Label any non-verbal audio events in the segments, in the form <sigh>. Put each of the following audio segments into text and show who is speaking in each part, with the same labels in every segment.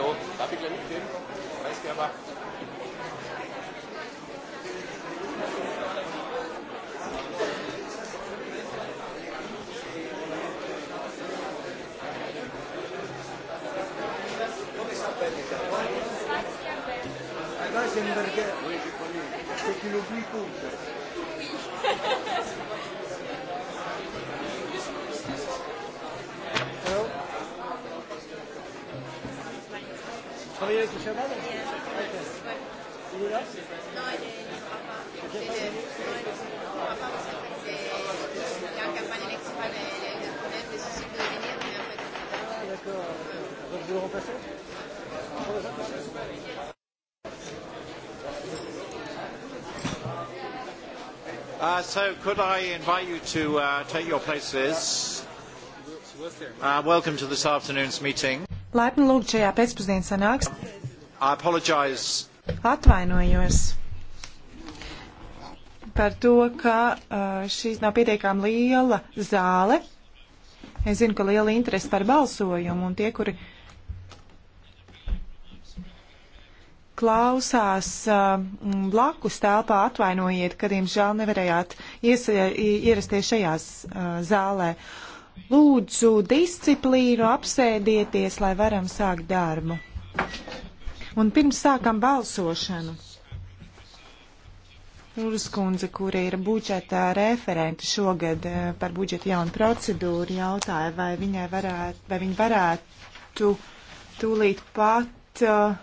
Speaker 1: Hallo.
Speaker 2: Uh, so could I invite you to uh, take your places? Uh, welcome to this afternoon's meeting.
Speaker 3: Laipni lūgt šajā pēcpusdienas sanāks.
Speaker 2: I apologize.
Speaker 3: Atvainojos par to, ka uh, šīs nav pietiekām liela zāle. Es zinu, ka liela interese par balsojumu un tie, kuri klausās uh, blakus telpā, atvainojiet, ka, diemžēl, nevarējāt ierasties šajās uh, zālē. Lūdzu, disciplīnu apsēdieties, lai varam sākt darbu. Un pirms sākam balsošanu. Urskundze, kura ir budžeta referente šogad uh, par budžeta jaunu procedūru, jautāja, vai, varētu, vai viņa varētu tūlīt pat uh,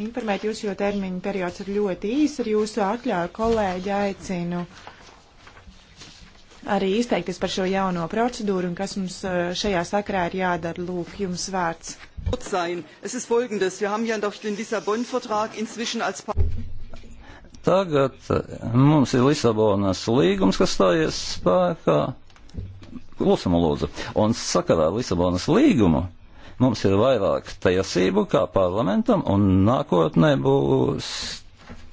Speaker 3: informēt jūs, jo termiņa periods ir ļoti īs. Ar jūsu atļauju kolēģi aicinu arī izteikties par šo jauno procedūru un kas mums eh, šajā sakrā ir jādara. Lūk, jums vārds.
Speaker 4: Tagad eh, mums ir Lisabonas līgums, kas stājies spēkā. Klusumu lūdzu. Un sakarā Lisabonas līgumu Mums ir vairāk tiesību kā parlamentam, un nākotnē būs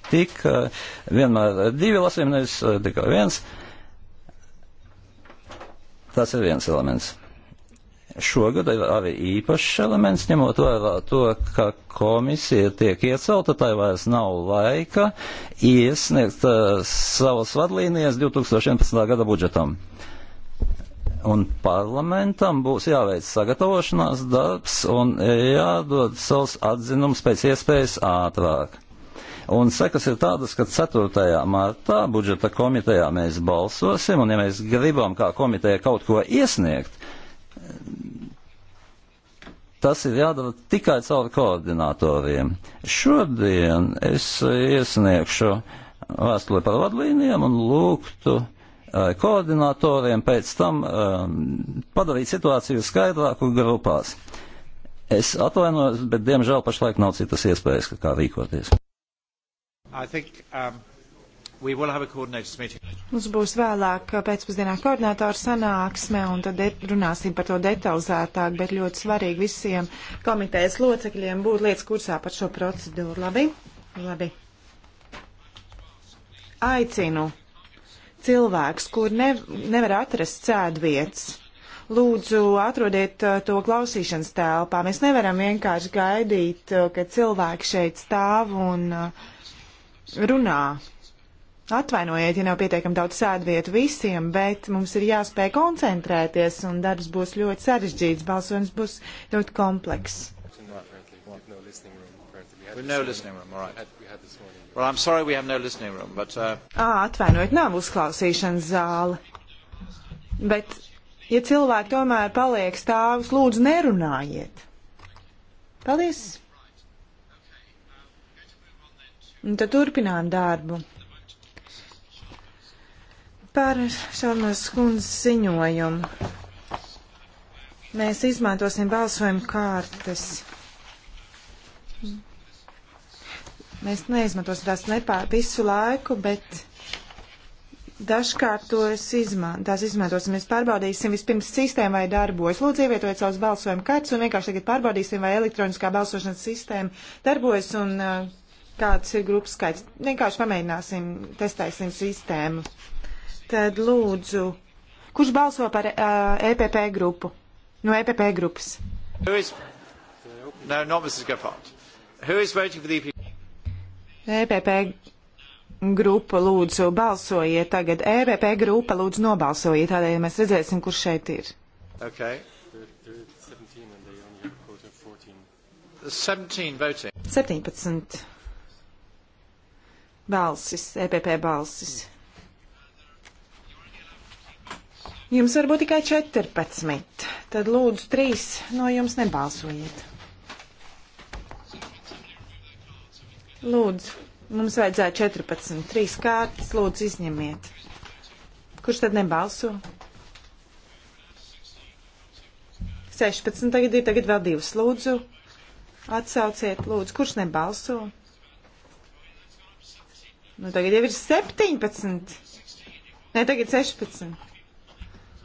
Speaker 4: tik eh, vienmēr divi lasījumi, nevis eh, tikai viens. Tas ir viens elements. Šogad ir arī īpašs elements, ņemot vērā to, ka komisija tiek iecelta, tai vairs nav laika iesniegt uh, savas vadlīnijas 2011. gada budžetam. Uh, Un parlamentam būs jāveic sagatavošanās darbs un jādod savs atzinums pēc iespējas ātrāk. Un sekas ir tādas, ka 4. martā budžeta komitejā mēs balsosim, un ja mēs gribam kā komiteja kaut ko iesniegt, tas ir jādara tikai caur koordinatoriem. Šodien es iesniegšu vēstuli par vadlīnijām un lūgtu Uh, koordinatoriem pēc tam um, padarīt situāciju skaidrāku grupās. Es atvainojos, bet diemžēl pašlaik nav citas iespējas, kā rīkoties.
Speaker 2: Think, um,
Speaker 3: Mums būs vēlāk uh, pēcpusdienā koordinātora sanāksme, un tad runāsim par to detalizētāk, bet ļoti svarīgi visiem komitejas locekļiem būt lietas kursā par šo procedūru. Labi? Labi. Aicinu cilvēks, kur ne, nevar atrast sēdvietas. Lūdzu, atrodiet uh, to klausīšanas telpā. Mēs nevaram vienkārši gaidīt, uh, ka cilvēki šeit stāv un uh, runā. Atvainojiet, ja nav pietiekami daudz sēdvietu visiem, bet mums ir jāspēj koncentrēties, un darbs būs ļoti sarežģīts, balsojums būs ļoti komplekss.
Speaker 2: No right. Well, I'm sorry we have no listening room, but... Uh...
Speaker 3: À, atvainojiet, nav uzklausīšanas zāle. Bet, ja cilvēki tomēr paliek stāvus, lūdzu, nerunājiet. Paldies! Un tad turpinām darbu. Par Šarmas kundzes ziņojumu. Mēs izmantosim balsojumu kārtas. Mēs neizmantosim tās nepār visu laiku, bet dažkārt tos izman, tās izmantosim. Mēs pārbaudīsim vispirms sistēmu, vai darbojas. Lūdzu, ievietojiet savus balsojumu kartus un vienkārši tagad pārbaudīsim, vai elektroniskā balsošanas sistēma darbojas un uh, kāds ir grupas skaits. Vienkārši pamēģināsim, testēsim sistēmu. Tad lūdzu, kurš balso par uh, EPP grupu? No EPP grupas.
Speaker 2: Who is... No, not Mrs. Gephardt. Who is voting for the EPP?
Speaker 3: EPP grupa lūdzu balsojiet tagad. EPP grupa lūdzu nobalsojiet, tādēļ mēs redzēsim, kurš šeit ir.
Speaker 2: Okay. 17,
Speaker 3: 17 balsis, EPP balsis. Jums varbūt tikai 14, tad lūdzu trīs no jums nebalsojiet. Lūdzu, mums vajadzēja 14, 3 kārtas, lūdzu izņemiet. Kurš tad nebalso? 16 tagad ir, tagad vēl divas, lūdzu. Atsauciet, lūdzu, kurš nebalso? Nu, tagad jau ir 17. Nē, tagad 16.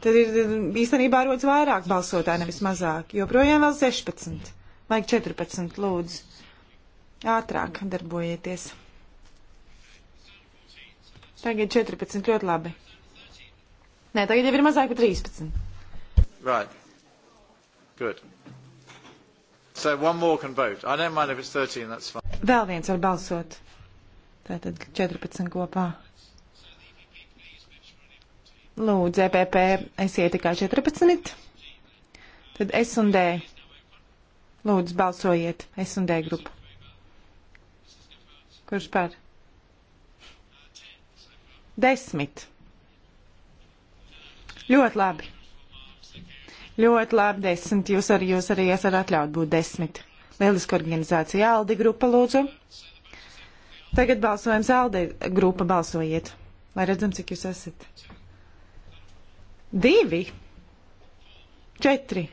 Speaker 3: Tad ir īstenībā rodas vairāk balsotāji, nevis mazāk. Joprojām vēl 16. Vajag 14, lūdzu ātrāk darbojieties. Tagad 14 ļoti labi. Nē, tagad jau ir mazāk par 13.
Speaker 2: Right. Good. So one more can vote. I don't mind if it's 13, that's fine.
Speaker 3: Vēl viens var balsot. Tātad 14 kopā. Lūdzu, EPP, esiet tikai 14. Tad S un D. Lūdzu, balsojiet, S un D grupu. Kurš par? Desmit. Ļoti labi. Ļoti labi, desmit. Jūs arī, jūs arī esat atļaut būt desmit. Lieliska organizācija Aldi grupa lūdzu. Tagad balsojums Aldi grupa balsojiet, lai redzam, cik jūs esat. Divi. Četri.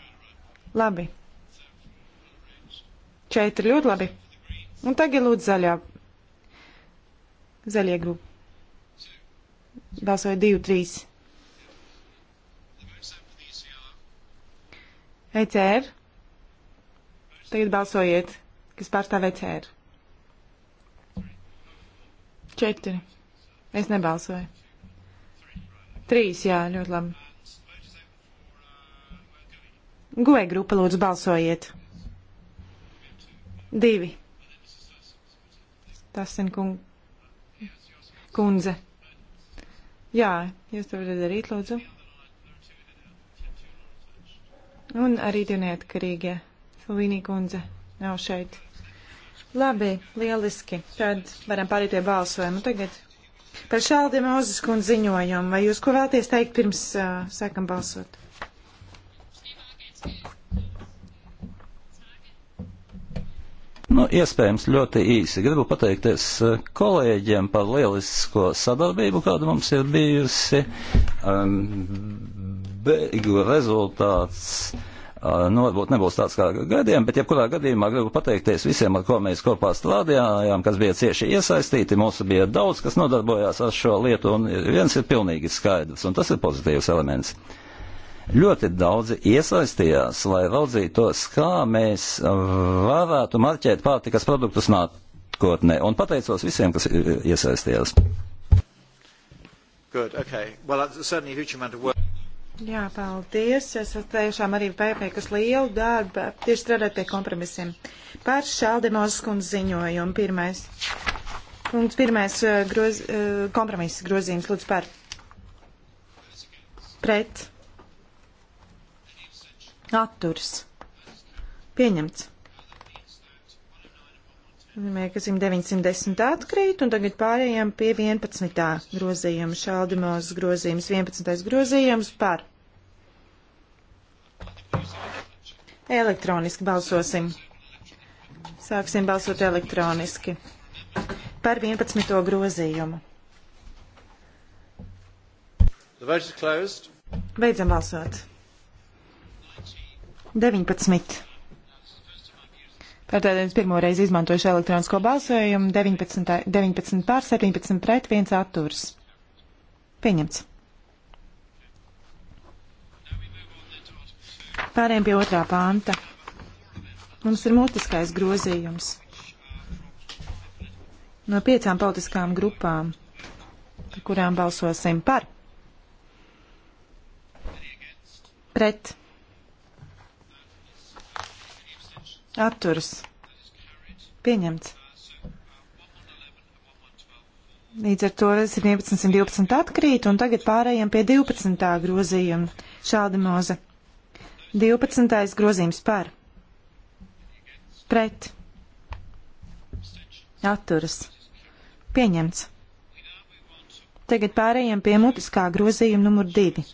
Speaker 3: Labi. Četri, ļoti labi. Un tagad lūdzu zaļā Zaļie grupa. Balsoja 2-3. ECR. Tagad balsojiet, kas pārstāv ECR. 4. Es nebalsoju. 3, jā, ļoti labi. Goja grupa, lūdzu, balsojiet. 2. Tas ir kungs kundze. Jā, jūs to varat darīt, lūdzu. Un arī tie neatkarīgie. Salīnī kundze nav šeit. Labi, lieliski. Tad varam pārīt pie balsojumu tagad. Par šādi Mozes kundze ziņojumu. Vai jūs ko vēlties teikt pirms uh, sākam balsot? Thank you.
Speaker 4: Nu, iespējams, ļoti īsi. Gribu pateikties eh, kolēģiem par lielisko sadarbību, kāda mums ir bijusi. Um, beigu rezultāts. Uh, nu, varbūt nebūs tāds kā gadiem, bet jebkurā gadījumā gribu pateikties visiem, ar ko mēs kopā strādājām, kas bija cieši iesaistīti. Mums bija daudz, kas nodarbojās ar šo lietu, un viens ir pilnīgi skaidrs, un tas ir pozitīvs elements. Uh, ļoti daudzi iesaistījās, lai raudzītos, kā mēs varētu marķēt pārtikas produktus nākotnē. Un pateicos visiem, kas iesaistījās.
Speaker 2: Good, okay. well,
Speaker 3: Jā, paldies. Es tiešām arī paveikusi lielu darbu, tieši strādājot pie kompromisiem. Par Šaldemos kundz ziņojumu pirmais. Punkts pirmais eh, groz, eh, kompromiss grozījums. Lūdzu, par. Pret. Atturs. Pieņemts. Vienmēr, ka 910 atkrīt, un tagad pārējām pie 11. grozījuma. Šaldimos grozījums, 11. grozījums par. Elektroniski balsosim. Sāksim balsot elektroniski. Par 11. grozījumu. Beidzam balsot. 19. Tātad es pirmo reizi izmantošu elektronisko balsojumu 19, 19 pār 17 pret 1 atturs. Pieņemts. Pāriem pie otrā panta. Mums ir mutiskais grozījums no piecām politiskām grupām, par kurām balsosim par. Pret. Atturas. Pieņemts. Līdz ar to 17, 112 atkrīt, un tagad pārējiem pie 12. grozījuma. Šāda moza. 12. grozījums par. Pret. Atturas. Pieņemts. Tagad pārējiem pie mutiskā grozījuma numur 2.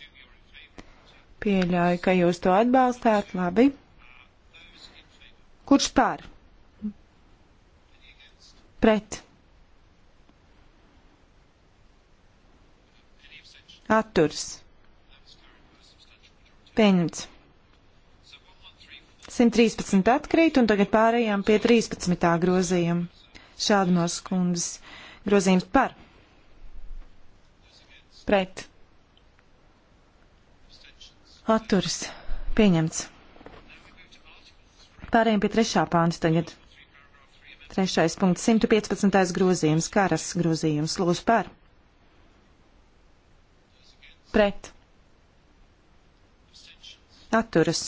Speaker 3: Pieļauju, ka jūs to atbalstāt. Labi. Kurš pār? Pret. Atturs. Pieņemts. 113 atkrīt, un tagad pārējām pie 13. grozījuma. Šādi no skundas grozījums par. Pret. Atturs. Pieņemts. Pārējiem pie trešā pāns tagad. Trešais punkts, 115. grozījums, karas grozījums, lūdzu par. Pret. Atturas.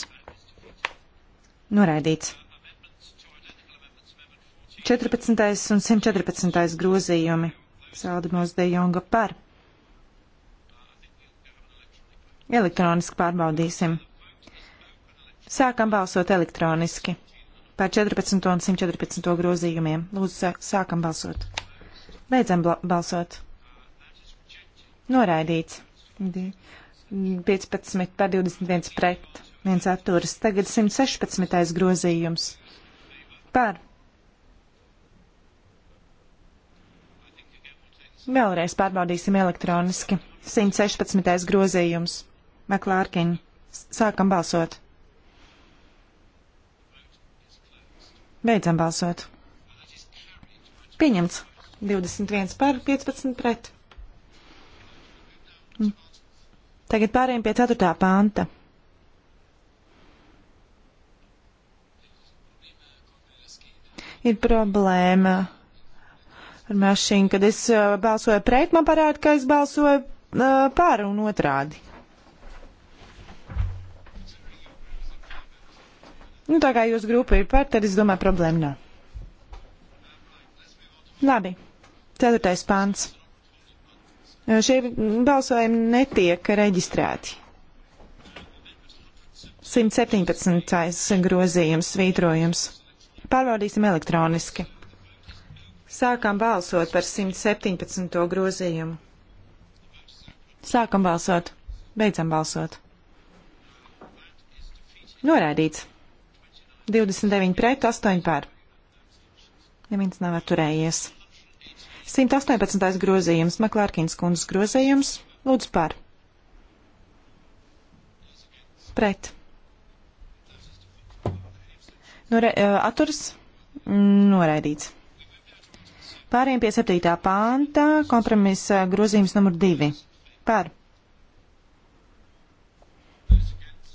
Speaker 3: Noraidīts. 14. un 114. grozījumi Saldimos de Jonga par. Elektroniski pārbaudīsim. Sākam balsot elektroniski par 14 un 114 grozījumiem. Lūdzu, sākam balsot. Beidzam balsot. Noraidīts. 15 par 21 pret. Viens atturas. Tagad 116. grozījums. Par. Vēlreiz pārbaudīsim elektroniski. 116. grozījums. Meklārkiņ. Sākam balsot. Beidzam balsot. Pieņemts. 21 par 15 pret. Mm. Tagad pārējiem pie 4. panta. Ir problēma ar mašīnu, kad es uh, balsoju pret, man parāda, ka es balsoju uh, par un otrādi. Nu, tā kā jūs grupa ir par, tad es domāju, problēma nav. Labi. Ceturtais pāns. Šie balsojumi netiek reģistrēti. 117. grozījums, svītrojums. Pārbaudīsim elektroniski. Sākam balsot par 117. grozījumu. Sākam balsot. Beidzam balsot. Noraidīts. 29 pret, 8 pār. Neviens nav atturējies. 118. grozījums, Maklārkins kundzes grozījums, lūdzu pār. Pret. Nore, aturs noraidīts. Pāriem pie 7. pānta, kompromisa grozījums numur 2. Pār.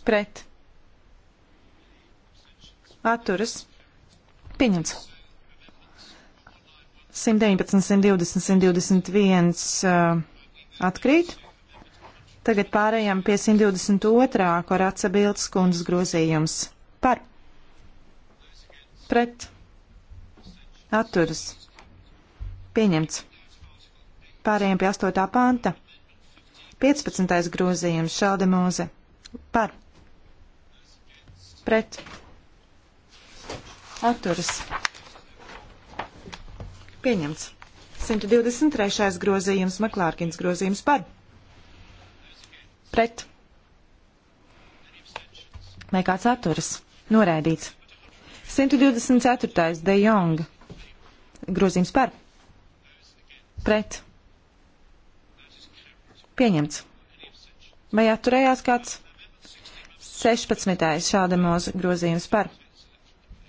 Speaker 3: Pret atturas pieņemts. 119, 120, 121 uh, atkrīt. Tagad pārējām pie 122. korāca bildes kundzes grozījums. Par. Pret. Atturas. Pieņemts. Pārējām pie 8. panta. 15. grozījums Šalde Mūze. Par. Pret atturas pieņemts. 123. grozījums, Maklārkins grozījums par pret. Vai kāds atturas? Noraidīts. 124. De Jonga grozījums par pret. Pieņemts. Vai atturējās kāds? 16. šāda mūsu grozījums par pret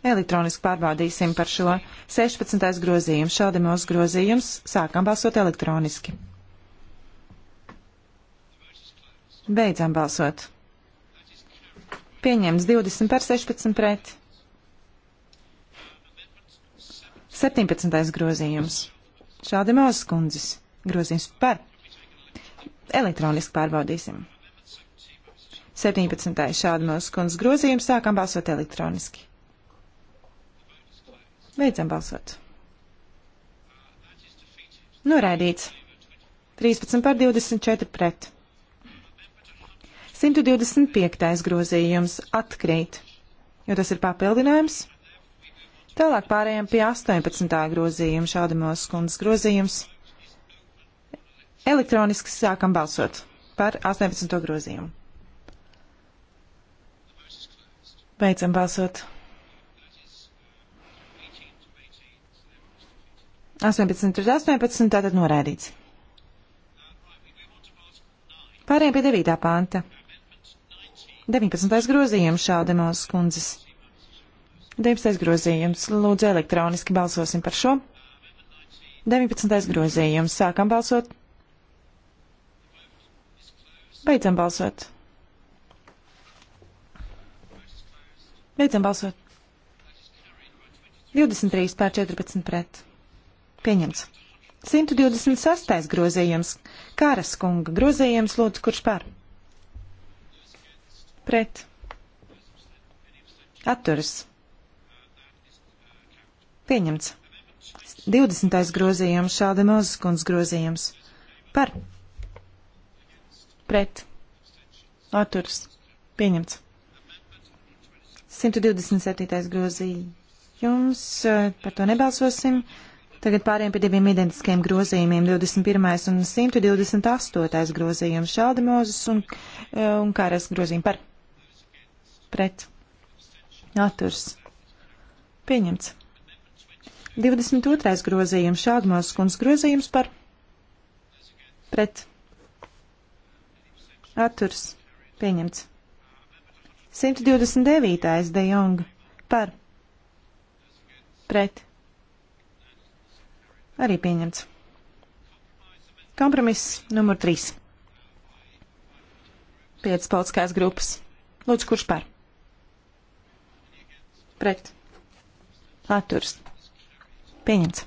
Speaker 3: Elektroniski pārbaudīsim par šo 16. grozījumu. Šādi mūsu grozījums sākam balsot elektroniski. Beidzam balsot. Pieņemts 20 par 16 pret. 17. grozījums. Šādi mūsu skundzes grozījums par. Elektroniski pārbaudīsim. 17. šādi mūsu skundzes grozījums sākam balsot elektroniski. Beidzam balsot. Noraidīts. 13 par 24 pret. 125. grozījums atkrīt, jo tas ir papildinājums. Tālāk pārējām pie 18. grozījuma šādamos skundas grozījums. Elektroniski sākam balsot par 18. grozījumu. Beidzam balsot. 18 pret 18, tātad noraidīts. Pārējiem pie 9. panta. 19. grozījums šaudemos kundzes. 19. grozījums. Lūdzu, elektroniski balsosim par šo. 19. grozījums. Sākam balsot. Beidzam balsot. Beidzam balsot. 23 pār 14 pret. Pieņemts. 126. grozījums. Kāras kunga grozījums lūdzu, kurš par? Pret. Atturas. Pieņemts. 20. grozījums šāda Mozes kundas grozījums. Par. Pret. Atturas. Pieņemts. 127. grozījums. Par to nebalsosim. Tagad pāriem pie diviem identiskiem grozījumiem - 21. un 128. grozījums Šaldemozes un, e, un Kāras grozījumi par pret atturs. Pieņemts. 22. grozījums Šādmās kundas grozījums par pret atturs. Pieņemts. 129. De Jong par pret Arī pieņemts. Kompromiss numur 3. Piecas politiskās grupas. Lūdzu, kurš par? Pret. Atturs. Pieņemts.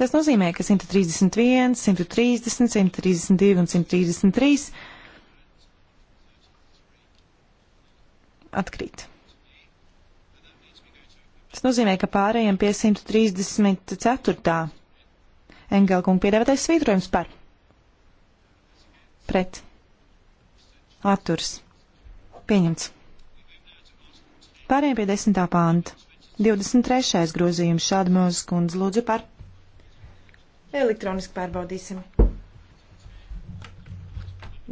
Speaker 3: Tas nozīmē, ka 131, 130, 132 un 133 atkrīt. Tas nozīmē, ka pārējiem pie 134. Engelkunga piedāvātais svītrojums par. Pret. Atturs. Pieņemts. Pārējiem pie 10. pānta. 23. grozījums šāda mūzes kundze lūdzu par. Elektroniski pārbaudīsim.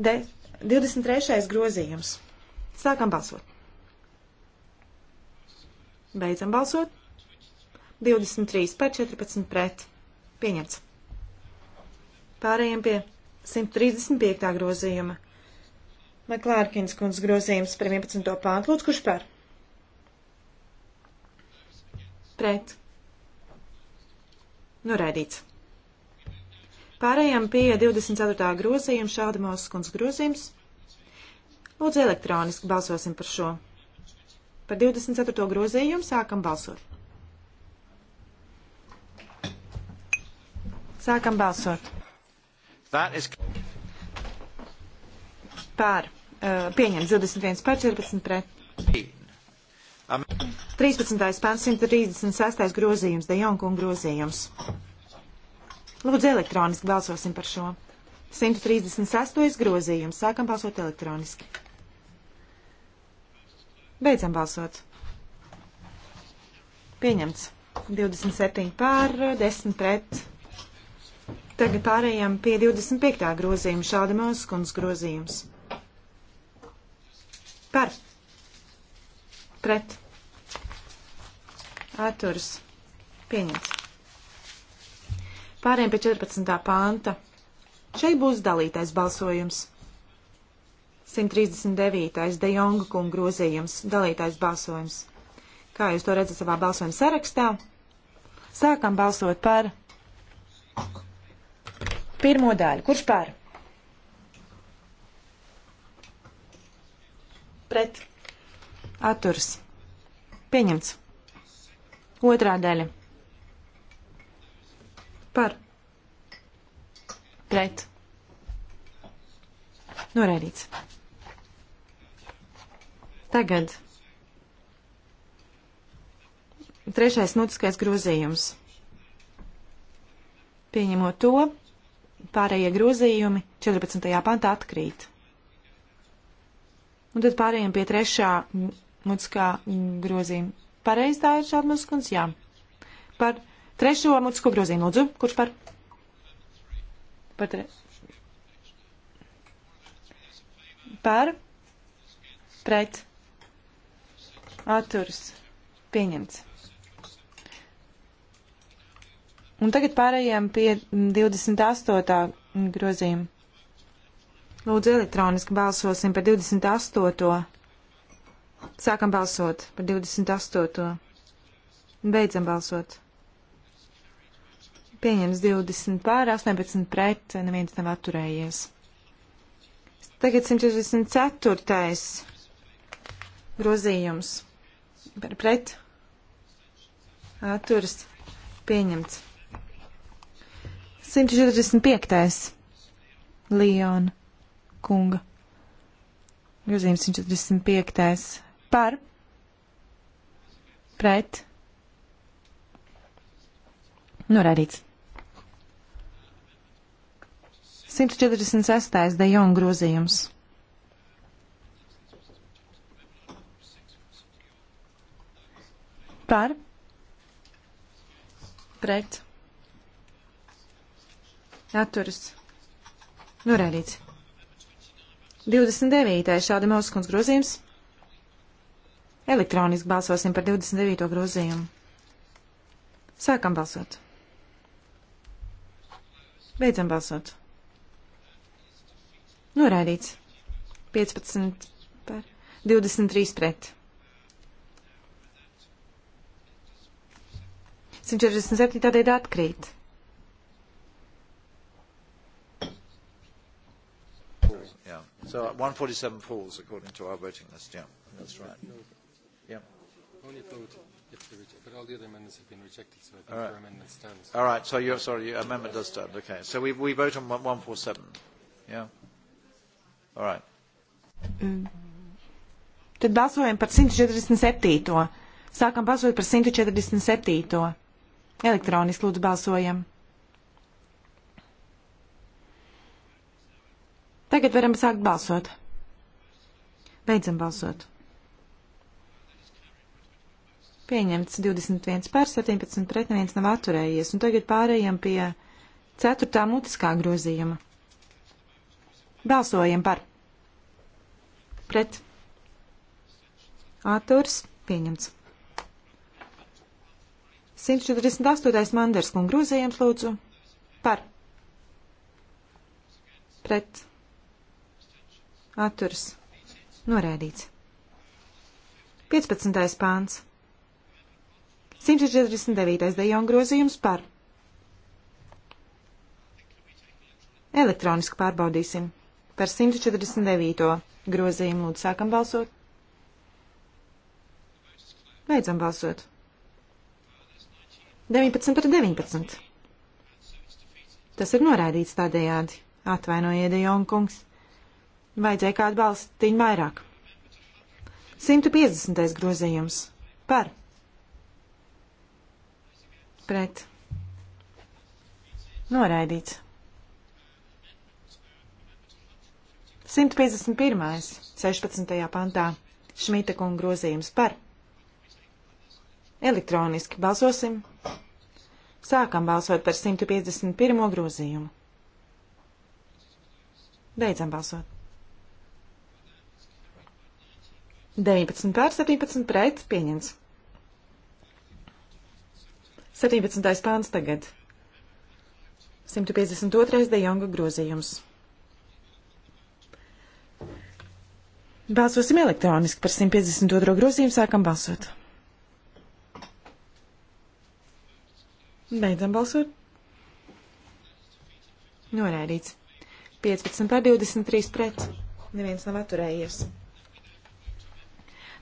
Speaker 3: De 23. grozījums. Sākam balsot. Beidzam balsot. 23 par 14 pret. Pieņemts. Pārējiem pie 135. grozījuma. Maklārkins kundz grozījums par 11. pāntu. Lūdzu, kurš par? Pret. Noraidīts. Pārējām pie 24. grozījuma šāda mūsu kundz grozījums. Lūdzu, elektroniski balsosim par šo. Par 24. grozījumu sākam balsot. Sākam balsot. Is... Pār. Uh, pieņem 21 pār 14 pret. 13. pāns 136. grozījums, De Jonkunga grozījums. Lūdzu, elektroniski balsosim par šo. 136. grozījums. Sākam balsot elektroniski. Beidzam balsot. Pieņemts. 27 pār, 10 pret. Tagad pārējām pie 25. grozījuma, šāda mūzikas grozījums. Par. Pret. Atturs. Pieņemts. Pārējām pie 14. pānta. Šeit būs dalītais balsojums. 139. De Jonga kunga grozījums, dalītais balsojums. Kā jūs to redzat savā balsojuma sarakstā? Sākam balsot par pirmo daļu. Kurš par? Pret. Atturs. Pieņemts. Otrā daļa. Par. Pret. Noraidīts. Tagad trešais mutiskais grozījums. Pieņemot to, pārējie grozījumi 14. pantā atkrīt. Un tad pārējiem pie trešā mutiskā grozījuma. Pareiz tā ir šāda mutiskums? Jā. Par trešo mutisko grozījumu lūdzu. Kurš par? Par, tre... par pret atturas pieņemts. Un tagad pārējām pie 28. grozījuma. Lūdzu, elektroniski balsosim par 28. Sākam balsot par 28. Beidzam balsot. Pieņems 20 pār, 18 pret, neviens nav atturējies. Tagad 164. grozījums par pret atturas pieņemts. 145. Leona kunga. Grozījums 145. par pret norādīts. 146. de Jonga grozījums. Par. Pret. Atturas. Norēdīts. 29. šāda Mauskunds grozījums. Elektroniski balsosim par 29. grozījumu. Sākam balsot. Beidzam balsot. Noraidīts. 15 par 23 pret. 147 tādēļ atkrīt.
Speaker 2: Yeah. So 147 falls according to our voting list. Yeah, that's right. Yeah.
Speaker 4: Only vote if the reject, but all the other amendments have been rejected, so I think all right. your amendment stands. All right. So you're sorry, your amendment does
Speaker 2: stand. Okay. So we we vote on 147. Yeah. All right.
Speaker 3: Mm. Tad balsojam par 147. Sākam balsot par 147. Elektroniski lūdzu balsojam. Tagad varam sākt balsot. Beidzam balsot. Pieņemts 21 pār 17 pret neviens nav atturējies, un tagad pārējām pie 4. mutiskā grozījuma. Balsojam par. Pret. Atturs pieņemts. 148. Manders un grozījums lūdzu par pret atturs norēdīts. 15. pāns 149. Dejon grozījums par Elektroniski pārbaudīsim par 149. grozījumu. Lūdzu, sākam balsot. Beidzam balsot. 19 par 19. Tas ir norādīts tādējādi. Atvainojiet, Jonkungs. Vajadzēja kādu balstiņu vairāk. 150. grozījums. Par. Pret. Noraidīts. 151. 16. pantā. Šmita kunga grozījums par. Elektroniski balsosim Sākam balsot par 151. grozījumu. Beidzam balsot. 19 pār 17 pret pieņems. 17. pāns tagad. 152. De Jonga grozījums. Balsosim elektroniski par 152. grozījumu, sākam balsot. Beidzam balsot. Norēdīts. 15 par 23 pret. Neviens nav atturējies.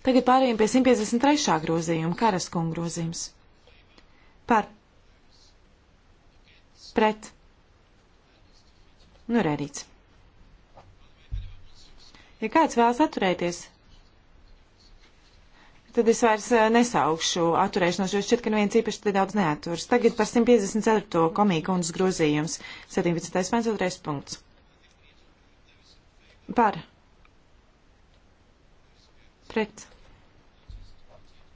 Speaker 3: Tagad pārējiem pie 153. grozījuma, karaskunga grozījums. Par. Pret. Norēdīts. Ja kāds vēlas atturēties, tad es vairs eh, nesaukšu atturēšanos, jo šķiet, ka neviens īpaši te daudz neaturs. Tagad par 154. komīku un grozījums. 17. pants, 2. punkts. Par. Pret.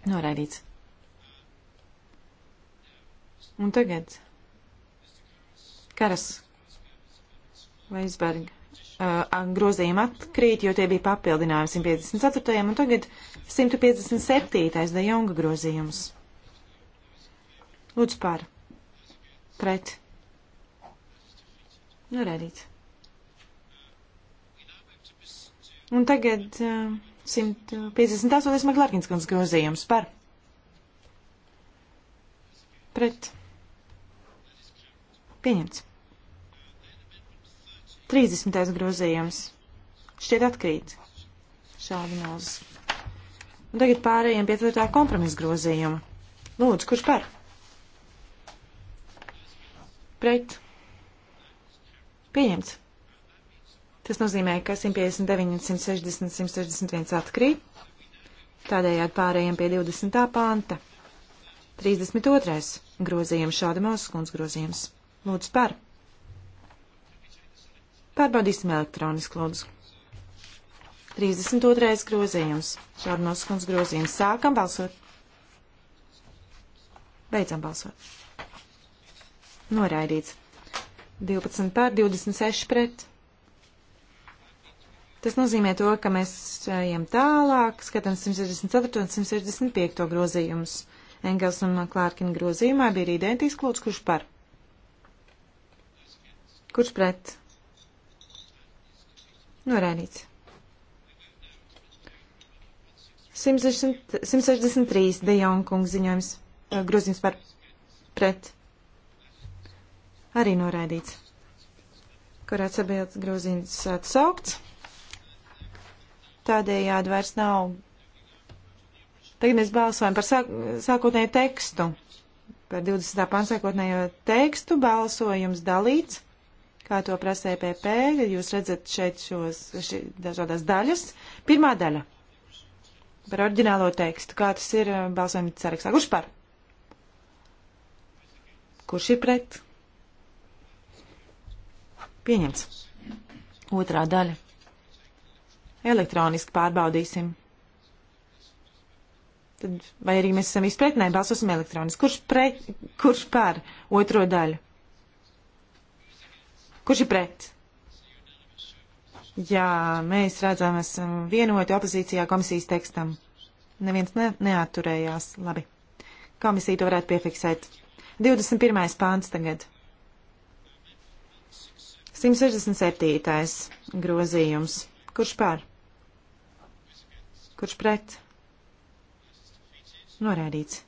Speaker 3: Noraidīts. Un tagad. Karas. Vaisberga. Eh, uh, grozījumi atkrīt, jo tie bija papildinājumi 154. un tagad 157. De Jonga grozījums. Lūdzu par. Pret. Norēdīts. Nu, Un tagad uh, 158. Maglārkinskundas grozījums par. Pret. Pieņemts. 30. grozījums. Šķiet atkrīt. Šādi nozas. Un tagad pārējiem pie 4. kompromisa grozījuma. Lūdzu, kurš par? Pret. Pieņemts. Tas nozīmē, ka 159, 160, 161 atkrīt. Tādējādi pārējiem pie 20. panta. 32. grozījums šāda Mauskunds grozījums. Lūdzu par. Pārbaudīsim elektroniski, lūdzu. 32. grozījums. Šārnos kundzes grozījums. Sākam balsot. Beidzam balsot. Noraidīts. 12 pār 26 pret. Tas nozīmē to, ka mēs ejam tālāk, skatām 164 un 165 grozījumus. Engels un Klārkina grozījumā bija identisks lūdzu, kurš par. Kurš pret? Noraidīts. 160, 163 Dejonkungs ziņojums grozījums par pret. Arī noraidīts. Kurāts abildes grozījums atsaukts. Tādējādi vairs nav. Tagad mēs balsojam par sāk, sākotnēju tekstu. Par 20. pāns sākotnējo tekstu balsojums dalīts, kā to prasēja PP, e kad jūs redzat šeit šos ši, dažādās daļas. Pirmā daļa par oriģinālo tekstu, kā tas ir eh, balsojuma sarakstā. Kurš par? Kurš ir pret? Pieņemts. Otrā daļa. Elektroniski pārbaudīsim. Tad, vai arī mēs esam izpratnē, balsosim elektroniski. Kurš, pre, kurš par otro daļu? Kurš ir pret? Jā, mēs redzam, esam vienoti opozīcijā komisijas tekstam. Neviens ne, neaturējās. Labi. Komisija to varētu piefiksēt. 21. pāns tagad. 167. grozījums. Kurš pār? Kurš pret? Norādīts.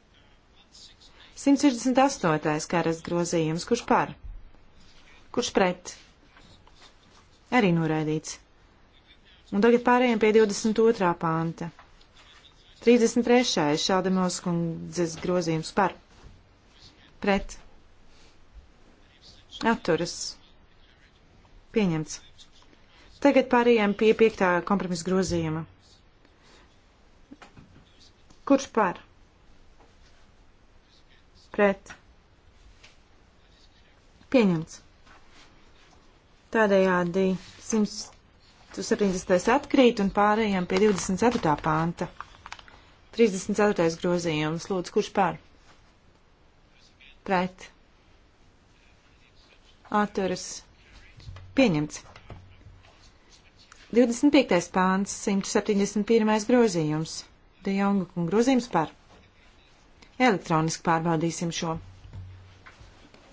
Speaker 3: 168. karas grozījums. Kurš pār? Kurš pret? Arī noraidīts. Un tagad pārējiem pie 22. panta. 33. šāda Moskundzes grozījums par. Pret. Atturas. Pieņemts. Tagad pārējām pie piektā kompromisa grozījuma. Kurš par? Pret. Pieņemts. Tādējādi 170. atkrīt un pārējām pie 24. panta. 34. grozījums. Lūdzu, kurš pār? Pret. Atturas. Pieņemts. 25. pāns, 171. grozījums. De Jonga un grozījums par. Elektroniski pārbaudīsim šo.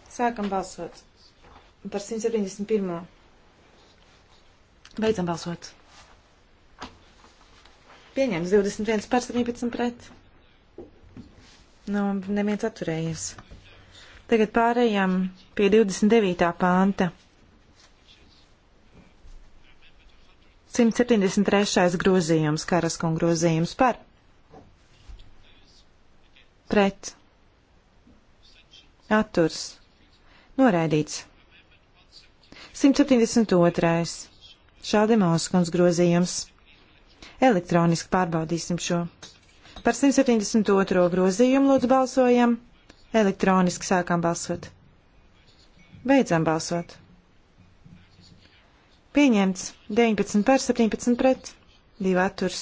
Speaker 3: Sākam balsot par 171. Beidzam balsot. Pieņems 21 par 17 pret. Nu, neviens atturējies. Tagad pārējām pie 29. pānta. 173. grozījums, karaskunga grozījums par pret atturs noraidīts. 172. Šādi Mauskons grozījums. Elektroniski pārbaudīsim šo. Par 172. grozījumu lūdzu balsojam. Elektroniski sākām balsot. Beidzam balsot. Pieņemts 19 par 17 pret 2 atturs.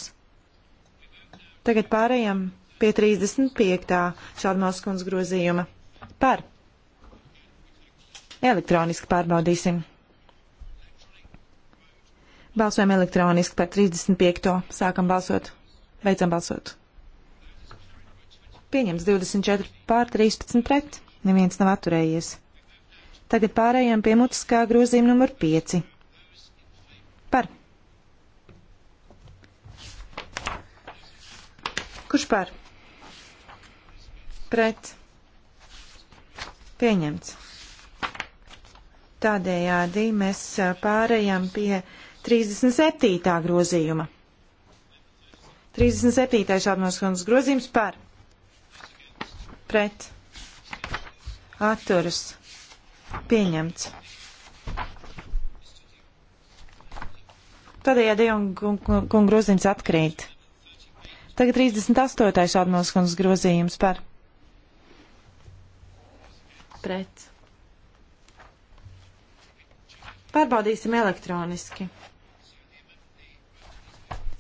Speaker 3: Tagad pārējām pie 35. Šādmauskundas grozījuma. Par. Elektroniski pārbaudīsim. Balsojam elektroniski par 35. Sākam balsot. Beidzam balsot. Pieņems 24 pār 13 pret. Neviens nav atturējies. Tagad pārējām pie mutiskā grozījuma numur 5. Par. Kurš par? Pret. Pieņemts. Tādējādi mēs pārējām pie 37. grozījuma. 37. atmosfēras grozījums par pret atturas pieņemts. Tādējādi ja kungu grozījums atkrīt. Tagad 38. atmosfēras grozījums par pret. Pārbaudīsim elektroniski.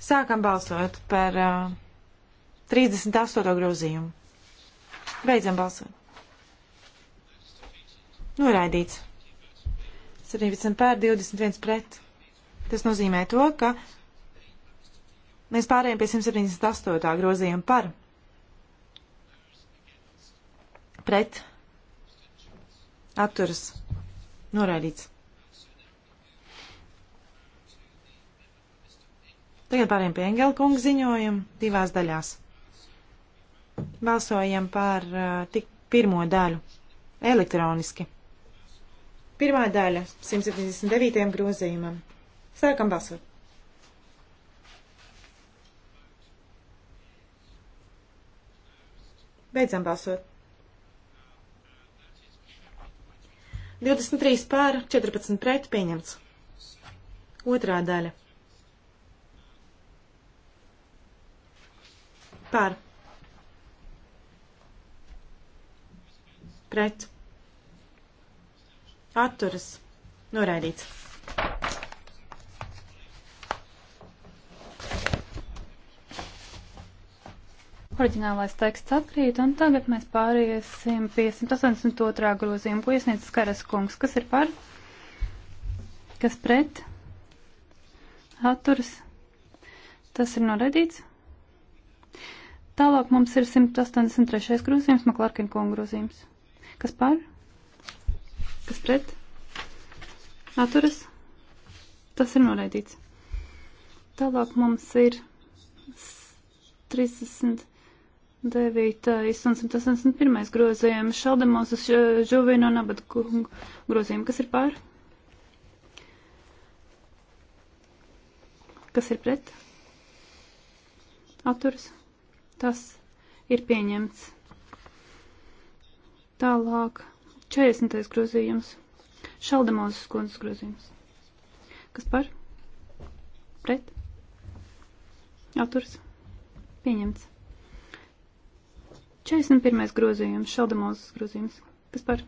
Speaker 3: Sākam balsot par uh, 38. grozījumu. Beidzam balsot. Noraidīts. 17 pār 21 pret. Tas nozīmē to, ka mēs pārējām pie 178. grozījuma par. Pret. Atturas. Noraidīts. Tagad pāriem pie Engela kunga ziņojuma divās daļās. Balsojam par uh, tik pirmo daļu elektroniski. Pirmā daļa 179. grozījumam. Sākam balsot. Beidzam balsot. 23 pār 14 pret pieņemts. Otrā daļa par pret
Speaker 1: atturas noraidīts. Oriģinālais teksts atkrīt, un tagad mēs pāriesim pie 182. grozījuma, ko iesniedz Skaras kungs. Kas ir par? Kas pret? Atturs? Tas ir noredīts? Tālāk mums ir 183. grozījums, Maklārkina kunga grozījums. Kas par? Kas pret? Atturas? Tas ir noraidīts. Tālāk mums ir 39. un 181. grozījums, Šaldemos uz Žuvino un Abadkungu grozījumu. Kas ir par? Kas ir pret? Atturas? Tas ir pieņemts. Tālāk 40. grozījums. Šaldemozes kundzes grozījums. Kas par? Pret? Atturs? Pieņemts. 41. grozījums. Šaldemozes grozījums. Kas par?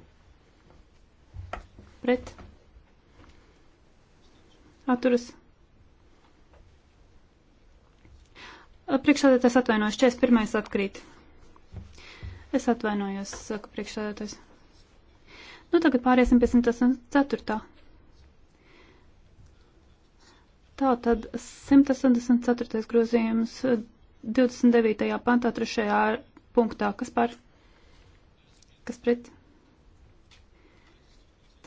Speaker 1: Pret? Atturas? Priekšsēdētājs atvainojas, 41. atkrīt. Es atvainojos, saka priekšsēdētājs. Nu, tagad pāriesim pie 184. Tā tad 184. grozījums 29. pantā 3. punktā. Kas par? Kas pret?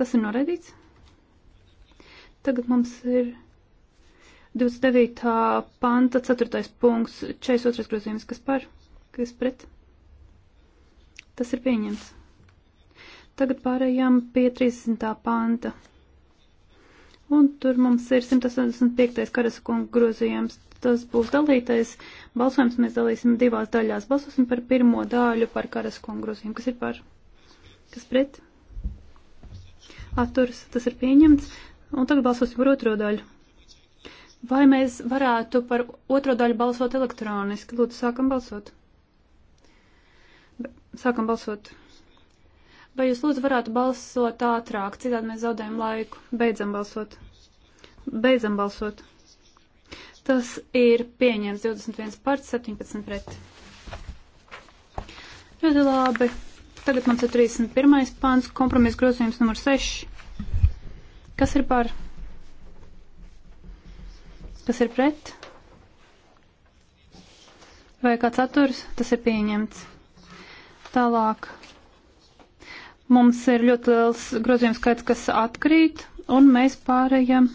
Speaker 1: Tas ir noraidīts. Tagad mums ir 29. panta 4. punkts, 42. grozījums, kas par, kas pret. Tas ir pieņemts. Tagad pārējām pie 30. panta. Un tur mums ir 185. karasakunga grozījums. Tas būs dalītais. Balsojums mēs dalīsim divās daļās. Balsosim par pirmo daļu par karasakunga grozījumu. Kas ir par? Kas pret? Atturs. Tas ir pieņemts. Un tagad balsosim par otro daļu. Vai mēs varētu par otro daļu balsot elektroniski? Lūdzu, sākam balsot. Sākam balsot. Vai jūs lūdzu varētu balsot ātrāk, citādi mēs zaudējam laiku. Beidzam balsot. Beidzam balsot. Tas ir pieņems 21 par 17 pret. Ļoti labi. Tagad mums ir 31. pāns, kompromiss grozījums numur 6. Kas ir par? Kas ir pret? Vai kāds atturs? Tas ir pieņemts. Tālāk. Mums ir ļoti liels grozījums skaits, kas atkrīt, un mēs pārējām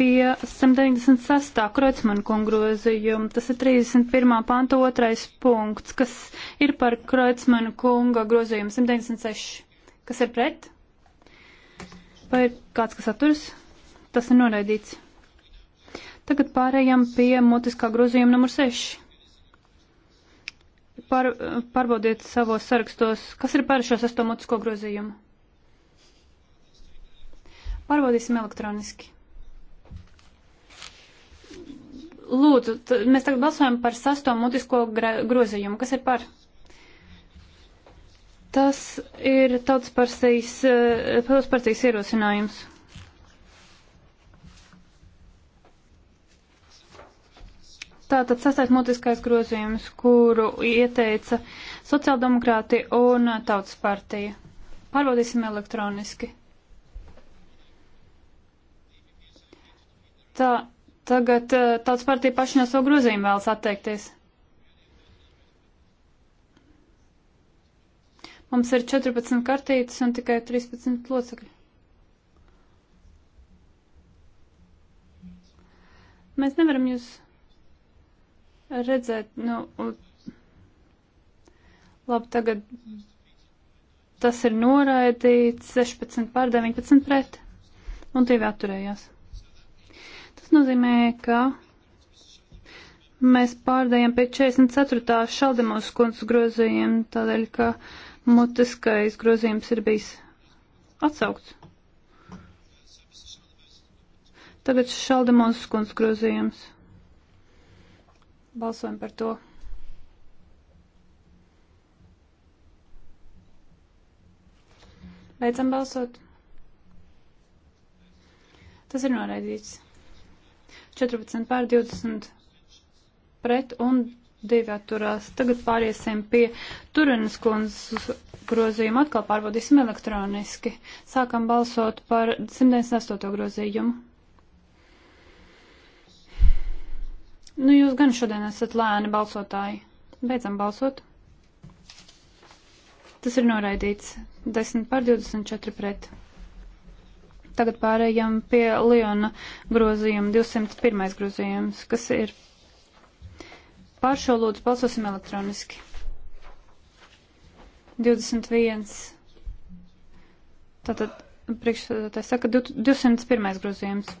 Speaker 1: pie 196. Kreutzmann kungrozījuma. Tas ir 31. panta otrais punkts, kas ir par Kreutzmann kunga grozījumu 196. Kas ir pret? Vai ir kāds, kas atturas? Tas ir noraidīts. Tagad pārējām pie mutiskā grozījuma numur 6. Par, pārbaudiet savos sarakstos, kas ir par šo sesto mutisko grozījumu. Pārbaudīsim elektroniski. Lūdzu, mēs tagad balsojam par sesto mutisko grozījumu. Kas ir par? Tas ir tautas partijas, eh, partijas ierosinājums. Tātad sastais mutiskais grozījums, kuru ieteica sociāldemokrāti un tautas partija. Pārbaudīsim elektroniski. Tā, tagad eh, tautas partija paši no savu grozījumu vēlas atteikties. Mums ir 14 kartītes un tikai 13 locekļi. Mēs nevaram jūs redzēt, nu, labi, tagad tas ir noraidīts 16 pār 19 pret, un divi atturējās. Tas nozīmē, ka mēs pārdējām pie 44. šaldemos kundzes grozījuma, tādēļ, ka mutiskais grozījums ir bijis atsaukts. Tagad šaldemos kundzes grozījums. Balsojam par to. Beidzam balsot. Tas ir noraidīts. 14 pār 20 pret un 2 atturās. Tagad pāriesim pie Turenas kundzes grozījuma. Atkal pārbaudīsim elektroniski. Sākam balsot par 198 grozījumu. Nu, jūs gan šodien esat lēni balsotāji. Beidzam balsot. Tas ir noraidīts. 10 par 24 pret. Tagad pārējām pie Liona grozījuma, 201. grozījums, kas ir pār šo lūdzu balsosim elektroniski. 21. Tātad priekšsēdētājs saka 201. grozījums.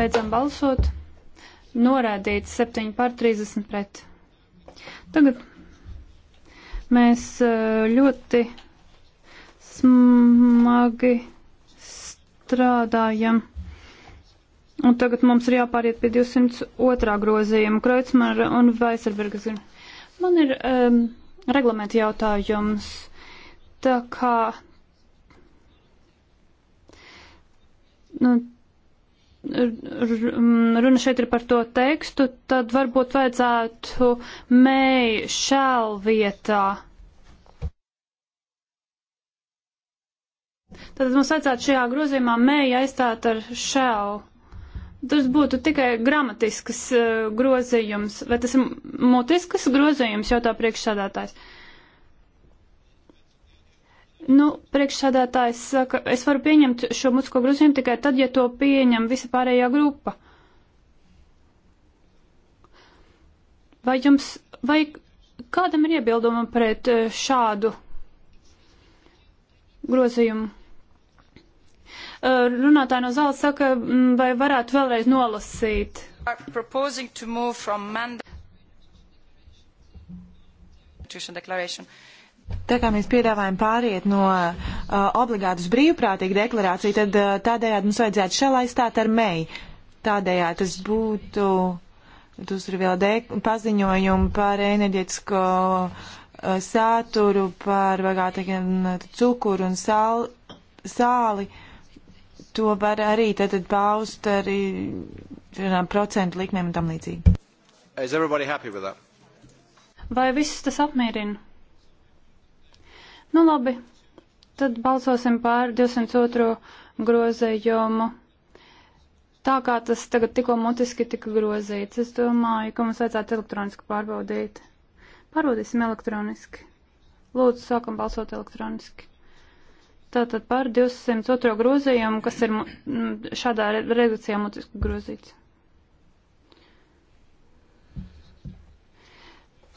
Speaker 1: Beidzam balsot. Norādīts 7 pār 30 pret. Tagad mēs eh, ļoti smagi strādājam. Un tagad mums ir jāpāriet pie 202. grozījuma Kreutzmara un Vaiserbergas. Man ir um, reglamenta jautājums. Tā kā nu, runa šeit ir par to tekstu, tad varbūt vajadzētu mēju šēl vietā. Tad mums vajadzētu šajā grozījumā mēju aizstāt ar šēl. Tas būtu tikai gramatisks uh, grozījums, vai tas ir mutisks grozījums, jautā priekšsādātājs. Uh, Nu, priekšsādātājs saka, es varu pieņemt šo mutisko grozījumu tikai tad, ja to pieņem visa pārējā grupa. Vai jums, vai kādam ir iebildumi pret eh, šādu grozījumu? Eh, runātāji no zāles saka, mm, vai varētu vēlreiz nolasīt.
Speaker 3: Constitution declaration uh, Tā kā mēs piedāvājam pāriet no uh, obligātas brīvprātīga deklarācija, tad uh, tādējādi mums vajadzētu šel aizstāt ar mei. Tādējādi tas būtu, tas ir vēl paziņojumi par enerģetisko uh, saturu, par bagātīgiem cukuru un sal, sāli. To var arī tad paust arī zinām,
Speaker 1: procentu likmēm un tam līdzīgi. Vai visus tas apmierina? Nu labi, tad balsosim pār 202. grozējumu. Tā kā tas tagad tikko mutiski tika grozīts, es domāju, ka mums vajadzētu elektroniski pārbaudīt. Pārbaudīsim elektroniski. Lūdzu, sākam balsot elektroniski. Tātad par 202. grozījumu, kas ir mm, šādā redakcijā mutiski grozīts.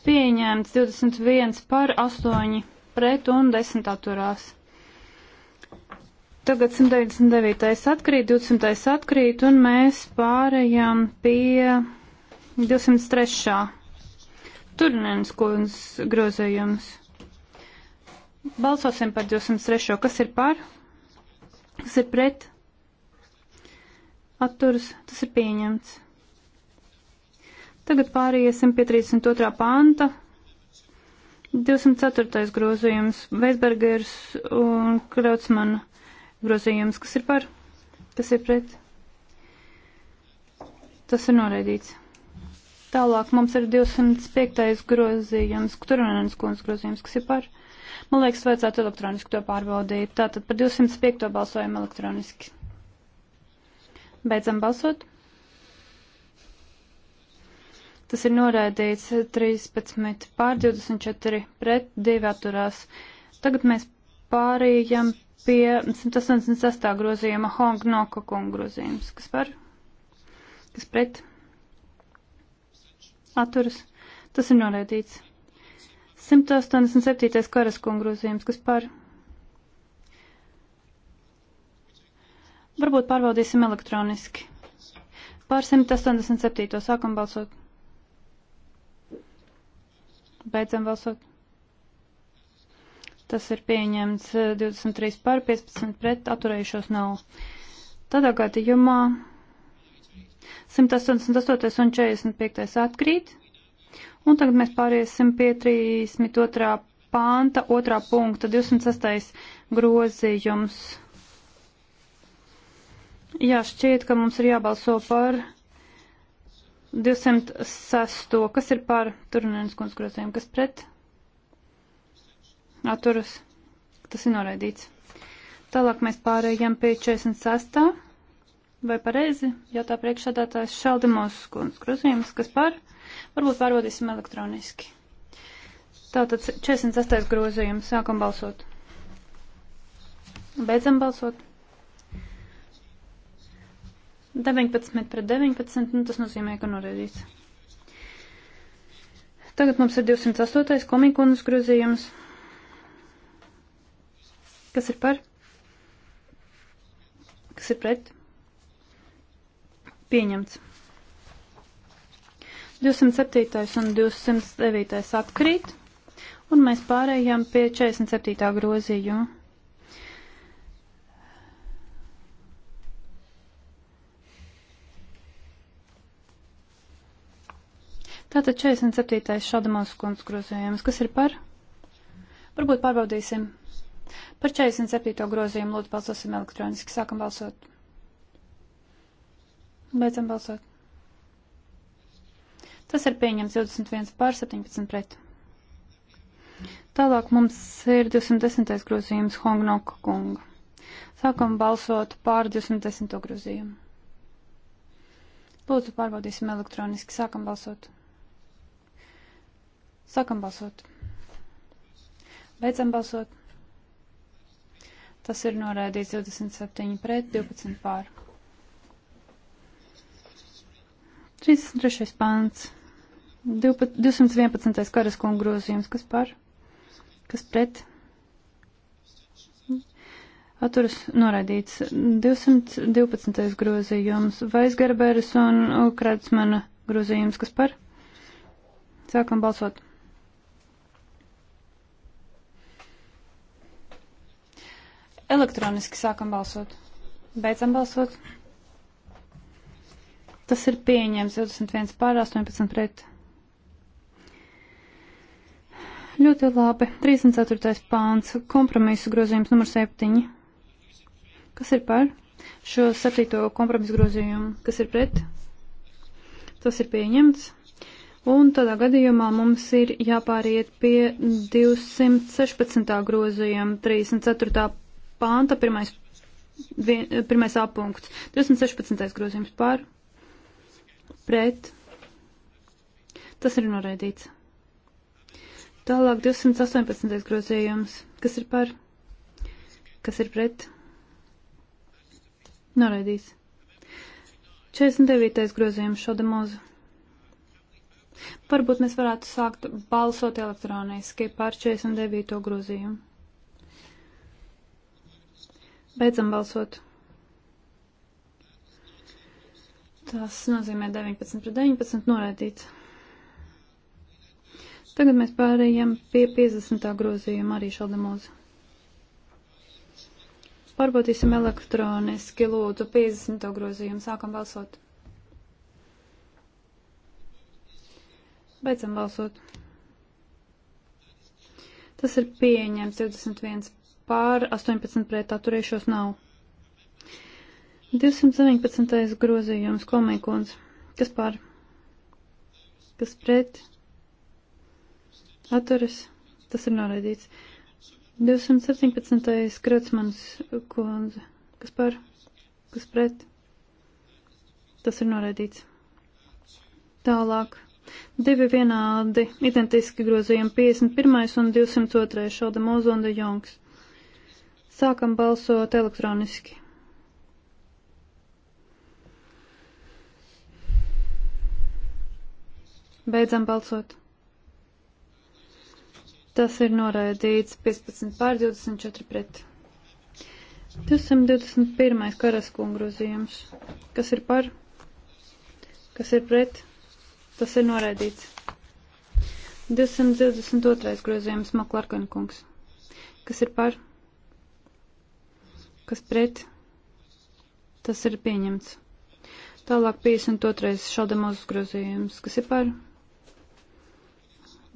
Speaker 1: Pieņēmts 21 par 8 pret un 10 atturās. Tagad 199. atkrīt, 200. atkrīt, un mēs pārējām pie 203. Turnēns kundzes grozējums. Balsosim par 203. Kas ir par? Kas ir pret? Atturas. Tas ir pieņemts. Tagad pāriesim pie 32. panta. 204. grozījums, Veisbergers un Krautsmana grozījums, kas ir par, kas ir pret. Tas ir noraidīts. Tālāk mums ir 205. grozījums, Turunens kundas grozījums, kas ir par. Man liekas, vajadzētu elektroniski to pārbaudīt. Tātad par 205. balsojam elektroniski. Beidzam balsot. Tas ir noraidīts 13 pār 24 pret 2 atturās. Tagad mēs pārījam pie 186. grozījuma Hong Noka kunga grozījums. Kas par? Kas pret? Atturas. Tas ir noraidīts. 187. karas kunga grozījums. Kas par? Varbūt pārbaudīsim elektroniski. Pār 187. sākam balsot. Beidzam balsot. Tas ir pieņemts 23 pār 15 pret, atturējušos nav. Tādā gadījumā 188 un 45 atkrīt. Un tagad mēs pāriesim pie 32. pānta, 2. punkta, 206. grozījums. Jā, šķiet, ka mums ir jābalso par 206. Kas ir par Turunēnas kundzes grozījumu? Kas pret? Atturas. Tas ir noraidīts. Tālāk mēs pārējām pie 46. Vai pareizi? Jautā priekšādātājs Šaldemos kundzes grozījums. Kas par? Varbūt pārbaudīsim elektroniski. Tātad 46. grozījums. Sākam balsot. Beidzam balsot. 19 pret 19, nu, tas nozīmē, ka noraidīts. Tagad mums ir 208. komikunas grozījums. Kas ir par? Kas ir pret? Pieņemts. 207. un 209. atkrīt, un mēs pārējām pie 47. grozījuma. Tātad 47. šādamās kundas grozījums. Kas ir par? Varbūt pārbaudīsim. Par 47. grozījumu lūdzu balsosim elektroniski. Sākam balsot. Beidzam balsot. Tas ir pieņems 21 pār 17 pret. Tālāk mums ir 210. grozījums Hongnoka kunga. Sākam balsot pār 210. grozījumu. Lūdzu, pārbaudīsim elektroniski. Sākam balsot. Sākam balsot. Beidzam balsot. Tas ir norādīts 27 pret 12 pār. 33. pants. 211. karas kungu grozījums. Kas par? Kas pret? Atturas noraidīts. 212. grozījums. Vaisgarberis un Kretsmana grozījums. Kas par? Sākam balsot. elektroniski sākam balsot. Beidzam balsot. Tas ir pieņēmts 21 pār 18 pret. Ļoti labi. 34. pāns. Kompromisu grozījums numur 7. Kas ir par šo 7. kompromisu grozījumu? Kas ir pret? Tas ir pieņemts. Un tādā gadījumā mums ir jāpāriet pie 216. grozījuma 34 panta, pirmais, vien, pirmais apunkts. 216. grozījums par, pret, tas ir noraidīts. Tālāk 218. grozījums, kas ir par, kas ir pret, noraidīts. 49. grozījums šāda moza. Varbūt mēs varētu sākt balsot elektroniski par 49. grozījumu. Beidzam balsot. Tas nozīmē 19 pret 19 noraidīts. Tagad mēs pārējām pie 50. grozījuma arī šaldemozu. Pārbaudīsim elektroniski, lūdzu, 50. grozījumu. Sākam balsot. Beidzam balsot. Tas ir pieņemts 21 pār 18 pret atturējušos nav. 219. grozījums komikons. Kas pār? Kas pret? Atturas. Tas ir noraidīts. 217. Kreutzmans kundze. Kas par? Kas pret? Tas ir noraidīts. Tālāk. Divi vienādi identiski grozījumi 51. un 202. Šalda Mozo un De Jongs. Sākam balsot elektroniski. Beidzam balsot. Tas ir noraidīts 15 pār 24 pret. 221. karaskunga grozījums. Kas ir par? Kas ir pret? Tas ir noraidīts. 222. grozījums Maklārkankungs. Kas ir par? kas pret, tas ir pieņemts. Tālāk 52. šaldamos grozījums, kas ir par.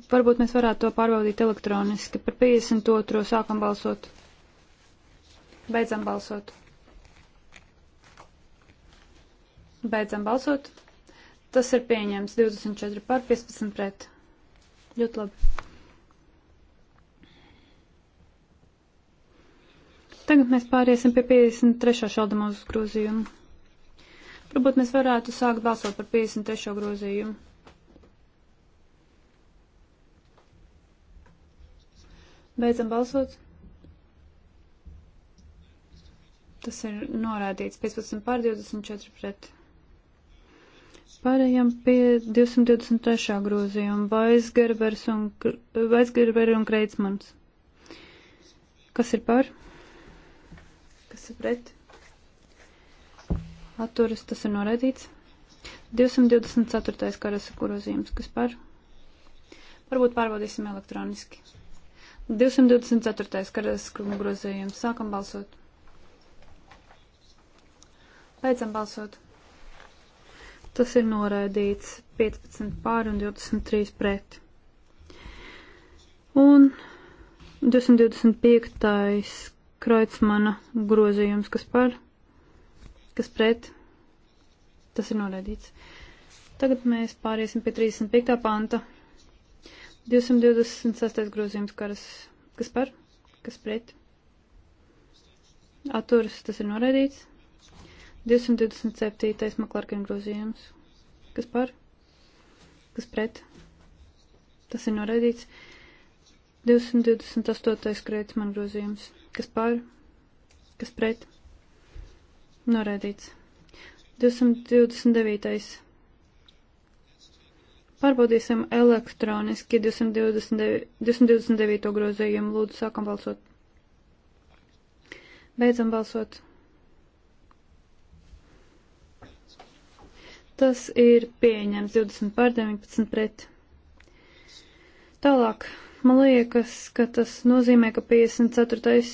Speaker 1: Varbūt mēs varētu to pārbaudīt elektroniski. Par 52. sākam balsot. Beidzam balsot. Beidzam balsot. Tas ir pieņemts 24 pār 15 pret. Ļoti labi. Tagad mēs pāriesim pie 53. šaldamos grozījumu. Varbūt mēs varētu sākt balsot par 53. grozījumu. Beidzam balsot. Tas ir norādīts 15 pār 24 pret. Pārējām pie 223. grozījuma Vaisgerbers un, Vaisgerber un Kreitsmans. Kas ir par? pret atturas, tas ir noraidīts. 224. karasa kurozījums, kas par. Varbūt pārbaudīsim elektroniski. 224. karasa kurozījums. Sākam balsot. Beidzam balsot. Tas ir noraidīts 15 pār un 23 pret. Un 225. Kreutzmana grozījums, kas par, kas pret, tas ir noraidīts. Tagad mēs pāriesim pie 35. panta. 226. grozījums, karas, kas par, kas pret, atturas, tas ir noraidīts. 227. maklārkiem grozījums, kas par, kas pret, tas ir noraidīts. 228. kreits man grozījums, kas par, kas pret, noraidīts. 229. Pārbaudīsim elektroniski 229, 229. grozījumu. Lūdzu, sākam balsot. Beidzam balsot. Tas ir pieņems 20 pār 19 pret. Tālāk Man liekas, ka tas nozīmē, ka 54.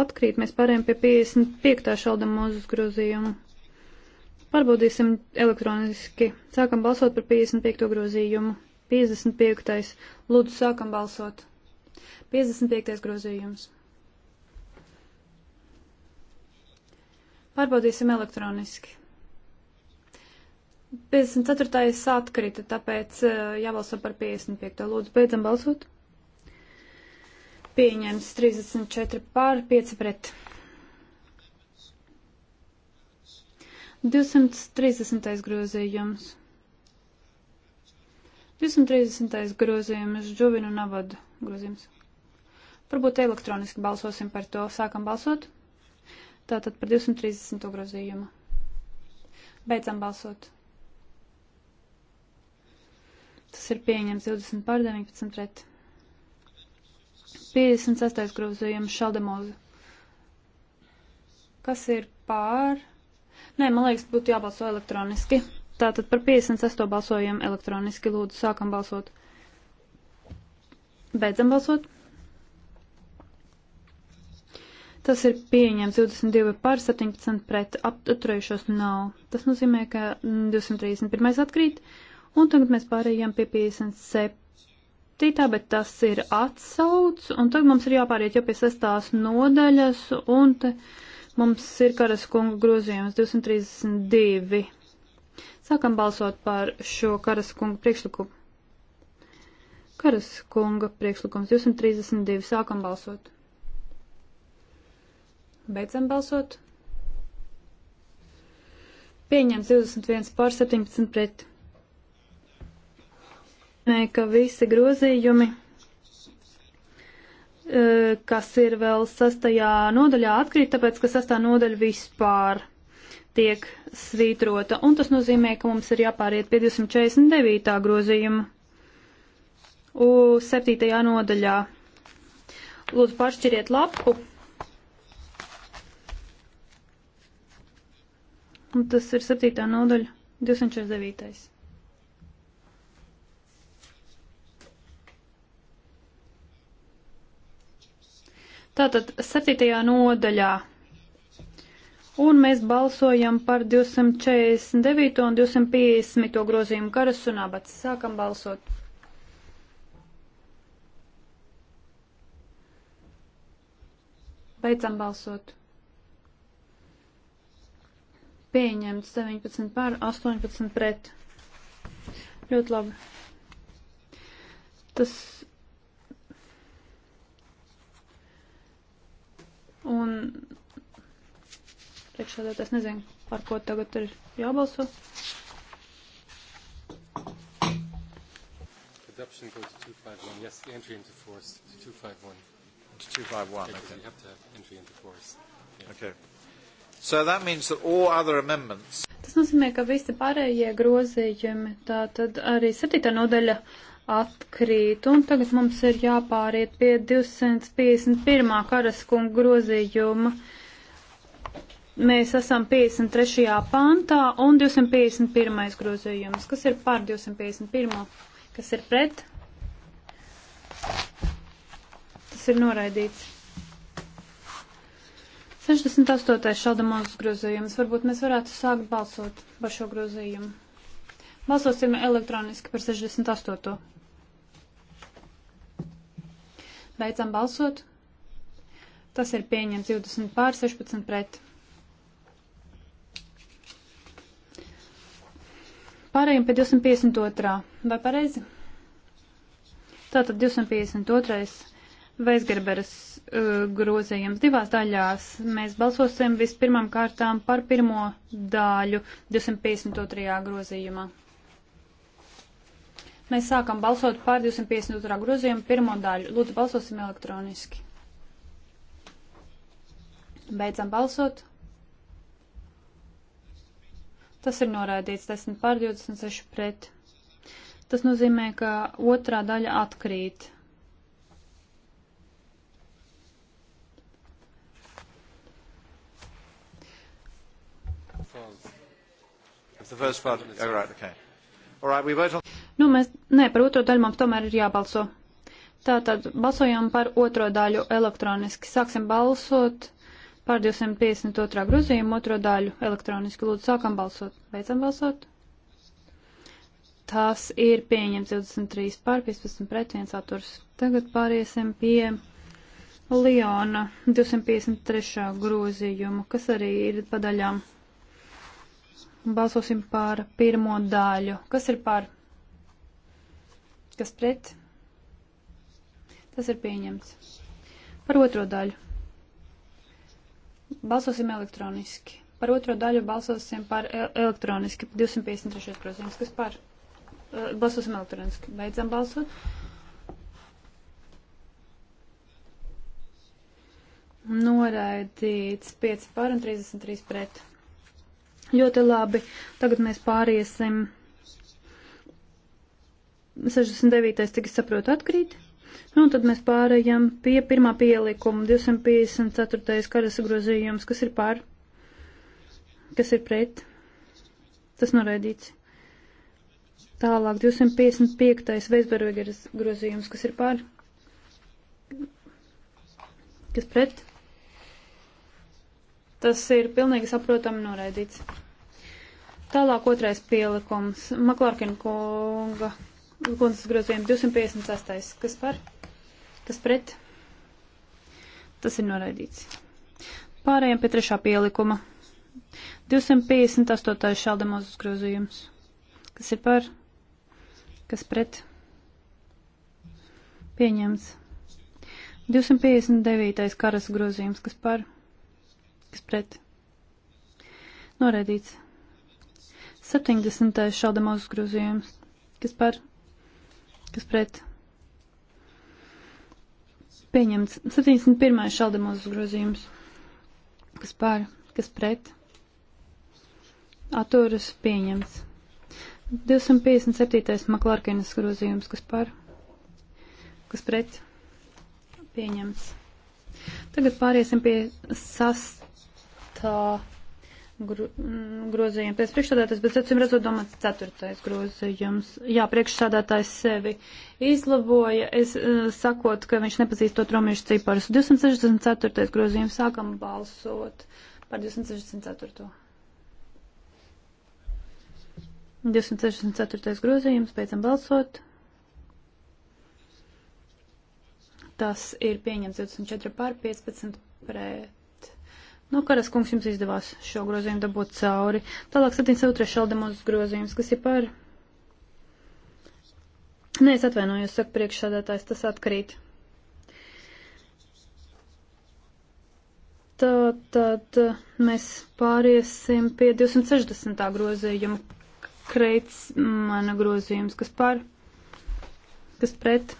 Speaker 1: atkrīt, mēs pārējām pie 55. šaldam mūzes grozījumu. Pārbaudīsim elektroniski. Sākam balsot par 55. grozījumu. 55. Lūdzu, sākam balsot. 55. grozījums. Pārbaudīsim elektroniski. 54. atkrita, tāpēc eh, jābalso par 55. Lūdzu, beidzam balsot. Pieņems 34 pār 5 pret. 230. grozījums. 230. grozījums Džuvinu Navadu grozījums. Varbūt elektroniski balsosim par to. Sākam balsot. Tātad par 230. grozījumu. Beidzam balsot. Tas ir pieņems 20 pār 19 pret. 56. grozījums šaldemoza. Kas ir pār? Nē, man liekas, būtu jābalso elektroniski. Tātad par 56. balsojumu elektroniski lūdzu sākam balsot. Beidzam balsot. Tas ir pieņemts 22 par 17 pret, atturējušos nav. Tas nozīmē, ka 231 mm, atkrīt, Un tagad mēs pārējām pie 57. bet tas ir atsauc, un tagad mums ir jāpāriet jau pie sestās nodaļas, un te mums ir karas kungu grozījums 232. Sākam balsot par šo karas kungu priekšlikumu. Karas kunga priekšlikums 232. Sākam balsot. Beidzam balsot. Pieņems 21 pār 17 pret. Nē, ka visi grozījumi, e, kas ir vēl sastajā nodaļā, atkrīt, tāpēc, ka sastā nodaļa vispār tiek svītrota, un tas nozīmē, ka mums ir jāpāriet pie 249. grozījuma U 7. nodaļā. Lūdzu, pašķiriet lapu. Un tas ir 7. nodaļa, 249. Tātad 7. nodaļā. Un mēs balsojam par 249 un 250 grozījumu karas un abats. Sākam balsot. Beidzam balsot. Pieņemts 19 pār 18 pret. Ļoti labi. Tas Un priekšsēdētājs nezinu, par ko tagad ir jābalso.
Speaker 2: Adoption goes to 251. Yes, the entry into force to 251. To 251, okay. okay. You have to have entry into force. Yeah. Okay. So that means that all other amendments.
Speaker 1: Tas nozīmē, ka visi pārējie grozījumi, tā tad arī 7. nodaļa atkrīt. Un tagad mums ir jāpāriet pie 251. karaskunga grozījuma. Mēs esam 53. pāntā un 251. grozījums. Kas ir pār 251? Kas ir pret? Tas ir noraidīts. 68. šaldamos grozījums. Varbūt mēs varētu sākt balsot par šo grozījumu. Balsosim elektroniski par 68. Beidzam balsot. Tas ir pieņemts 20 pār 16 pret. Pārējiem pie 252. Vai pareizi? Tātad 252. Veisgerberas uh, grozījums divās daļās. Mēs balsosim vispirmām kārtām par pirmo daļu 252. grozījumā. Mēs sākam balsot par 252. grozījumu pirmo daļu. Lūdzu, balsosim elektroniski. Beidzam balsot. Tas ir noraidīts 10 pār 26 pret. Tas nozīmē, ka otrā daļa atkrīt.
Speaker 4: Falls.
Speaker 2: If the first part, oh, right, okay. Right, on...
Speaker 1: Nu, mēs, nē, par otro daļu mums tomēr ir jābalso. Tātad balsojam par otro daļu elektroniski. Sāksim balsot par 252. grozījumu otro daļu elektroniski. Lūdzu, sākam balsot. Beidzam balsot. Tas ir pieņemts 23 pār 15 pret 1 atturs. Tagad pāriesim pie Liona 253. grozījumu, kas arī ir padaļām. Balsosim par pirmo daļu. Kas ir par? Kas pret? Tas ir pieņemts. Par otro daļu. Balsosim elektroniski. Par otro daļu balsosim par el elektroniski. 253. protams. Kas par? Eh, balsosim elektroniski. Beidzam balsot. Noraidīts 5 par un 33 pret. Ļoti labi. Tagad mēs pāriesim. 69. cik es saprotu atkrīt. Nu, tad mēs pārējām pie pirmā pielikuma 254. karas grozījums, kas ir pār, kas ir pret. Tas noraidīts. Tālāk 255. Veisbergeras grozījums, kas ir pār, kas pret Tas ir pilnīgi saprotami noraidīts. Tālāk otrais pielikums. Maklārkina kunga kundzes grozījums 258. Kas par? Kas pret? Tas ir noraidīts. Pārējiem pie trešā pielikuma. 258. šaldamozes grozījums. Kas ir par? Kas pret? Pieņemts. 259. karas grozījums. Kas par? kas pret noraidīts. 70. šaldamos grozījums, kas par, kas pret pieņemts. 71. šaldamos grozījums, kas par, kas pret atturas pieņemts. 257. maklārkainas grozījums, kas par, kas pret pieņemts. Tagad pāriesim pie sast ceturtā gro, grozījuma. Pēc priekšsādātājs, bet acīm redzot, domāts ceturtais grozījums. Jā, priekšsādātājs sevi izlaboja, es eh, sakot, ka viņš nepazīst to tromiešu ciparus. 264. grozījums sākam balsot par 264. 264. grozījums, beidzam balsot. Tas ir pieņemts 24 pār 15 pret. Nu, Karas kungs jums izdevās šo grozījumu dabūt cauri. Tālāk 7.3. šaldemos grozījums, kas ir par. Nē, es atvainojos, saka priekšsādātājs, tas atkrīt. Tā, tad uh, mēs pāriesim pie 260. grozījuma. Kreits mana grozījums, kas par, kas pret,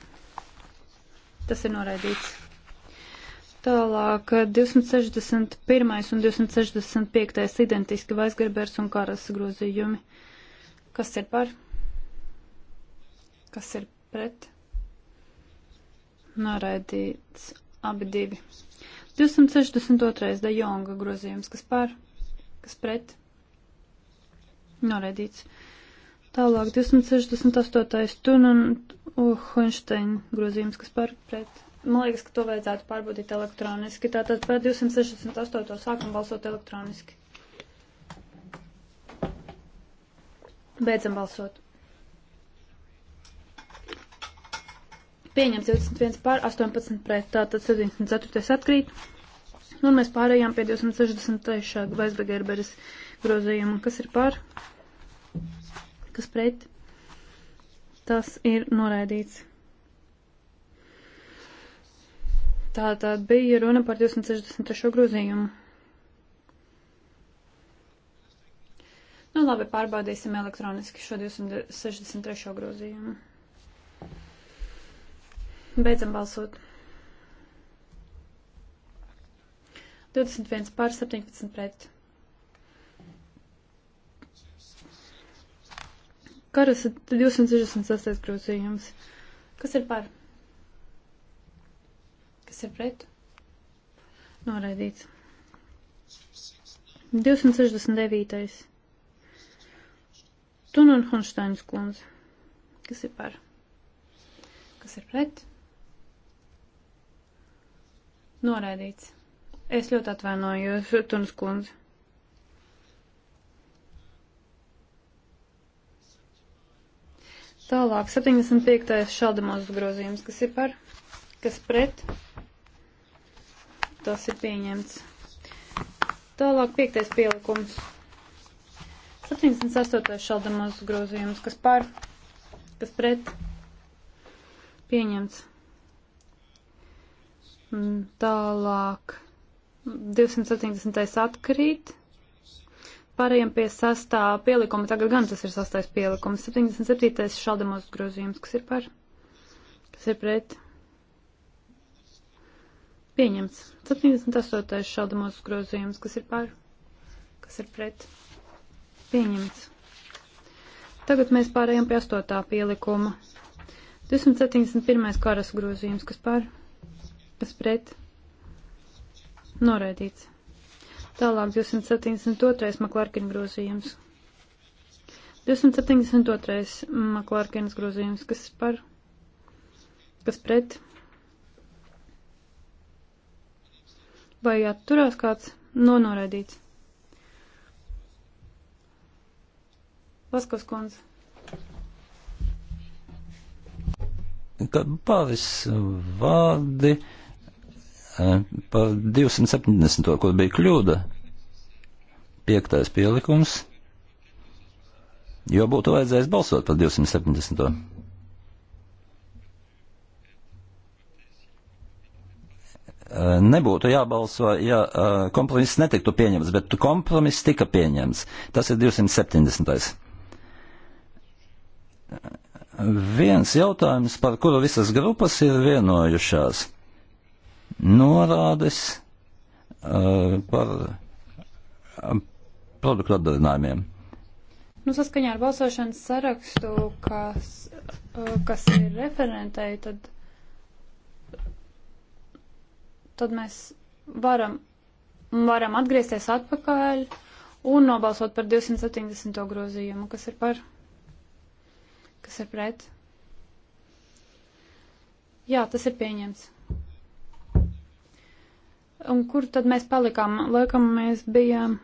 Speaker 1: tas ir noraidīts. Tālāk 261. un 265. identiski Vaisgerbers un Karas grozījumi. Kas ir par? Kas ir pret? Noraidīts abi divi. 262. da Jonga grozījums. Kas par? Kas pret? Noraidīts. Tālāk 268. Tun un Hohenstein grozījums. Kas par? Pret? Man liekas, ka to vajadzētu pārbaudīt elektroniski. Tātad par 268. sākam balsot elektroniski. Beidzam balsot. Pieņemts 21 pār 18 pret, tātad 74. atkrīt. Nu, un mēs pārējām pie 263. Vaisbegerberes grozījuma. Kas ir pār? Kas pret? Tas ir noraidīts. Tā tad bija runa par 263. grozījumu. Nu labi, pārbaudīsim elektroniski šo 263. grozījumu. Beidzam balsot. 21 pār 17 pret. Karas 268 grozījums. Kas ir par? kas ir pret, noraidīts. 269. Tun un Honštains kundze, kas ir par, kas ir pret, noraidīts. Es ļoti atvainojos, Tunas kundze. Tālāk, 75. šaldamos grozījums, kas ir par, kas pret, tas ir pieņemts. Tālāk piektais pielikums. 78. šaldamos grozījums, kas par, kas pret, pieņemts. Mm, tālāk 270. atkrīt. Pārējiem pie sastā pielikuma, tagad gan tas ir sastais pielikums. 77. šaldamos grozījums, kas ir par, kas ir pret, Pieņemts. 78. šaldamos grozījums, kas ir par, kas ir pret. Pieņemts. Tagad mēs pārējām pie 8. pielikuma. 271. karas grozījums, kas par, kas pret. Noraidīts. Tālāk 272. maklārkina grozījums. 272. maklārkinas grozījums, kas par, kas pret. vai atturās kāds no noraidīts. Vaskos kundze.
Speaker 4: Pāris vārdi eh, par 270. kur bija kļūda. Piektais pielikums. Jo būtu vajadzējis balsot par 270. Eh, nebūtu jābalso, ja eh, kompromiss netiktu pieņemts, bet kompromiss tika pieņemts. Tas ir 270. Viens jautājums, par kuru visas grupas ir vienojušās. Norādes eh, par produktu atdarinājumiem.
Speaker 1: Nu, saskaņā ar balsošanas sarakstu, kas, kas ir referentei, tad tad mēs varam, varam atgriezties atpakaļ un nobalsot par 270. grozījumu, kas ir par, kas ir pret. Jā, tas ir pieņemts. Un kur tad mēs palikām? Laikam mēs bijām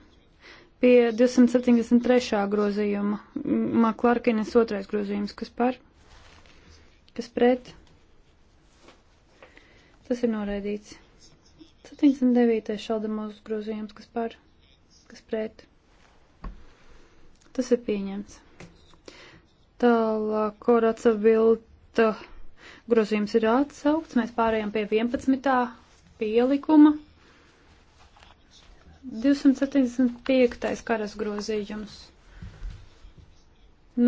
Speaker 1: pie 273. grozījuma, Maklārkinis otrais grozījums, kas par, kas pret. Tas ir noraidīts. 79. šaldamos grozījums, kas par, kas pret. Tas ir pieņemts. Tālāk, korāca vilta grozījums ir atsaukts. Mēs pārējām pie 11. pielikuma. 275. karas grozījums.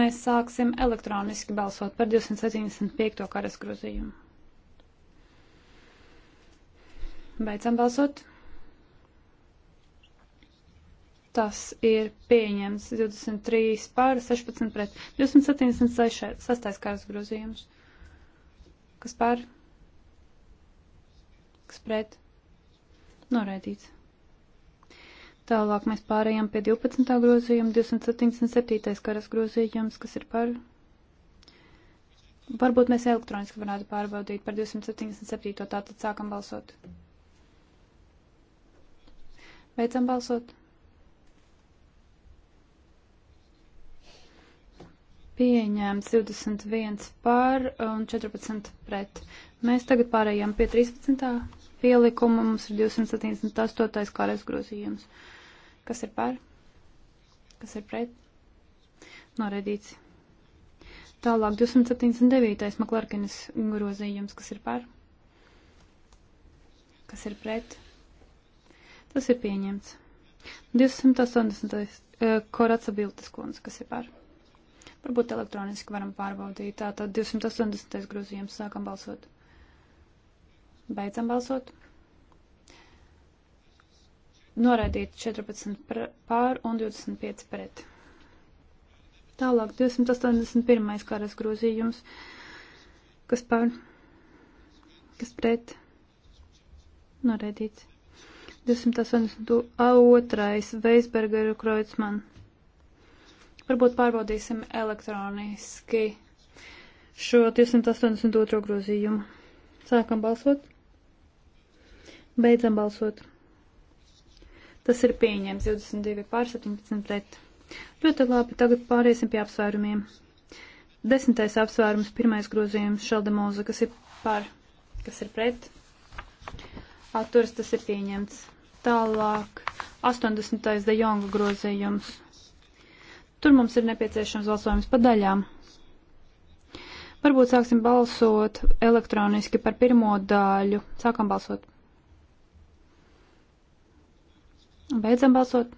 Speaker 1: Mēs sāksim elektroniski balsot par 275. karas grozījumu. Beidzam balsot. Tas ir pieņems 23 pār 16 pret 276 sastais kārs grozījums. Kas pār? Kas pret? Noraidīts. Tālāk mēs pārējām pie 12. grozījuma, 277. karas grozījums, kas ir par. Varbūt mēs elektroniski varētu pārbaudīt par 277. tātad sākam balsot. Beidzam balsot. Pieņēmts 21 par un 14 pret. Mēs tagad pārējām pie 13. pielikuma. Mums ir 278. kārais grozījums. Kas ir par? Kas ir pret? Noredīts. Tālāk 279. Maklārkinis grozījums, kas ir par, kas ir pret, Tas ir pieņemts. 280. Koraca Biltas kundze, kas ir par. Varbūt elektroniski varam pārbaudīt. Tātad 280. grozījums sākam balsot. Beidzam balsot. Noraidīt 14 pār un 25 pret. Tālāk 281. kāras grozījums, kas pār, kas pret, noraidīts. 282. Veisbergeru Kreutzmann. Varbūt pārbaudīsim elektroniski šo 282. grozījumu. Sākam balsot. Beidzam balsot. Tas ir pieņemts 22 pār 17 pret. Ļoti labi, tagad pāriesim pie apsvērumiem. Desmitais apsvērums, pirmais grozījums šalda mūza, kas ir pār, kas ir pret, atturas tas ir pieņemts. Tālāk 80. de Jonga grozījums. Tur mums ir nepieciešams balsojums pa daļām. Varbūt sāksim balsot elektroniski par pirmo daļu. Sākam balsot. Beidzam balsot.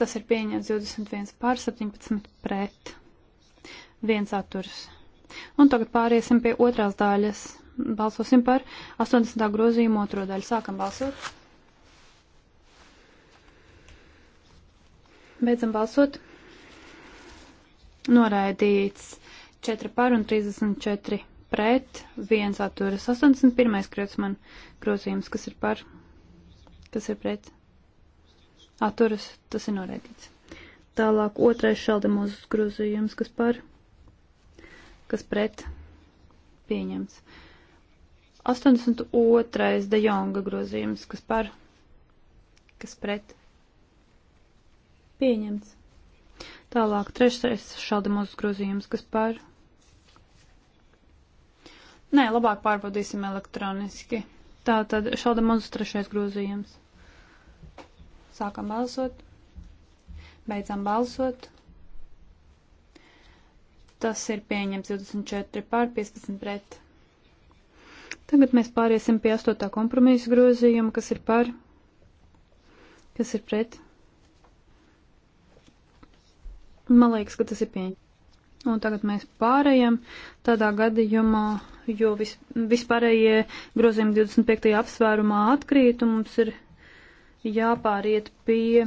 Speaker 1: Tas ir pieņemts 21 pār 17 pret. Viens atturs. Un tagad pāriesim pie otrās daļas. Balsosim par 80. grozījumu otro daļu. Sākam balsot. Beidzam balsot. Noraidīts 4 par un 34 pret, 1 atturas. 81. Kreutzmann grozījums, kas ir par, kas ir pret. Atturas, tas ir noraidīts. Tālāk otrais šaldemos grozījums, kas par, kas pret, pieņems. 82. De Jonga grozījums, kas par, kas pret. Pieņemts. Tālāk, trešais šaldemos grozījums, kas par. Nē, labāk pārbaudīsim elektroniski. Tātad šaldemos trešais grozījums. Sākam balsot. Beidzam balsot. Tas ir pieņemts 24 pār 15 pret. Tagad mēs pāriesim pie 8. kompromisa grozījuma, kas ir par, kas ir pret. Man liekas, ka tas ir pieņemts. Un tagad mēs pārējām tādā gadījumā, jo vis, vispārējie grozījumi 25. apsvērumā atkrīt, un mums ir jāpāriet pie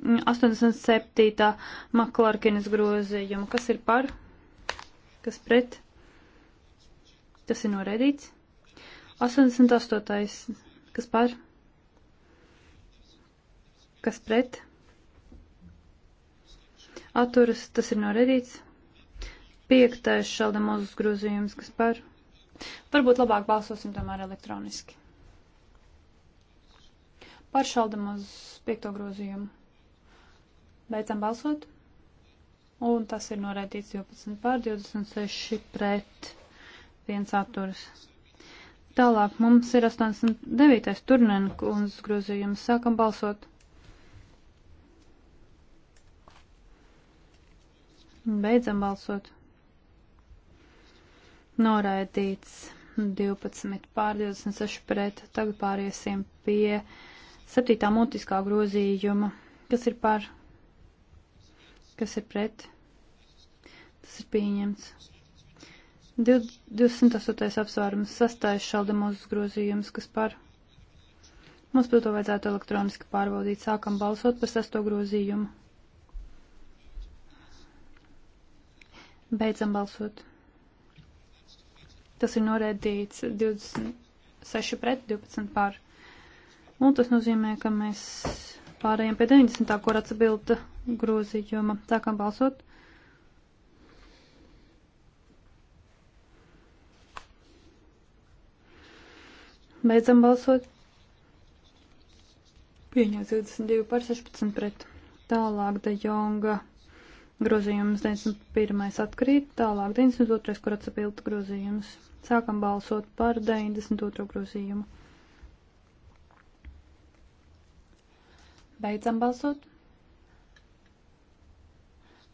Speaker 1: 87. Maklārkinas grozījuma, kas ir par, kas pret, tas ir noredīts. 88. Kas par? Kas pret? Atturas, tas ir norēdīts. Piektais šalda mūzus grozījums, kas par? Varbūt labāk balsosim tomēr elektroniski. Par šalda mūzus piekto grozījumu. Beidzam balsot. Un tas ir norēdīts 12 pār 26 pret 1 atturas. Tālāk mums ir 89. turnēna kundzes grozījums. Sākam balsot. Beidzam balsot. Noraidīts 12 pār 26 pret. Tagad pāriesim pie 7. mutiskā grozījuma. Kas ir par? Kas ir pret? Tas ir pieņemts. 28. apsvērums sastājas šaldemos grozījums, kas par. Mums par to vajadzētu elektroniski pārbaudīt. Sākam balsot par sesto grozījumu. Beidzam balsot. Tas ir norēdīts 26 pret 12 pār. Un tas nozīmē, ka mēs pārējiem pie 90. kur atsabilda grozījuma. Sākam balsot. Beidzam balsot. Pieņemts 22 par 16 pret. Tālāk De Jonga grozījums 91. atkrīt, tālāk 92. kur atsapilta grozījums. Sākam balsot par 92. grozījumu. Beidzam balsot.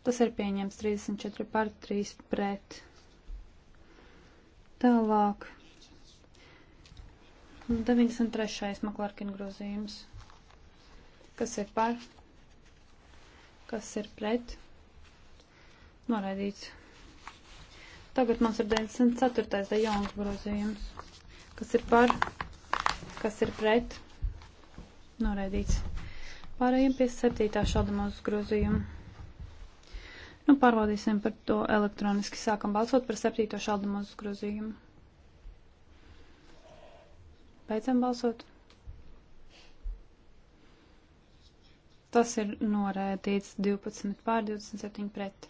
Speaker 1: Tas ir pieņemts 34 par 3 pret. Tālāk 93. Maklārkina grozījums. Kas ir par? Kas ir pret? Noraidīts. Tagad mums ir 94. Dejons grozījums. Kas ir par? Kas ir pret? Noraidīts. Pārējiem pie 7. šādamos grozījumu. Nu, pārbaudīsim par to elektroniski. Sākam balsot par 7. šādamos grozījumu. Beidzam balsot. Tas ir norēdīts 12 pār 27 pret.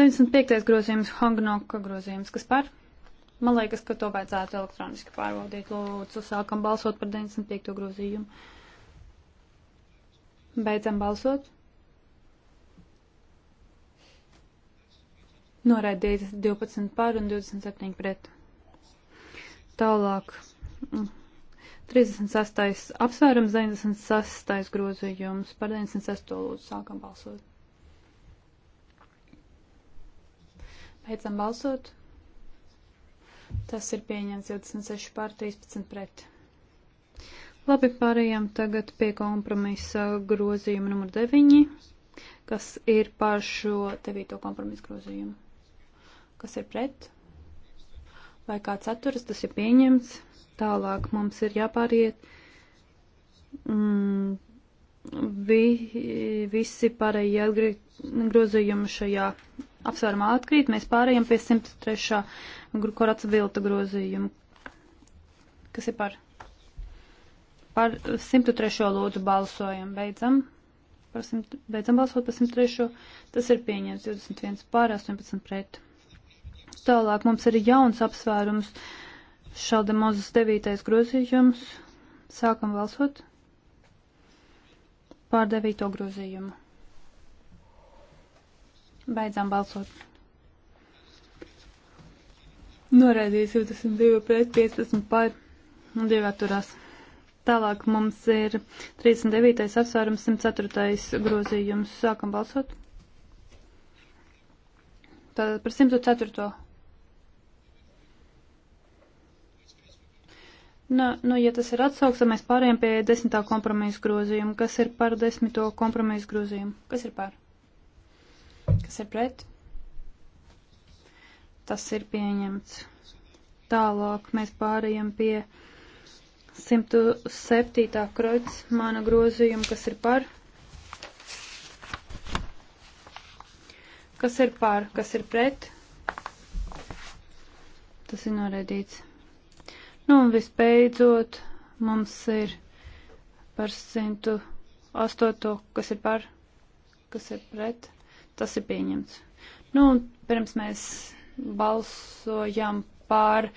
Speaker 1: 95. grozījums, Hongnoka grozījums, kas par? Man liekas, ka to vajadzētu elektroniski pārbaudīt. Lūdzu, sākam balsot par 95. grozījumu. Beidzam balsot. Noraidīts 12 pār un 27 pret. Tālāk 36. Mm. apsvērums, 96. grozījums par 96. lūdzu sākam balsot. Beidzam balsot. Tas ir pieņemts 26 pār 13 pret. Labi, pārējām tagad pie kompromisa grozījuma numur 9, kas ir par šo 9. kompromisa grozījumu. Kas ir pret? vai kāds atturas, tas ir pieņemts. Tālāk mums ir jāpāriet mm, vi, visi pārējie grozījumi šajā apsvērumā atkrīt. Mēs pārējām pie 103. korats vilta grozījumu. Kas ir par? Par 103. lūdzu balsojam. Beidzam. Par 100, beidzam balsot par 103. Tas ir pieņemts 21 pār 18 pret. Tālāk mums ir jauns apsvērums. Šāda mazas devītais grozījums. Sākam balsot pār devīto grozījumu. Beidzām balsot. Noraidīja 22 pret 15 pār un 2 atturās. Tālāk mums ir 39. apsvērums 104. grozījums. Sākam balsot. Tātad par 104. Nu, nu, ja tas ir atsauks, tad mēs pārējām pie desmitā kompromisa grozījuma. Kas ir par desmito kompromisa grozījumu? Kas ir par? Kas ir pret? Tas ir pieņemts. Tālāk mēs pārējām pie 107. kroķis mana grozījuma, kas ir par. Kas ir par, kas ir pret? Tas ir noraidīts. Nu, un visbeidzot, mums ir par 108, kas ir par, kas ir pret, tas ir pieņemts. Nu, un pirms mēs balsojam par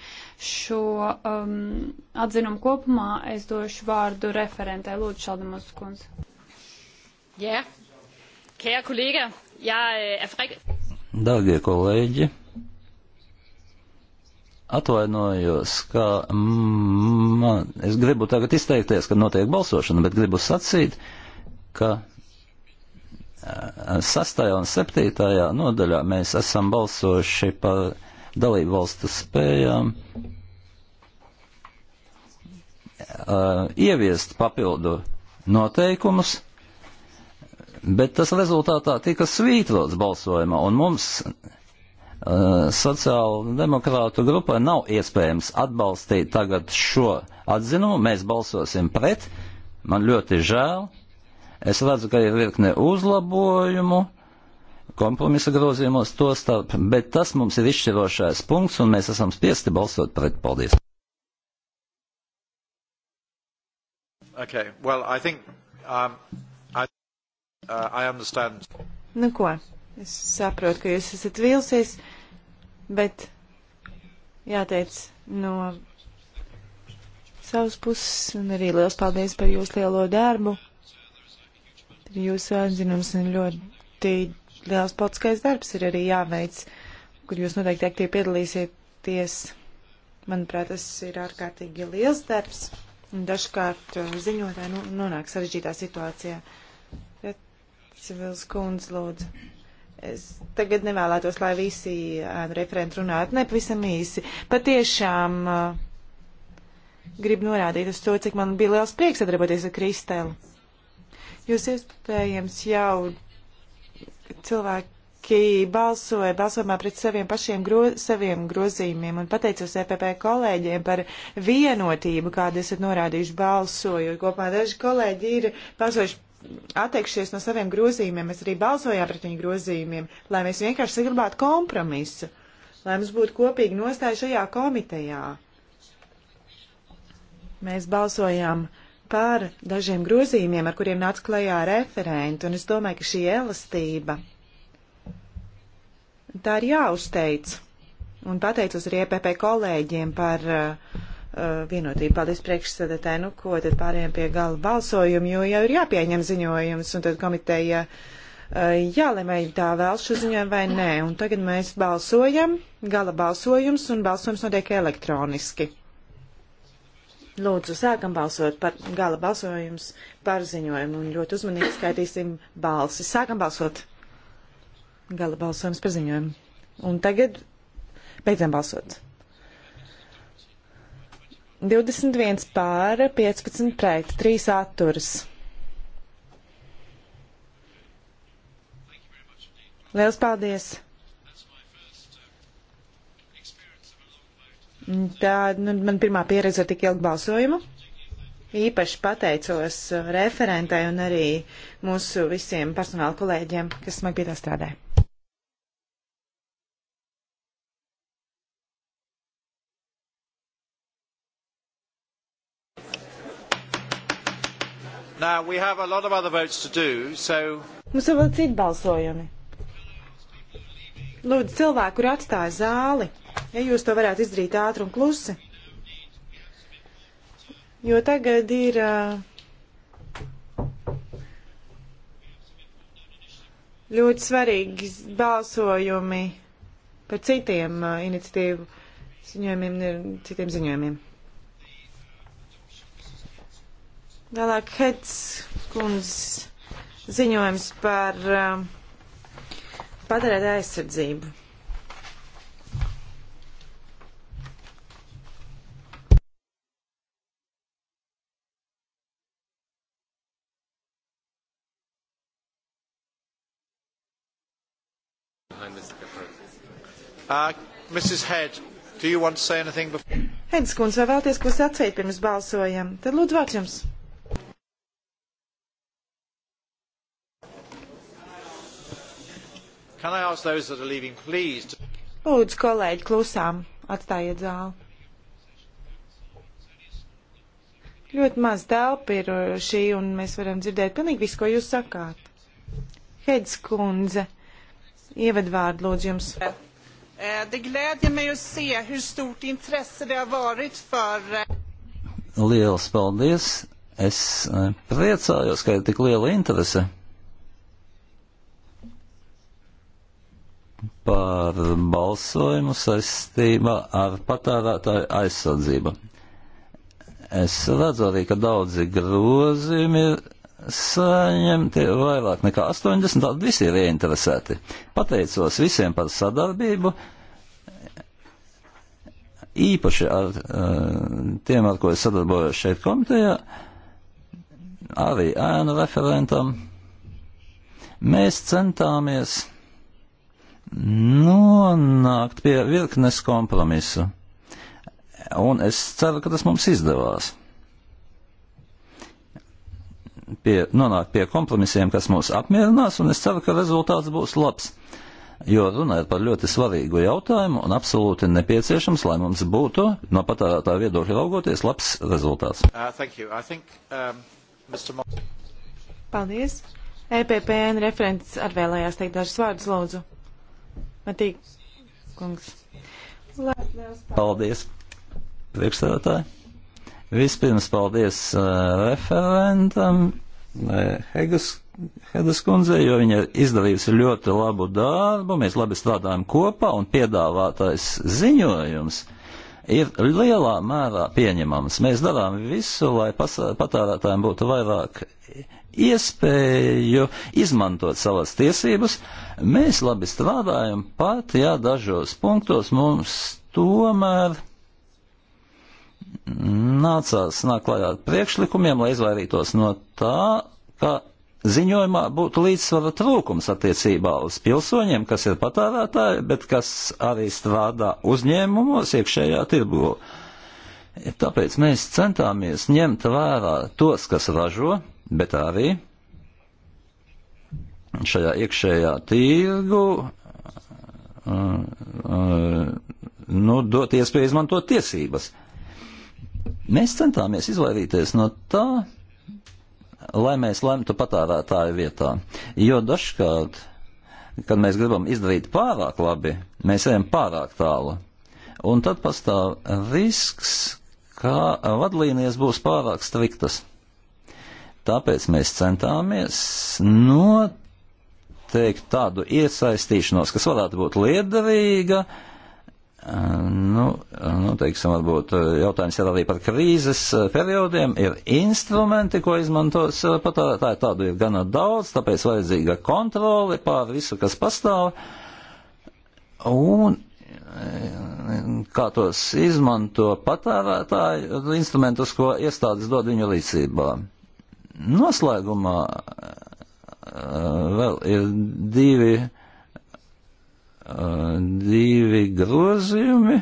Speaker 1: šo um, atzinumu kopumā, es došu vārdu referentē. Lūdzu, Šaldemus kundze. Jā, yeah. kēja kolēģa, jā, øh, Efrika. Er
Speaker 4: Dārgie kolēģi, Atvainojos, ka man, es gribu tagad izteikties, kad notiek balsošana, bet gribu sacīt, ka sastajā un septītajā nodaļā mēs esam balsojuši par dalību valstu spējām uh, ieviest papildu noteikumus, bet tas rezultātā tika svītrots balsojumā, un mums Uh, sociāla demokrātu grupai nav iespējams atbalstīt tagad šo atzinumu. Mēs balsosim pret. Man ļoti žēl. Es redzu, ka ir virkne uzlabojumu kompromisa grozījumos to starp, bet tas mums ir izšķirošais punkts un mēs esam spiesti balsot pret. Paldies!
Speaker 2: Okay. Well, I think, um, I, uh, I understand.
Speaker 3: Nu ko, Es saprotu, ka jūs esat vīlusies, bet jāteic no savas puses un arī liels paldies par jūsu lielo darbu. Jūsu atzinums un ļoti liels politiskais darbs ir arī jāveic, kur jūs noteikti aktīvi piedalīsieties. Manuprāt, tas ir ārkārtīgi liels darbs un dažkārt uh, ziņotāji nu, nonāk sarežģītā situācijā. Bet civils kundze lūdzu. Es tagad nevēlētos, lai visi referenti runātu nepavisam īsi. Patiešām uh, gribu norādīt uz to, cik man bija liels prieks sadarboties ar Kristēlu. Jūs iespējams jau cilvēki balsoja balsojumā pret saviem pašiem gro, saviem grozījumiem un pateicos EPP kolēģiem par vienotību, kādu esat norādījuši balsoju. Kopumā daži kolēģi ir balsojuši atteikšies no saviem grozījumiem, mēs arī balsojām pret viņu grozījumiem, lai mēs vienkārši saglabātu kompromisu, lai mums būtu kopīgi nostāja šajā komitejā. Mēs balsojām par dažiem grozījumiem, ar kuriem nāca klajā referenti, un es domāju, ka šī elastība tā ir jāuzteic. Un pateicos arī EPP kolēģiem par uh, Uh, vienotību. Paldies priekšsēdētāji, nu ko tad pārējiem pie gala balsojumu, jo jau ir jāpieņem ziņojums, un tad komiteja uh, jālemē tā vēl šo ziņojumu vai nē. Un tagad mēs balsojam, gala balsojums, un balsojums notiek elektroniski. Lūdzu, sākam balsot par gala balsojums par ziņojumu, un ļoti uzmanīgi skaitīsim balsi. Sākam balsot. Gala balsojums par ziņojumu. Un tagad beidzam balsot. 21 pār, 15 pret, 3 atturas. Liels paldies! Tā nu, man pirmā pieredze ar tik ilgu balsojumu. Īpaši pateicos referentai un arī mūsu visiem personāla kolēģiem, kas smagi pie tā strādāja.
Speaker 2: Now, we have a lot of other votes to do, so...
Speaker 3: Mums ir vēl citi balsojumi. Lūdzu, cilvēku, kur atstāja zāli, ja jūs to varētu izdarīt ātri un klusi. Jo tagad ir. Ļoti svarīgi balsojumi par citiem iniciatīvu ziņojumiem, citiem ziņojumiem. Vēlāk Hets kundzes ziņojums par uh, padarēt aizsardzību.
Speaker 2: Uh, Mrs. Head, do you want to say anything before?
Speaker 3: Heads, kundze, vai vēlties ko sacīt pirms balsojam? Tad lūdzu vārds jums.
Speaker 2: Leaving, please...
Speaker 3: Lūdzu, kolēģi, klusām atstājiet zāli. Ļoti maz telpa ir uh, šī, un mēs varam dzirdēt pilnīgi visu, ko jūs sakāt. Hedz kundze, ievadvārdu lūdzu jums. Eh, det glädjer mig att se hur stort intresse det har varit för... Eh,
Speaker 4: Liels paldies! Es eh, priecājos, ka ir tik liela interese par balsojumu saistībā ar patērētāju aizsardzību. Es redzu arī, ka daudzi grozījumi ir saņemti vairāk nekā 80, tad visi ir ieinteresēti. Pateicos visiem par sadarbību, īpaši ar eh, tiem, ar ko es sadarbojos šeit komitejā, arī ēnu referentam. Mēs centāmies nonākt pie virknes kompromisu. Un es ceru, ka tas mums izdevās. Pie, nonākt pie kompromisiem, kas mūs apmierinās, un es ceru, ka rezultāts būs labs. Jo runa ir par ļoti svarīgu jautājumu un absolūti nepieciešams, lai mums būtu no patērētāja viedokļa raugoties labs rezultāts.
Speaker 2: Uh, think, um, Paldies!
Speaker 3: EPPN referents arī vēlējās teikt dažus vārdus, lūdzu. Matī, kungs.
Speaker 4: Paldies, priekšstādātāji. Vispirms paldies uh, referentam uh, Hegas, Hegas kundzei, jo viņa ir izdarījusi ļoti labu darbu, mēs labi strādājam kopā un piedāvātais ziņojums. Uh, ir lielā mērā pieņemamas. Mēs darām visu, lai patērētājiem būtu vairāk iespēju izmantot savas tiesības. Mēs labi strādājam pat, ja dažos punktos mums tomēr nācās nāk klajā ar priekšlikumiem, lai izvairītos no tā, ka ziņojumā būtu līdzsvara trūkums attiecībā uz pilsoņiem, kas ir patērētāji, bet kas arī strādā uzņēmumos iekšējā tirgu. Tāpēc mēs centāmies ņemt vērā tos, kas ražo, bet arī šajā iekšējā tirgu mm, nu, dot iespēju izmantot tiesības. Mēs centāmies izvairīties no tā, lai mēs lemtu patērētāju vietā. Jo dažkārt, kad mēs gribam izdarīt pārāk labi, mēs ejam pārāk tālu. Un tad pastāv risks, ka vadlīnijas būs pārāk striktas. Tāpēc mēs centāmies noteikt tādu iesaistīšanos, kas varētu būt liederīga, uh, Nu, nu, teiksim, varbūt jautājums ir arī par krīzes periodiem. Ir instrumenti, ko izmantos patērētāji, tādu ir gana daudz, tāpēc vajadzīga kontrole pār visu, kas pastāv. Un kā tos izmanto patērētāji, instrumentus, ko iestādes dod viņu līdzībā. Noslēgumā vēl ir divi divi grozījumi,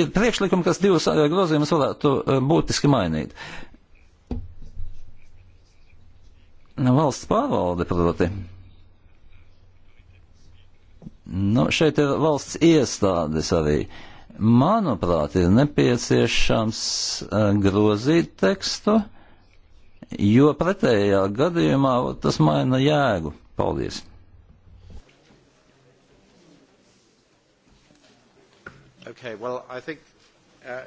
Speaker 4: ir priekšlikumi, kas divus eh, grozījumus varētu eh, būtiski mainīt. Valsts pārvalde, proti. Nu, šeit ir valsts iestādes arī. Manuprāt, ir nepieciešams eh, grozīt tekstu, jo pretējā gadījumā tas maina jēgu. Paldies!
Speaker 2: Okay, well, I think, uh,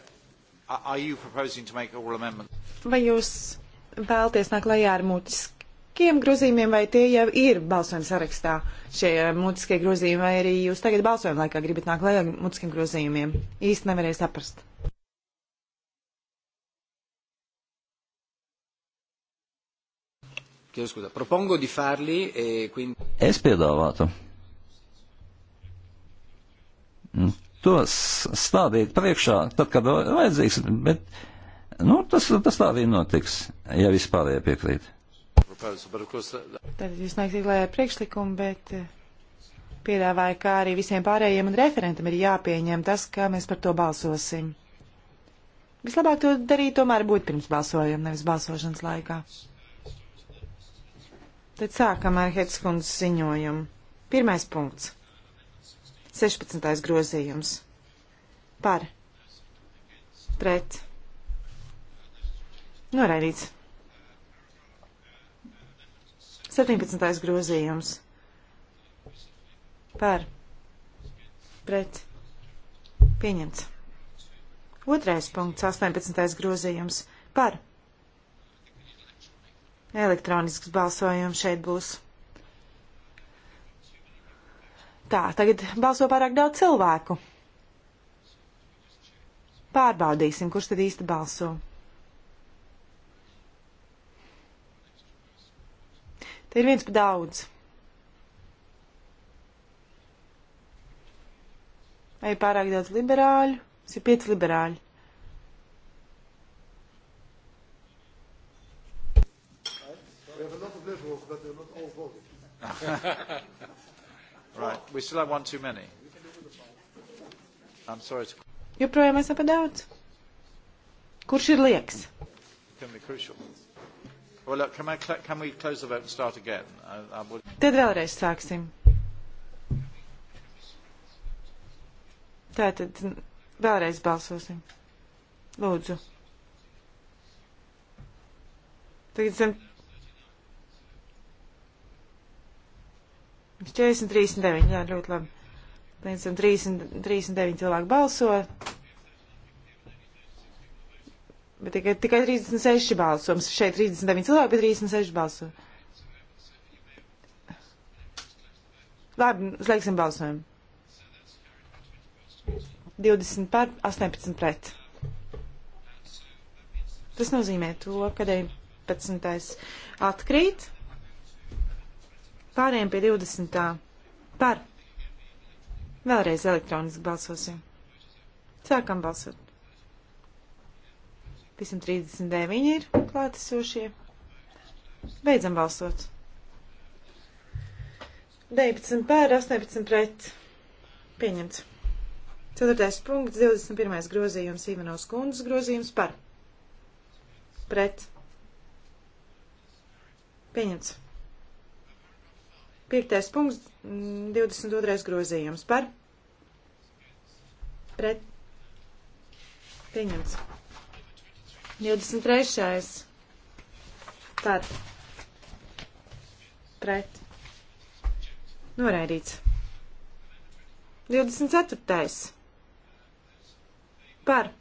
Speaker 2: are you proposing to make oral amendment?
Speaker 3: Vai jūs vēlties nāk lejā ar mutiskiem grozījumiem, vai tie jau ir balsojuma sarakstā šie uh, mutiskie grozījumi, vai arī jūs tagad balsojuma laikā gribat nāk lejā ar mutiskiem grozījumiem? Īsti nevarēju saprast.
Speaker 2: Chiedo scusa, propongo di farli
Speaker 4: e quindi... Es piedāvātu nu, tos stādīt priekšā, tad, kad vajadzīgs, bet, nu, tas, tas tā arī notiks, ja vispārējie piekrīt.
Speaker 2: Tad jūs nāksiet
Speaker 3: klājā priekšlikumu, bet eh, piedāvāja, kā arī visiem pārējiem un referentam ir jāpieņem tas, kā mēs par to balsosim. Vislabāk to darīt tomēr būtu pirms balsojuma, nevis balsošanas laikā. Tad sākam ar Hetskundas ziņojumu. Pirmais punkts. 16. grozījums par pret noraidīts. 17. grozījums par pret pieņemts. Otrais punkts, 18. grozījums par elektronisks balsojums šeit būs. Tā, tagad balso pārāk daudz cilvēku. Pārbaudīsim, kurš tad īsti balso. Te ir viens pa daudz. Vai ir pārāk daudz liberāļu? Tas ir pieci liberāļi.
Speaker 2: <laughs> Right. We still have one too many. I'm sorry to...
Speaker 3: Joprojām esam pa daudz. Kurš ir lieks?
Speaker 2: Can be crucial. Well, look, can, I, can we close the vote and start again? I, I would...
Speaker 3: Tad vēlreiz sāksim. Tātad vēlreiz balsosim. Lūdzu. Tagad esam 40, 39, jā, ļoti labi. Līdz tam 30, 39 cilvēki balso. Bet tikai, tikai 36 balso. Mums šeit 39 cilvēki, bet 36 balso. Labi, slēgsim balsojumu. 20 par, 18 pret. Tas nozīmē to, ka 19. atkrīt. Pārējiem pie 20. Par. Vēlreiz elektroniski balsosim. Sākam balsot. 239 ir klātesošie. Beidzam balsot. 19 pār, 18 pret. Pieņemts. 4. punkts, 21. grozījums, Īmenos kundzes grozījums par. Pret. Pieņemts. Piektais punkts, 22. Mm, grozījums par pret pieņemts. 23. par pret noraidīts. 24. par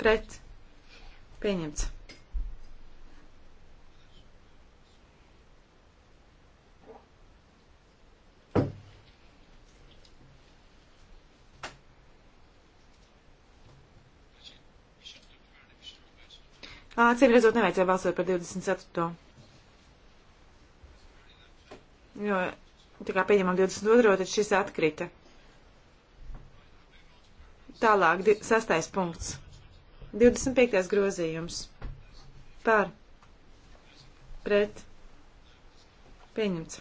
Speaker 3: pret pieņemts. Acīm redzot, nevajadzēja balsot par 24. Jo, tā kā pieņemam 22. tad šis atkrita. Tālāk, sastais punkts. 25. grozījums. Par. Pret. Pieņemts.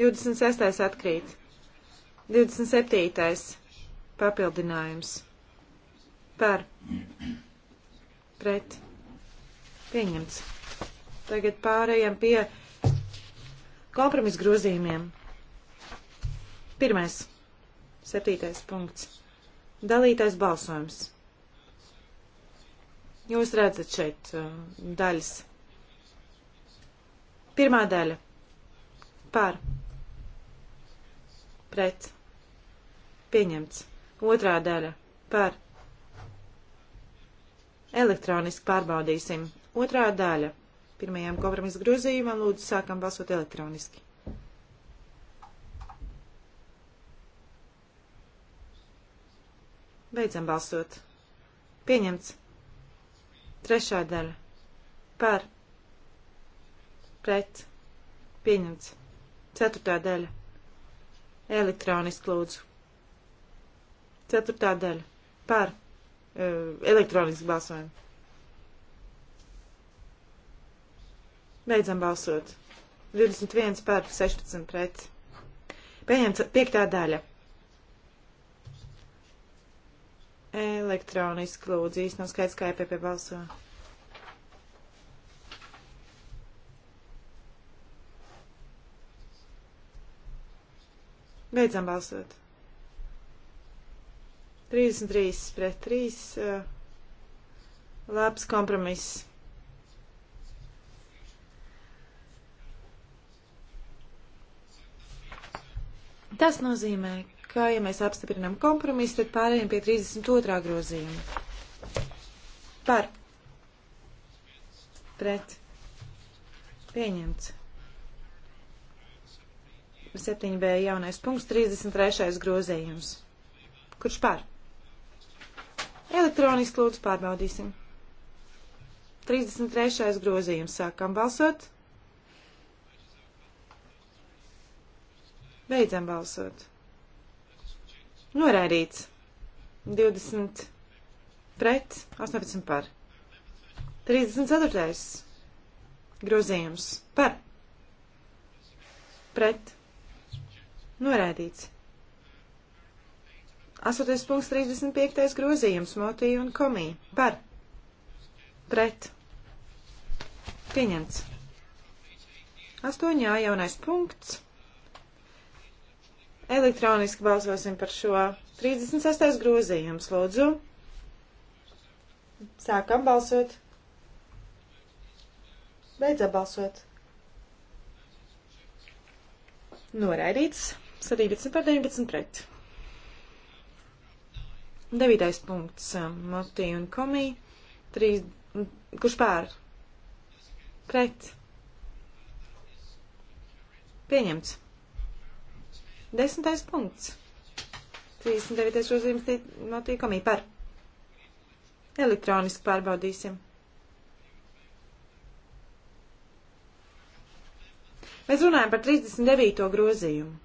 Speaker 3: 26. atkrīt. 27. papildinājums. Par pret pieņemts. Tagad pārējām pie kompromisa grozījumiem. Pirmais, septītais punkts. Dalītais balsojums. Jūs redzat šeit uh, daļas. Pirmā daļa par, pret, pieņemts. Otrā daļa par, Elektroniski pārbaudīsim. Otrā daļa. Pirmajam kompromisu grozījumam lūdzu sākam balsot elektroniski. Beidzam balsot. Pieņemts. Trešā daļa. Par. Pret. Pieņemts. Ceturtā daļa. Elektroniski lūdzu. Ceturtā daļa. Par. Eh, elektroniski balsojam. Beidzam balsot. 21 par 16 pret. Pieņemts piektā daļa. Elektroniski lūdzu, īsti nav skaidrs, kā EPP balso. Beidzam balsot. 33 pret 3. Eh, labs kompromiss. Tas nozīmē, ka, ja mēs apstiprinām kompromisu, tad pārējiem pie 32. grozījuma. Par. Pret. Pieņemts. 7b jaunais punkts, 33. grozījums. Kurš par? Elektroniski lūdzu pārbaudīsim. 33. grozījums sākam balsot. Beidzam balsot. Noraidīts. 20 pret, 18 par. 34. grozījums par. Pret. Noraidīts. Asoties punkts 35. grozījums, motīva un komī. Par. Pret. Pieņemts. Astoņā jaunais punkts. Elektroniski balsosim par šo 36. grozījums, lūdzu. Sākam balsot. Beidzam balsot. Noraidīts. 17 par 19 pret. Devītais punkts. Motī um, un komī. Trīs. Kurš pār? Pret. Pieņemts. Desmitais punkts. 39. grozījums motī komī par. Elektroniski pārbaudīsim. Mēs runājam par 39. grozījumu.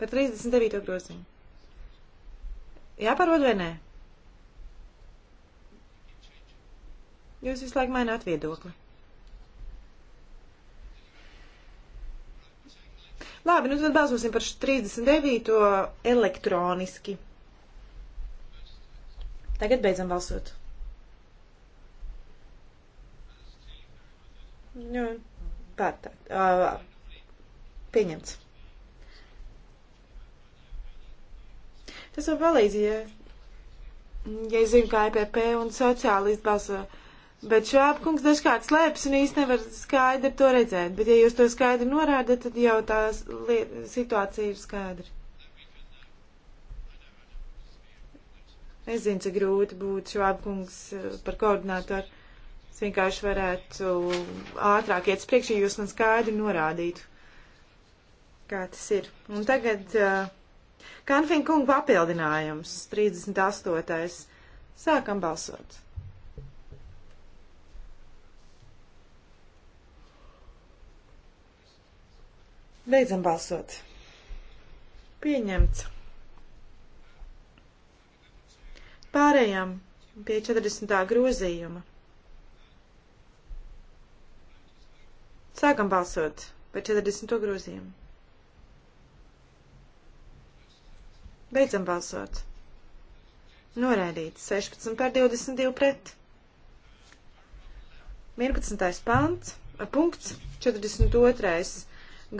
Speaker 3: Par 39. groziņu. Jāparod vai nē? Jūs visu laiku maināt viedokli. Labi, nu tad balsosim par 39. elektroniski. Tagad beidzam balsot. Nu, tā, tā. Uh, pieņemts. Tas var palīdzēt, ja, ja es zinu, kā EPP un sociālisti balso. Bet šāp kungs dažkārt slēpjas un īsti nevar skaidri to redzēt. Bet ja jūs to skaidri norādat, tad jau tā situācija ir skaidra. Es zinu, cik grūti būtu šāp kungs eh, par koordinātoru. Es vienkārši varētu ātrāk iet priekšā, ja jūs man skaidri norādītu, kā tas ir. Un tagad. Uh, Kanfin kunga papildinājums, 38. Sākam balsot. Beidzam balsot. Pieņemts. Pārējām pie 40. grozījuma. Sākam balsot par 40. grozījumu. Beidzam balsot. Noraidīts 16 par 22 pret. 11. pants, eh, punkts, 42.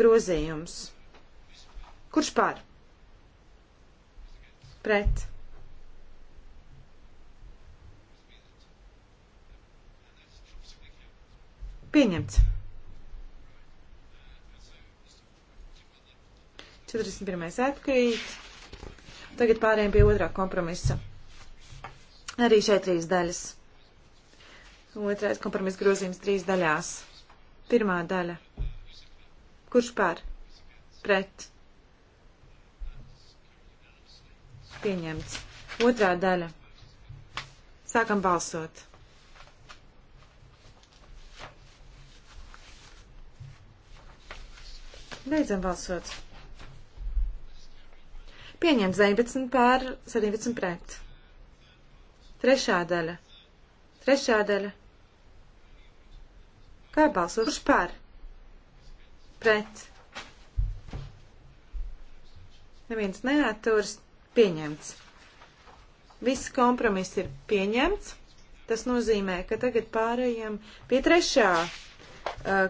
Speaker 3: grozījums. Kurš pār? Pret. Pieņemts. 41. atkrīt. Tagad pārējiem pie otrā kompromisa. Arī šeit trīs daļas. Otrais kompromiss grozījums trīs daļās. Pirmā daļa. Kurš pār? Pret. Pieņemts. Otrā daļa. Sākam balsot. Beidzam balsot. Pieņemts 19 pār 17 pret. Trešā daļa. Trešā daļa. Kā balsot? Kurš par? Pret. Neviens neatturas. Pieņemts. Viss kompromiss ir pieņemts. Tas nozīmē, ka tagad pārējām pie trešā uh,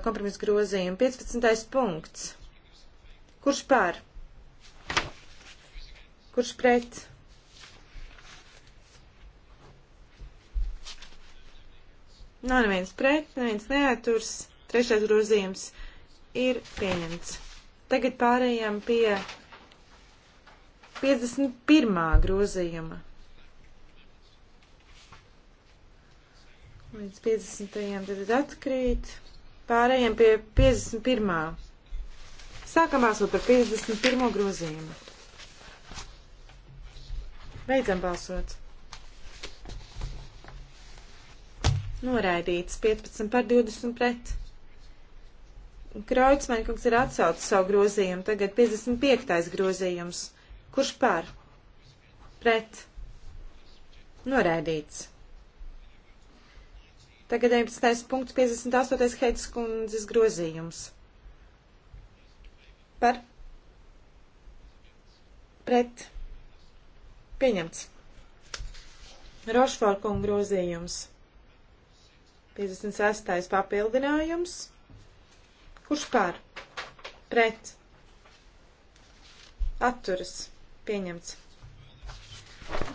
Speaker 3: kompromisa grozījuma 15. punkts. Kurš par? kurš pret. Nav neviens pret, neviens neaturs. Trešais grozījums ir pieņemts. Tagad pārējām pie 51. grozījuma. Līdz 50. tad atkrīt. Pārējām pie 51. Sākam balsot par 51. grozījumu. Beidzam balsot. Noraidīts 15 par 20 pret. Kraucmaņkungs ir atsaucis savu grozījumu, tagad 55. grozījums. Kurš par? Pret. Noraidīts. Tagad 19. punkts 58. heitas kundzes grozījums. Par? Pret. Pieņemts. Rošforkunga grozījums. 56. papildinājums. Kurš pār? Pret. Atturas. Pieņemts.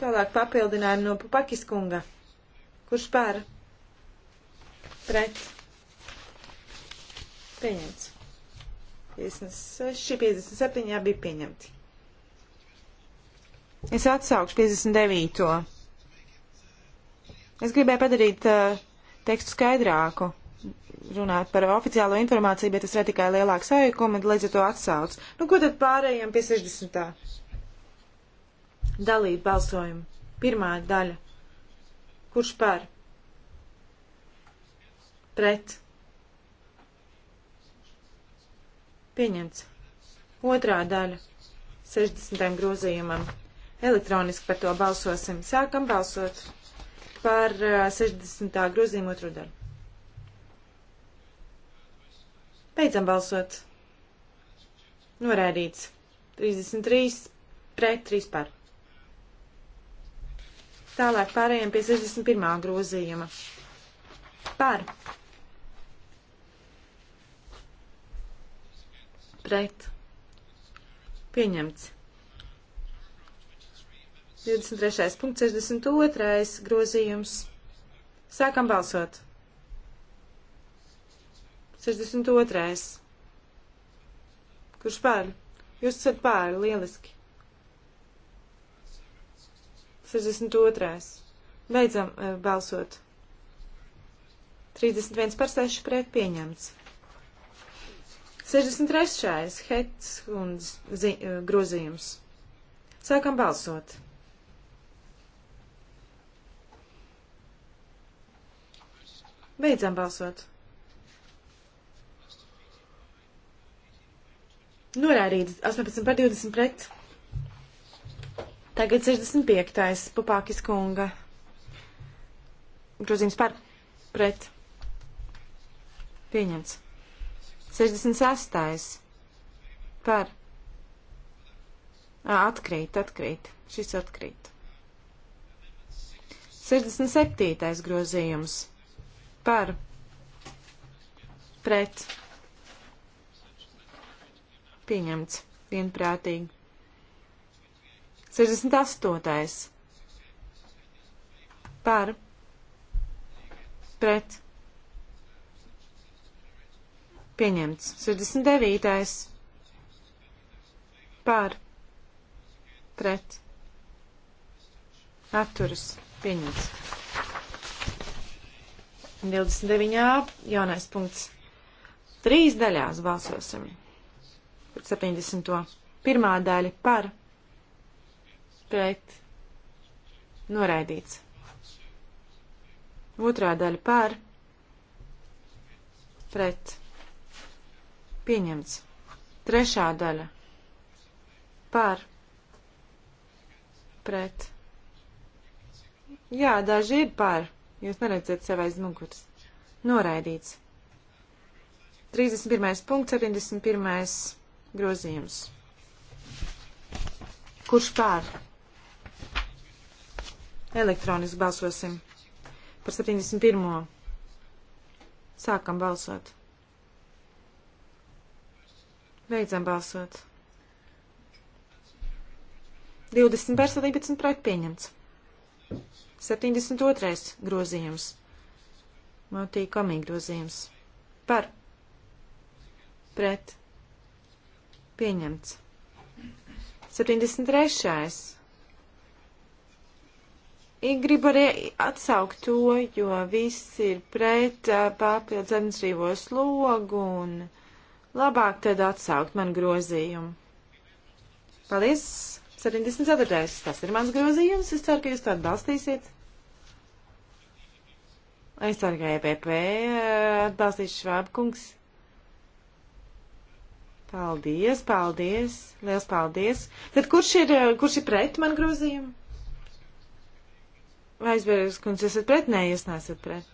Speaker 3: Tālāk papildinājumi no Papakis kunga. Kurš pār? Pret. Pieņemts. 56, 57 jā, bija pieņemti. Es atsaukšu 59. Es gribēju padarīt uh, tekstu skaidrāku, runāt par oficiālo informāciju, bet es redzu tikai lielāku sajukumu, līdz ar to atsauc. Nu, ko tad pārējiem pie 60. Dalīt balsojumu. Pirmā daļa. Kurš par? Pret. Pieņemts. Otrā daļa. 60. grozījumam. Elektroniski par to balsosim. Sākam balsot par 60. Uh, grozījumu otru daļu. Beidzam balsot. Norēdīts. 33 pret 3 par. Tālāk pārējiem pie 61. grozījuma. Par. Pret. Pieņemts. 23. punkts, 62. grozījums. Sākam balsot. 62. Kurš pār? Jūs esat pār, lieliski. 62. Beidzam uh, balsot. 31 par 6 pret pieņemts. 63. Hets un zi, eh, grozījums. Sākam balsot. Beidzam balsot. Norādīts 18 par 20 pret. Tagad 65. Pupākis kunga. Grozījums par pret. Pieņemts. 66. Par. À, atkrīt, atkrīt. Šis atkrīt. 67. grozījums par pret pieņemts vienprātīgi. 68. par pret pieņemts. 69. par pret atturas pieņemts. 29. jaunais punkts. Trīs daļās balsosim. 70. Pirmā daļa par pret noraidīts. Otrā daļa par pret pieņemts. Trešā daļa par pret. Jā, daži ir par pret Jūs neredzat sev aiz muguras. Noraidīts. 31. punkts, 71. grozījums. Kurš pār? Elektroniski balsosim. Par 71. Sākam balsot. Beidzam balsot. 20 pār 17 pret pieņemts. 72. grozījums. Motī komīgi grozījums. Par. Pret. Pieņemts. 73. I gribu arī atsaukt to, jo viss ir pret papildus administrīvo slogu un labāk tad atsaukt man grozījumu. Paldies! 74. Tas ir mans grozījums. Es ceru, ka jūs to atbalstīsiet. Es ceru, ka EPP eh, atbalstīs Švābkungs. Paldies, paldies, liels paldies. Tad kurš ir, eh, kurš ir pret man grozījumu? Aizbērgs, kundze, esat pret? Nē, jūs nesat pret.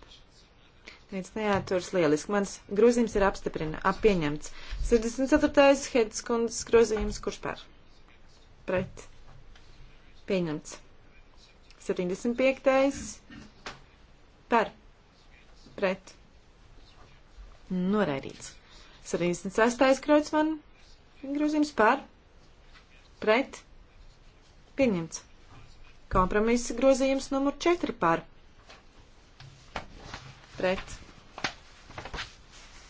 Speaker 3: Nīc, neāturs lieliski. Mans grozījums ir apstiprina, apieņemts. 64. Hedas kundzes grozījums, kurš par? pret pieņemts. 75. par pret noraidīts. 76. kreutzman grozījums par pret pieņemts. Kompromisa grozījums numur 4 par pret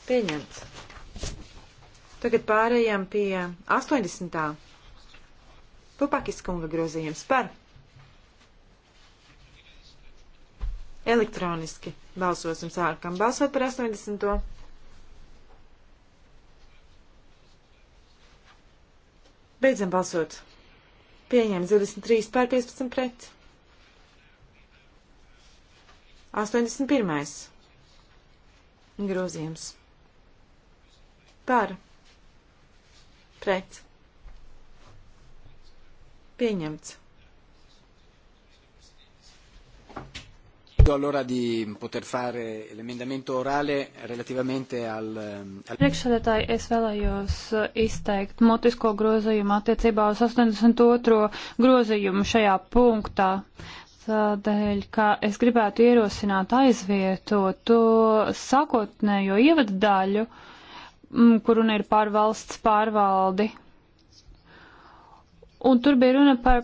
Speaker 3: pieņemts. Tagad pārējām pie 80. Pupakis kunga grozījums par. Elektroniski balsosim sākam balsot par 80. Beidzam balsot. Pieņēma 23 pār 15 pret. 81. Grozījums. Par. Pret. Pieņemts.
Speaker 2: allora di poter fare l'emendamento
Speaker 3: orale relativamente al... Eh, al...
Speaker 1: Priekšsēdētāji, es vēlējos izteikt motisko grozījumu attiecībā uz 82. grozījumu šajā punktā. Tādēļ, ka es gribētu ierosināt aizvietot to sākotnējo ievadu daļu, kur un ir pārvalsts pārvaldi un tur bija runa par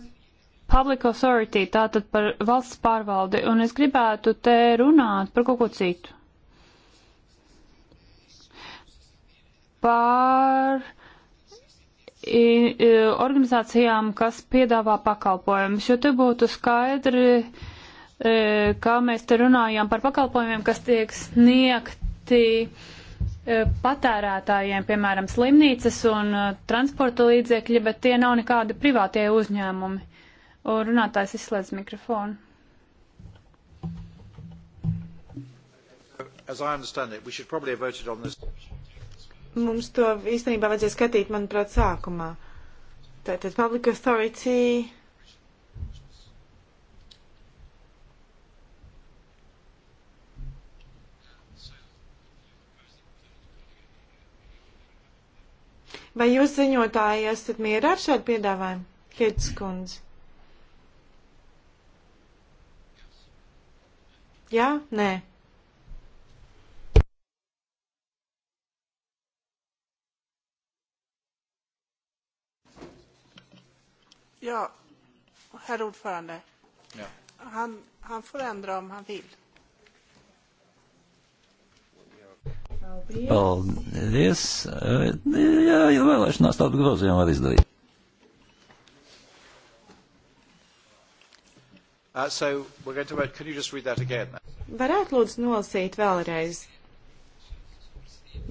Speaker 1: public authority, tātad par valsts pārvaldi, un es gribētu te runāt par kaut ko citu. Par organizācijām, kas piedāvā pakalpojumus, jo te būtu skaidri, e, kā mēs te runājām par pakalpojumiem, kas tiek sniegti uh, E, patērētājiem, piemēram, slimnīcas un e, transporta līdzekļi, bet tie nav nekādi privātie uzņēmumi. Un runātājs izslēdz mikrofonu.
Speaker 3: Mums to īstenībā vajadzēja skatīt, manuprāt, sākumā. Tātad Public Authority Vai jūs ziņotāji esat mierā ar šādu piedāvājumu, Kietis kundze? Jā, nē. Ja, herr ordförande. Ja. Han, han får ändra om han vill.
Speaker 4: Paldies. Paldies. Eh, jā, ir vēlēšanās tādu grozījumu var izdarīt.
Speaker 2: Uh, so we're going to read, can you just read that again?
Speaker 3: Varētu lūdzu nolasīt vēlreiz.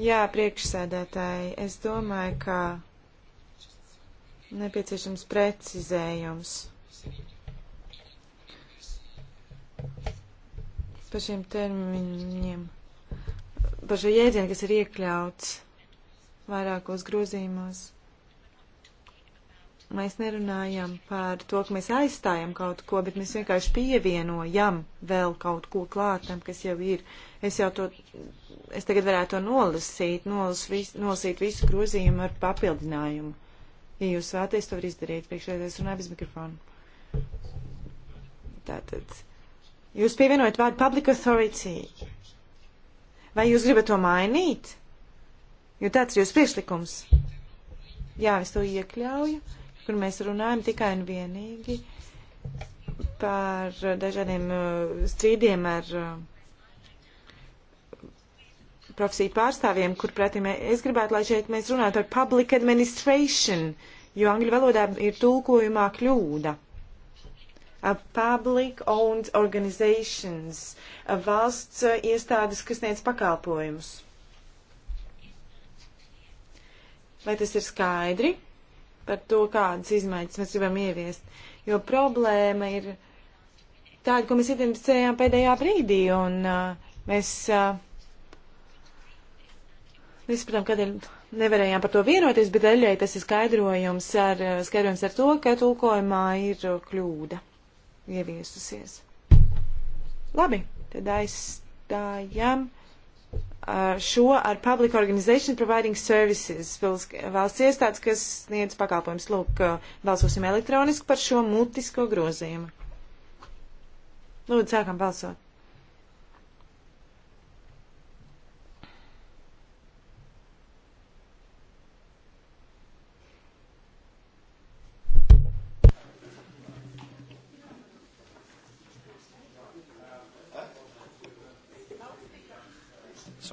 Speaker 3: Jā, priekšsēdētāji, es domāju, ka nepieciešams precizējums par šiem termiņiem par šo jēdzienu, kas ir iekļauts vairākos grozījumos. Mēs nerunājam par to, ka mēs aizstājam kaut ko, bet mēs vienkārši pievienojam vēl kaut ko klātam, kas jau ir. Es jau to, es tagad varētu to nolasīt, nolas, vis, nolasīt visu grozījumu ar papildinājumu. Ja jūs vēlaties, to var izdarīt. Priekšējais runāja bez mikrofona. Tātad. Jūs pievienojat vārdu public authority Vai jūs gribat to mainīt? Jo tāds ir jūsu priekšlikums. Jā, es to iekļauju, kur mēs runājam tikai un vienīgi par dažādiem uh, strīdiem ar uh, profesiju pārstāvjiem, kur pretim es gribētu, lai šeit mēs runātu par public administration, jo angļu valodā ir tulkojumā kļūda public owned organizations, valsts uh, iestādes, kas sniedz pakalpojumus. Vai tas ir skaidri par to, kādas izmaiņas mēs gribam ieviest? Jo problēma ir tāda, ko mēs identificējām pēdējā brīdī, un uh, mēs uh, nesapratām, kādēļ nevarējām par to vienoties, bet daļai tas ir skaidrojums ar, skaidrojums ar to, ka tulkojumā ir kļūda ieviesusies. Labi, tad aizstājam uh, šo ar Public Organization Providing Services valsts iestādes, kas sniedz pakalpojums. Lūk, uh, balsosim elektroniski par šo mutisko grozījumu. Lūdzu, sākam balsot.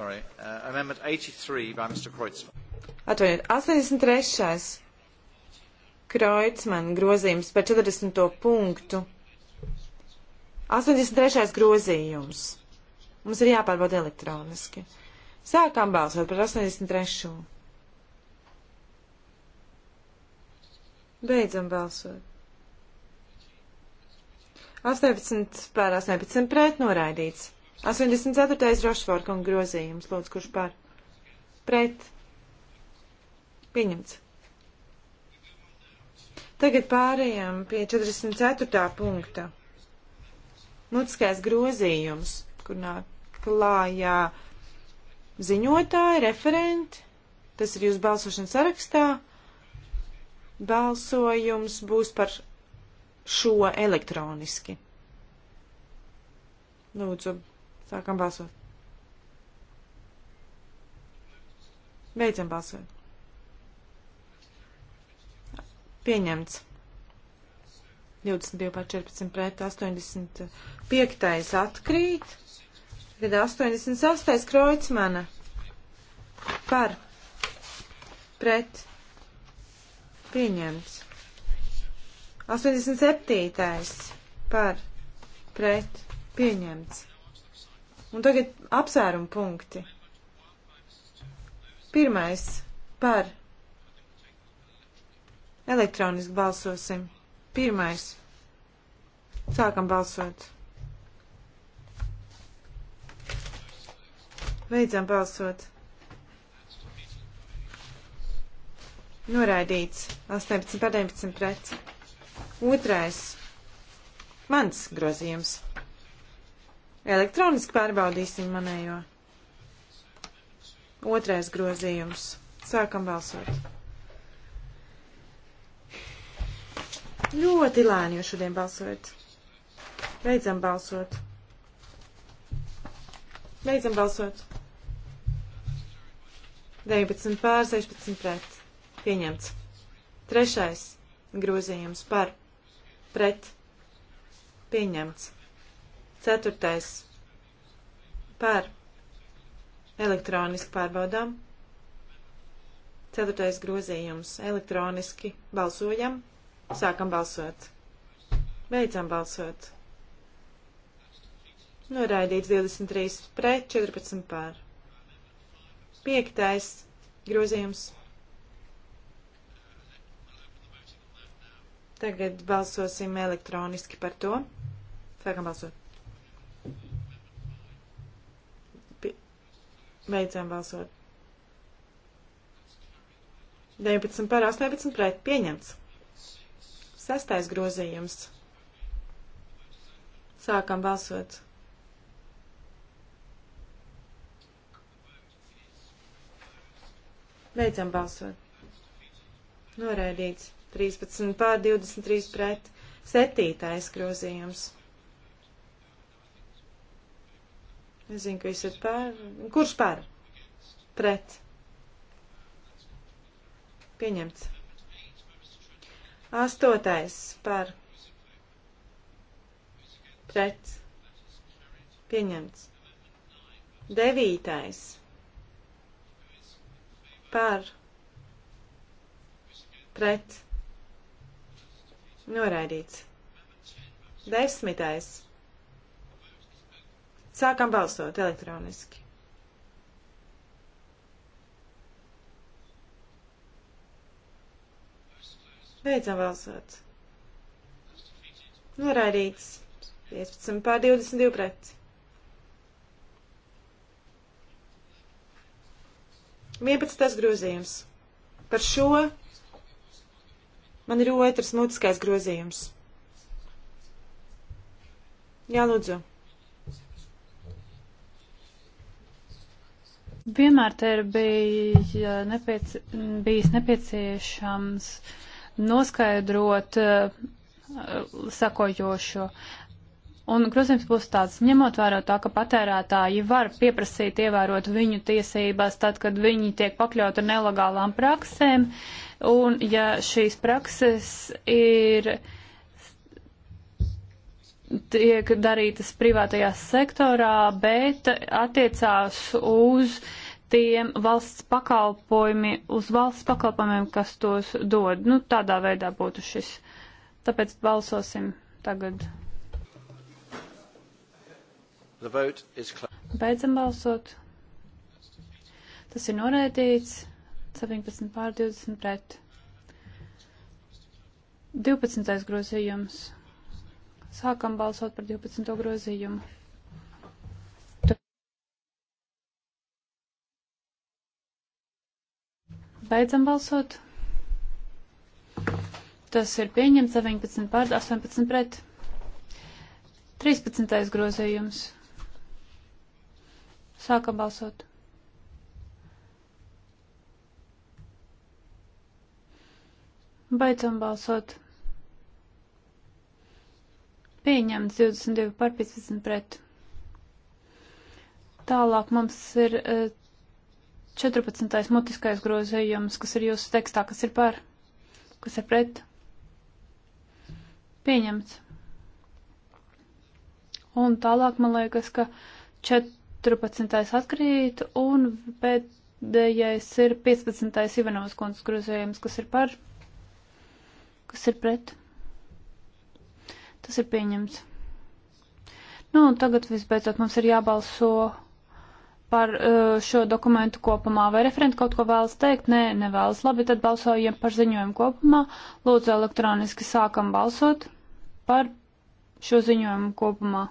Speaker 2: sorry. Uh, amendment 83 by Mr. Kreutzmann.
Speaker 3: Atvainojiet, 83. Kreutzmann grozījums par 40. punktu. 83. grozījums. Mums ir jāpārbauda elektroniski. Sākām balsot par 83. Beidzam balsot. 18 pār 18 pret noraidīts. 84. Rošforkunga grozījums. Lūdzu, kurš par? Pret. Pieņemts. Tagad pārējām pie 44. punkta. Mutiskais grozījums, kur nāk klājā ziņotāji, referenti. Tas ir jūsu balsošanas sarakstā. Balsojums būs par šo elektroniski. Lūdzu, Sākam balsot. Beidzam balsot. Pieņemts. 22 pār 14 pret 85. atkrīt. Tagad 88. Kreutzmana. Par. Pret. Pieņemts. 87. par pret pieņemts. Un tagad apsvērumu punkti. Pirmais par elektroniski balsosim. Pirmais. Sākam balsot. Beidzam balsot. Noraidīts 18 par 19 pret. Otrais. Mans grozījums. Elektroniski pārbaudīsim manējo. Otrais grozījums. Sākam balsot. Ļoti lēni jūs šodien balsojat. Beidzam balsot. Beidzam balsot. 19 pār 16 pret. Pieņemts. Trešais grozījums par pret. Pieņemts. Ceturtais par elektroniski pārbaudām. Ceturtais grozījums - elektroniski balsojam, sākam balsot, beidzam balsot. Noraidīts 23 pret, 14 pār. Piektais grozījums. Tagad balsosim elektroniski par to. Sākam balsot. Beidzam balsot. 19 par 18 pret pieņemts. Sestais grozījums. Sākam balsot. Beidzam balsot. Noraidīts. 13 pār 23 pret. Septītais grozījums. Nezinu, ka esat pār. Kurš pār? Pret. Pieņemts. Astotais par. Pret. Pieņemts. Devītais par. Pret. Noraidīts. Desmitais Sākam balsot elektroniski. Beidzam balsot. Noraidīts. 15 pār 22 pret. 11. grozījums. Par šo man ir otrs mutiskais grozījums. Jā, lūdzu.
Speaker 1: Vienmēr te ir bija eh, nepiec, bijis nepieciešams noskaidrot uh, sakojošo. Un grozījums būs tāds, ņemot vērā tā, ka patērētāji var pieprasīt ievērot viņu tiesībās tad, kad viņi tiek pakļauti nelegālām praksēm, un ja šīs prakses ir uh, tiek darītas privātajā sektorā, bet attiecās uz tiem valsts pakalpojumi, uz valsts pakalpojumiem, kas tos dod. Nu, tādā veidā būtu šis. Tāpēc balsosim tagad.
Speaker 2: Beidzam
Speaker 1: balsot. Tas ir noraidīts. 17 pār 20 pret. 12. grozījums. Sākam balsot par 12. grozījumu. Beidzam balsot. Tas ir pieņemts 19 pār 18 pret. 13. grozījums. Sākam balsot. Beidzam balsot. Pieņemts 22 par 15 pret. Tālāk mums ir 14. E, mutiskais grozījums, kas ir jūsu tekstā, kas ir par, kas ir pret. Pieņemts. Un tālāk man liekas, ka 14. atkrīt un pēdējais ir 15. Ivanovas kundzes grozījums, kas ir par, kas ir pret. Tas ir pieņemts. Nu, un tagad visbeidzot mums ir jābalso par uh, šo dokumentu kopumā. Vai referenti kaut ko vēlas teikt? Nē, nevēlas. Labi, tad balsojam par ziņojumu kopumā. Lūdzu, elektroniski sākam balsot par šo ziņojumu kopumā.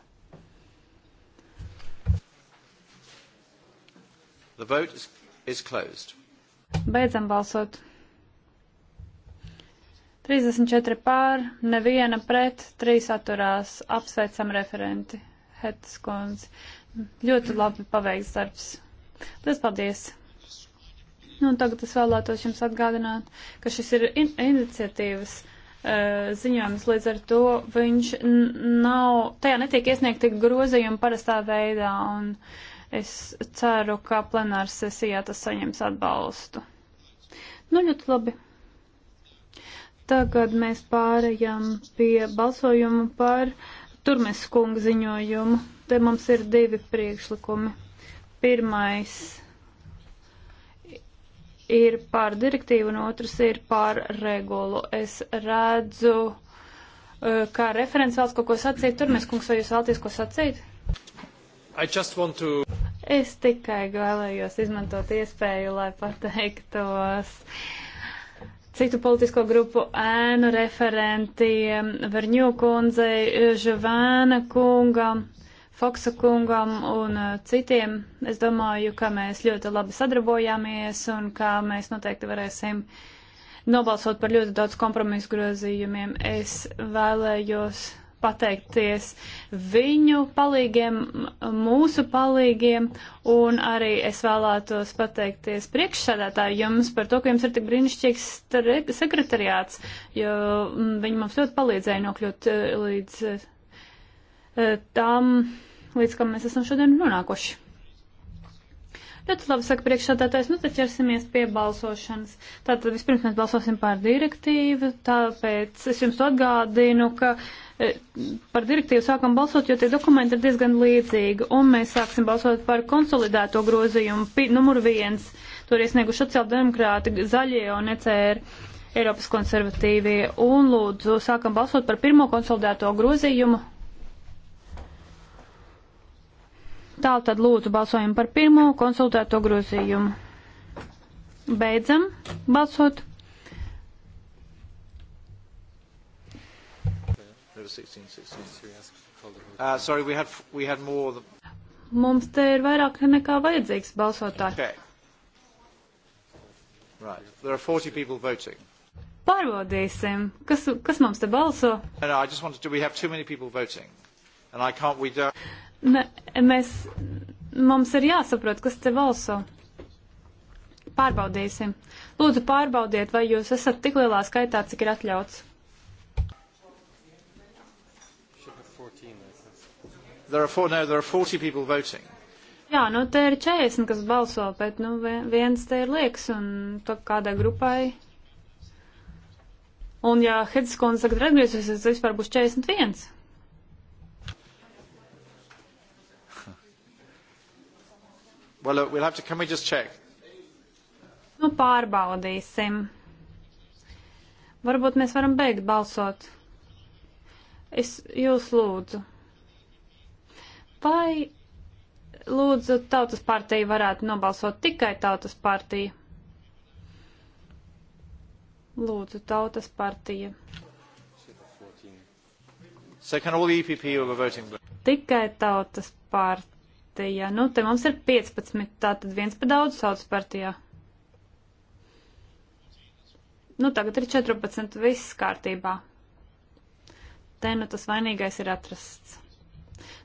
Speaker 2: The vote is closed.
Speaker 1: Beidzam balsot. 34 pār, neviena pret, 3 atturās. Apsveicam referenti. Hetas kundze. Ļoti labi paveikts darbs. Liels paldies! Nu, tagad es vēlētos jums atgādināt, ka šis ir in iniciatīvas uh, ziņojums, līdz ar to viņš nav, tajā netiek iesniegti grozījumi parastā veidā, un es ceru, ka plenāra sesijā tas saņems atbalstu. Nu, ļoti labi. Tagad mēs pārējām pie balsojumu par Turmes kunga ziņojumu. Te mums ir divi priekšlikumi. Pirmais ir par direktīvu un otrs ir par regulu. Es redzu, eh, kā referents vēlas kaut ko sacīt. Turmes kungs, vai jūs vēlties ko sacīt? To... Es tikai vēlējos izmantot iespēju, lai pateiktos. Uh, citu politisko grupu ēnu referentiem, Verņu kundzei, Žvēna kungam, Foksa kungam un uh, citiem. Es domāju, ka mēs ļoti labi sadarbojāmies un ka mēs noteikti varēsim nobalsot par ļoti daudz kompromisu grozījumiem. Es vēlējos pateikties viņu palīgiem, mūsu palīgiem, un arī es vēlētos pateikties priekšsēdētāju jums par to, ka jums ir tik brīnišķīgs sekretariāts, jo mm, viņi mums ļoti palīdzēja nokļūt eh, līdz eh, tam, līdz kam mēs esam šodien nonākuši. Ļoti labi saka priekšsādātājs, nu tad ķersimies pie balsošanas. Tātad vispirms mēs balsosim par direktīvu, tāpēc es jums atgādinu, ka uh, par direktīvu sākam balsot, jo tie dokumenti ir diezgan līdzīgi, un mēs sāksim balsot par konsolidēto grozījumu numuru viens. Tur iesnieguši sociāldemokrāti, zaļie un ECR, Eiropas konservatīvie, un lūdzu sākam balsot par pirmo konsolidēto grozījumu. Tālāk tad lūdzu balsojam par pirmo konsultēto grozījumu. Beidzam balsot.
Speaker 2: No, 16, 16. Uh, sorry, we had, we had more than...
Speaker 1: Mums te ir vairāk nekā vajadzīgs balsotāji. Okay.
Speaker 2: Right. There are 40 people voting.
Speaker 1: Pārbaudīsim, kas, kas mums te balso.
Speaker 2: No, no, I just wanted to, we have too many people voting. And I can't, we don't...
Speaker 1: Ne, mēs, mums ir jāsaprot, kas te balso. Pārbaudīsim. Lūdzu, pārbaudiet, vai jūs esat tik lielā skaitā, cik ir atļauts.
Speaker 2: There are four, no, there are 40 people voting.
Speaker 1: Jā, nu te ir 40, kas balso, bet nu viens te ir liekas un to kādai grupai. Un ja Hedskons tagad ir atgriezusies, tad vispār būs 41. <laughs>
Speaker 2: Well, look, we'll have to, can we just check?
Speaker 1: Nu, pārbaudīsim. Varbūt mēs varam beigt balsot. Es jūs lūdzu. Vai lūdzu tautas partija varētu nobalsot tikai tautas partija? Lūdzu, tautas partija.
Speaker 2: So e
Speaker 1: tikai tautas partija. Nu, te mums ir 15, tātad viens pa daudz tautas partijā. Nu, tagad ir 14, viss kārtībā. Te nu tas vainīgais ir atrasts.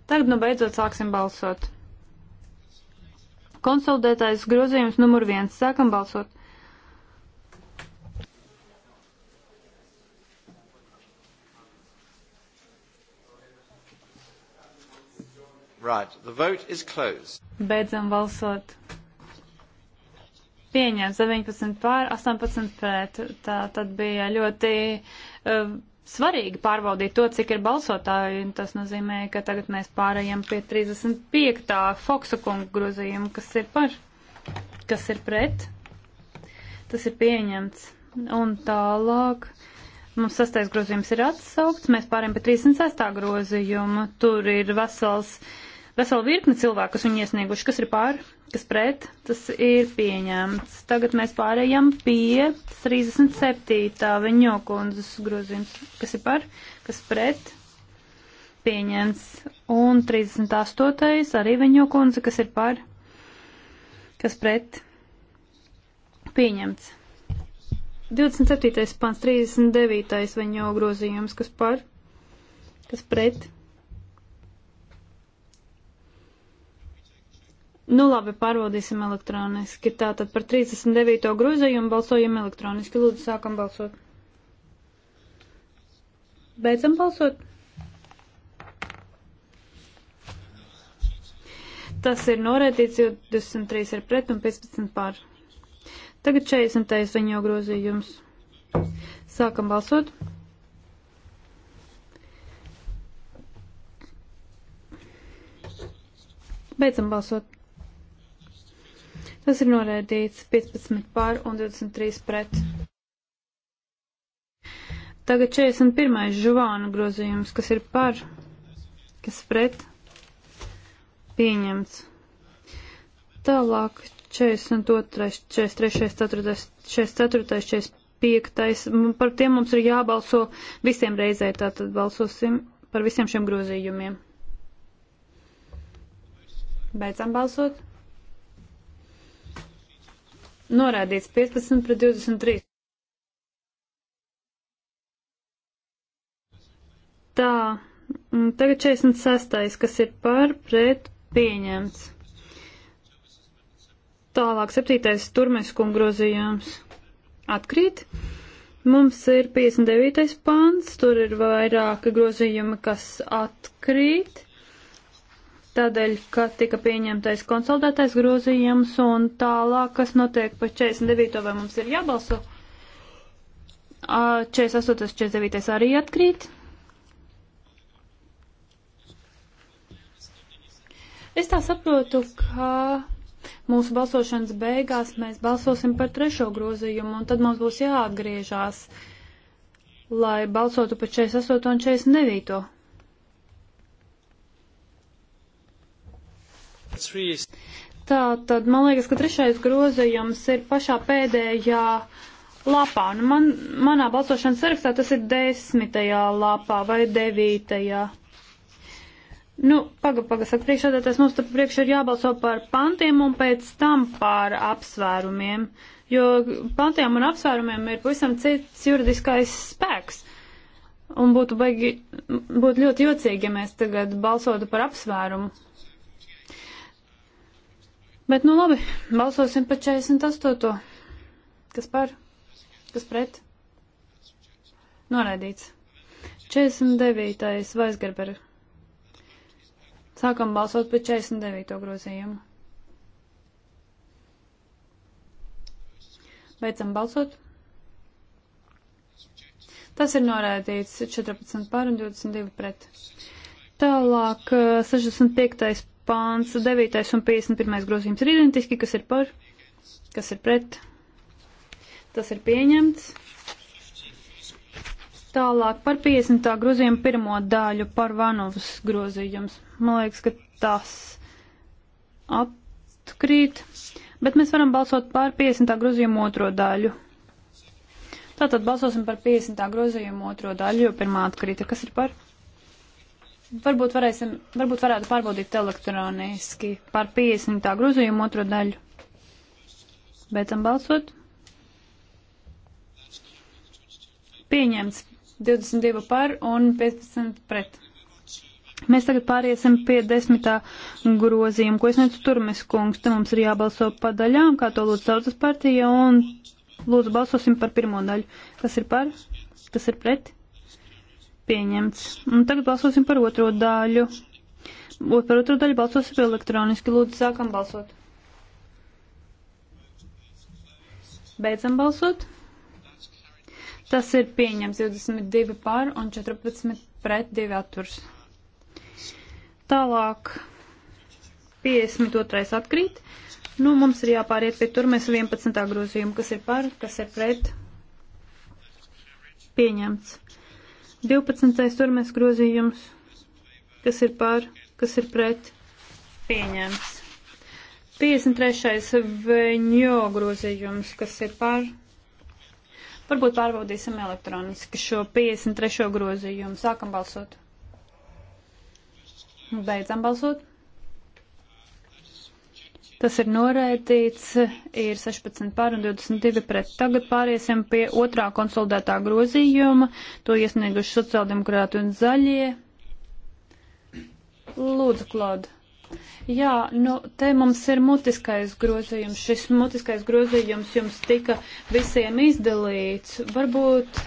Speaker 1: Tagad nu beidzot sāksim balsot. Konsolidētais grozījums numur viens. Sākam balsot.
Speaker 2: Right. The vote is closed.
Speaker 1: Beidzam balsot. Pieņemts 19 pār 18 pret. Tā tad bija ļoti uh, svarīgi pārbaudīt to, cik ir balsotāji, un tas nozīmē, ka tagad mēs pārējām pie 35. Foksa kunga grozījuma, kas ir par, kas ir pret, tas ir pieņemts. Un tālāk mums sastais grozījums ir atsaukts, mēs pārējām pie 36. grozījuma, tur ir vesels. Uh, vesela virkne cilvēku, kas viņu iesnieguši, kas ir pār, kas pret, tas ir pieņemts. Tagad mēs pārējām pie 37. viņa kundzes grozījums, kas ir pār, kas pret, pieņemts. Un 38. arī viņa kundze, kas ir pār, kas pret, pieņemts. 27. pants, 39. viņa grozījums, kas par, kas pret, Nu labi, pārbaudīsim elektroniski. Tātad par 39. grozījumu balsojam elektroniski. Lūdzu, sākam balsot. Beidzam balsot. Tas ir norētīts, jo 23 ir pret un 15 pār. Tagad 40. viņo grozījums. Sākam balsot. Beidzam balsot. Tas ir norēdīts 15 pār un 23 pret. Tagad 41. žuvānu grozījums, kas ir par, kas pret, pieņemts. Tālāk 42, 43, 4, 44, 45. Par tiem mums ir jābalso visiem reizē, tātad balsosim par visiem šiem grozījumiem. Beidzam balsot. Norādīts 15 pret 23. Tā, tagad 46. kas ir par pret pieņemts. Tālāk 7. turmēs kungrozījums atkrīt. Mums ir 59. pants, tur ir vairāki grozījumi, kas atkrīt tādēļ, ka tika pieņemtais konsolidētais grozījums un tālāk, kas notiek pa 49. vai mums ir jābalso. 48. 49. arī atkrīt. Es tā saprotu, ka mūsu balsošanas beigās mēs balsosim par trešo grozījumu, un tad mums būs jāatgriežās, lai balsotu par 48 un 49.
Speaker 4: Tā
Speaker 1: tad man liekas, ka trešais grozījums ir pašā pēdējā lapā. Nu, man, manā balsošanas sarakstā tas ir desmitajā lapā vai devītajā. Nu, paga, paga, saka priekšādātais, mums tad priekš ir jābalso par pantiem un pēc tam par apsvērumiem, jo pantiem un apsvērumiem ir pavisam cits juridiskais spēks. Un būtu, baigi, būtu ļoti jocīgi, ja mēs tagad balsotu par apsvērumu. Bet nu labi, balsosim par 48. Kas par? Kas pret? Noraidīts. 49. Vaisgerber. Sākam balsot par 49. grozījumu. Beidzam balsot. Tas ir norādīts 14 pār un 22 pret. Tālāk 65. Eh, pāns, 9. un 51. grozījums ir identiski, kas ir par, kas ir pret. Tas ir pieņemts. Tālāk par 50. grozījumu pirmo daļu par Vanovas grozījums. Man liekas, ka tas atkrīt, bet mēs varam balsot par 50. grozījumu otro daļu. Tātad balsosim par 50. grozījumu otro daļu, jo pirmā atkrīta. Kas ir par? Varbūt, varēsim, varbūt varētu pārbaudīt elektroniski par 50. grozījumu otro daļu. Beidzam balsot. Pieņemts 22 par un 15 pret. Mēs tagad pāriesim pie desmitā grozījuma, ko es necu turmes kungs. Te mums ir jābalso pa daļām, kā to lūdzu tautas partija, un lūdzu balsosim par pirmo daļu. Kas ir par? Kas ir pret? Pieņemts. Un tagad balsosim par otro daļu. Būt par otro daļu balsosim elektroniski. Lūdzu, sākam balsot. Beidzam balsot. Tas ir pieņemts 22 pār un 14 pret 2 atturs. Tālāk 52. atkrīt. Nu, mums ir jāpāriet pie turmēs 11. grozījuma, kas ir par, kas ir pret. Pieņemts. 12. turmēs grozījums, kas ir par, kas ir pret, pieņemts. 53. veņo grozījums, kas ir par. Varbūt pārbaudīsim elektroniski šo 53. grozījumu. Sākam balsot. Beidzam balsot. Tas ir noraidīts, ir 16 pār un 22 pret. Tagad pāriesim pie otrā konsolidētā grozījuma. To iesnieguši sociāldemokrāti un zaļie. Lūdzu, Klaud. Jā, nu, te mums ir mutiskais grozījums. Šis mutiskais grozījums jums tika visiem izdalīts. Varbūt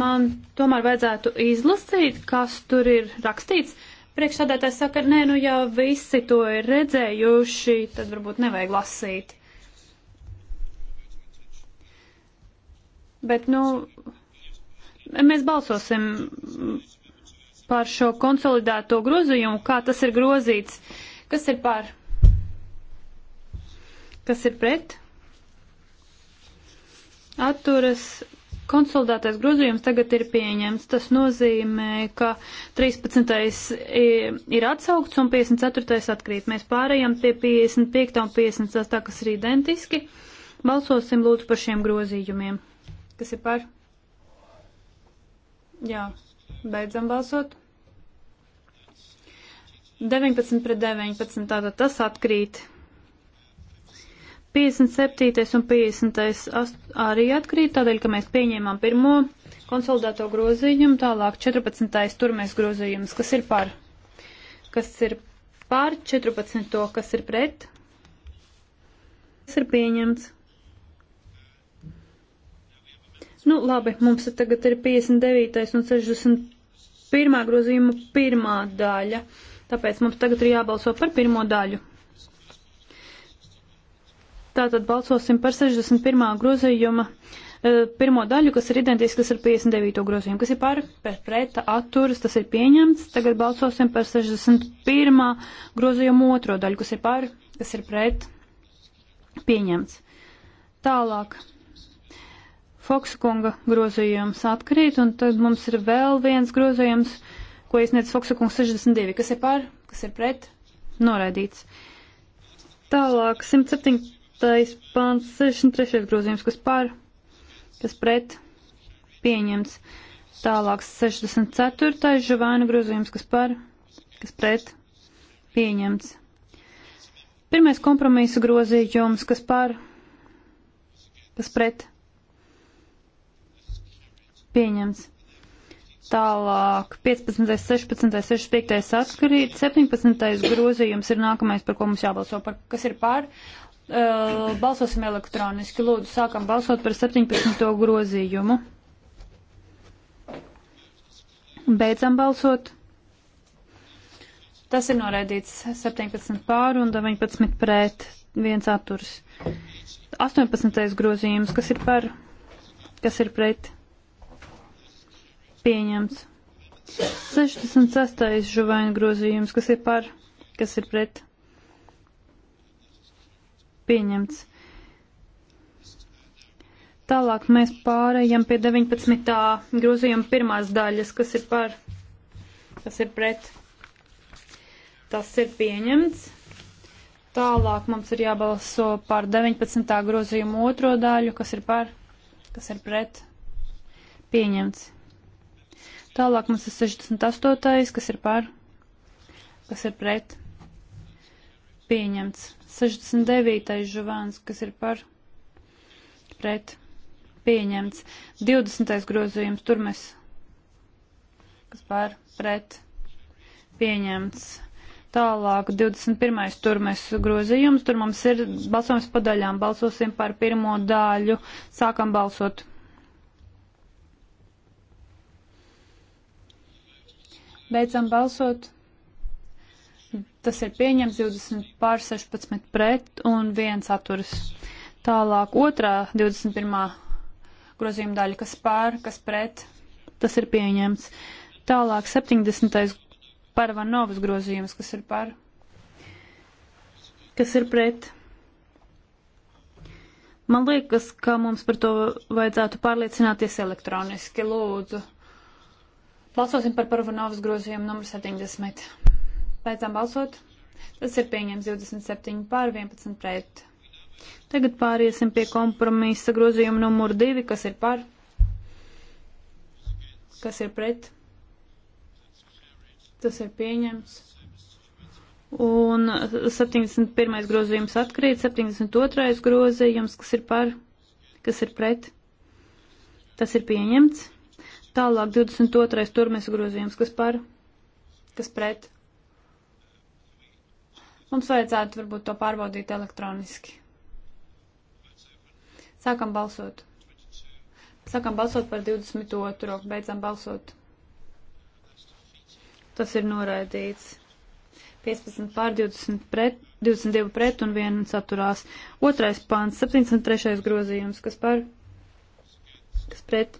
Speaker 1: man tomēr vajadzētu izlasīt, kas tur ir rakstīts. Uh, Priekšsādātājs saka, nē, nu jau visi to ir redzējuši, tad varbūt nevajag lasīt. Bet, nu, mēs balsosim par šo konsolidēto grozījumu, kā tas ir grozīts, kas ir par, kas ir pret, atturas Konsolidētais grozījums tagad ir pieņemts. Tas nozīmē, ka 13. E, ir atsaukts un 54. atkrīt. Mēs pārējām pie 55. un 56. kas ir identiski. Balsosim lūdzu par šiem grozījumiem. Kas ir par? Jā, beidzam balsot. 19 pret 19, tātad tas atkrīt. 57. un 50. arī atkrīt, tādēļ, ka mēs pieņēmām pirmo konsolidēto grozījumu, tālāk 14. turmēs grozījums, kas ir par, kas ir par 14. kas ir pret, kas ir pieņemts. Nu, labi, mums tagad ir 59. un 61. grozījuma pirmā daļa, tāpēc mums tagad ir jābalso par pirmo daļu. Tātad balsosim par 61. grozījuma e, pirmo daļu, kas ir identisks ar 59. grozījumu, kas ir par preta atturas, tas ir pieņemts. Tagad balsosim par 61. grozījumu otro daļu, kas ir par, kas ir pret, pieņemts. Tālāk. Fokskunga grozījums atkrīt, un tad mums ir vēl viens grozījums, ko iesniedz Foksakungs 62, kas ir par, kas ir pret, noraidīts. Tālāk 107 pants, 63. grozījums, kas par, kas pret, pieņemts. Tālāk 64. žavaina grozījums, kas par, kas pret, pieņemts. Pirmais kompromisa grozījums, kas par, kas pret, pieņemts. Tālāk 15, 16, 65 atkarīt, 17 grozījums ir nākamais, par ko mums jābalso, par kas ir par, Uh, balsosim elektroniski. Lūdzu, sākam balsot par 17. grozījumu. Beidzam balsot. Tas ir noraidīts 17 pār un 19 pret viens atturs. 18. grozījums, kas ir par, kas ir pret. Pieņemts. 66. žuvaina grozījums, kas ir par, kas ir pret pieņemts. Tālāk mēs pārējām pie 19. grozījuma pirmās daļas, kas ir par, kas ir pret. Tas ir pieņemts. Tālāk mums ir jābalso par 19. grozījumu otro daļu, kas ir par, kas ir pret. Pieņemts. Tālāk mums ir 68. kas ir par, kas ir pret. Pieņemts. 69. žuvāns, kas ir par pret pieņemts. 20. grozījums turmes, kas par pret pieņemts. Tālāk 21. turmes grozījums. Tur mums ir balsojums pa daļām. Balsosim par pirmo daļu. Sākam balsot. Beidzam balsot. Tas ir pieņemts 20 pār 16 pret un viens atturas. Tālāk otrā 21. grozījuma daļa, kas pār, kas pret, tas ir pieņemts. Tālāk 70. parvanovas grozījums, kas ir par, kas ir pret. Man liekas, ka mums par to vajadzētu pārliecināties elektroniski, lūdzu. Balsosim par Parvanovas grozījumu numur 70. Beidzām balsot. Tas ir pieņems 27 pār 11 pret. Tagad pāriesim pie kompromisa grozījuma numur 2, kas ir par, kas ir pret. Tas ir pieņems. Un 71. grozījums atkrīt, 72. grozījums, kas ir par, kas ir pret. Tas ir pieņemts. Tālāk 22. turmes grozījums, kas par, kas pret. Mums vajadzētu varbūt to pārbaudīt elektroniski. Sākam balsot. Sākam balsot par 22. Beidzam balsot. Tas ir noraidīts. 15 pār 20 pret, 22 pret un 1 saturās. Otrais pants, 73. grozījums, kas par, kas pret.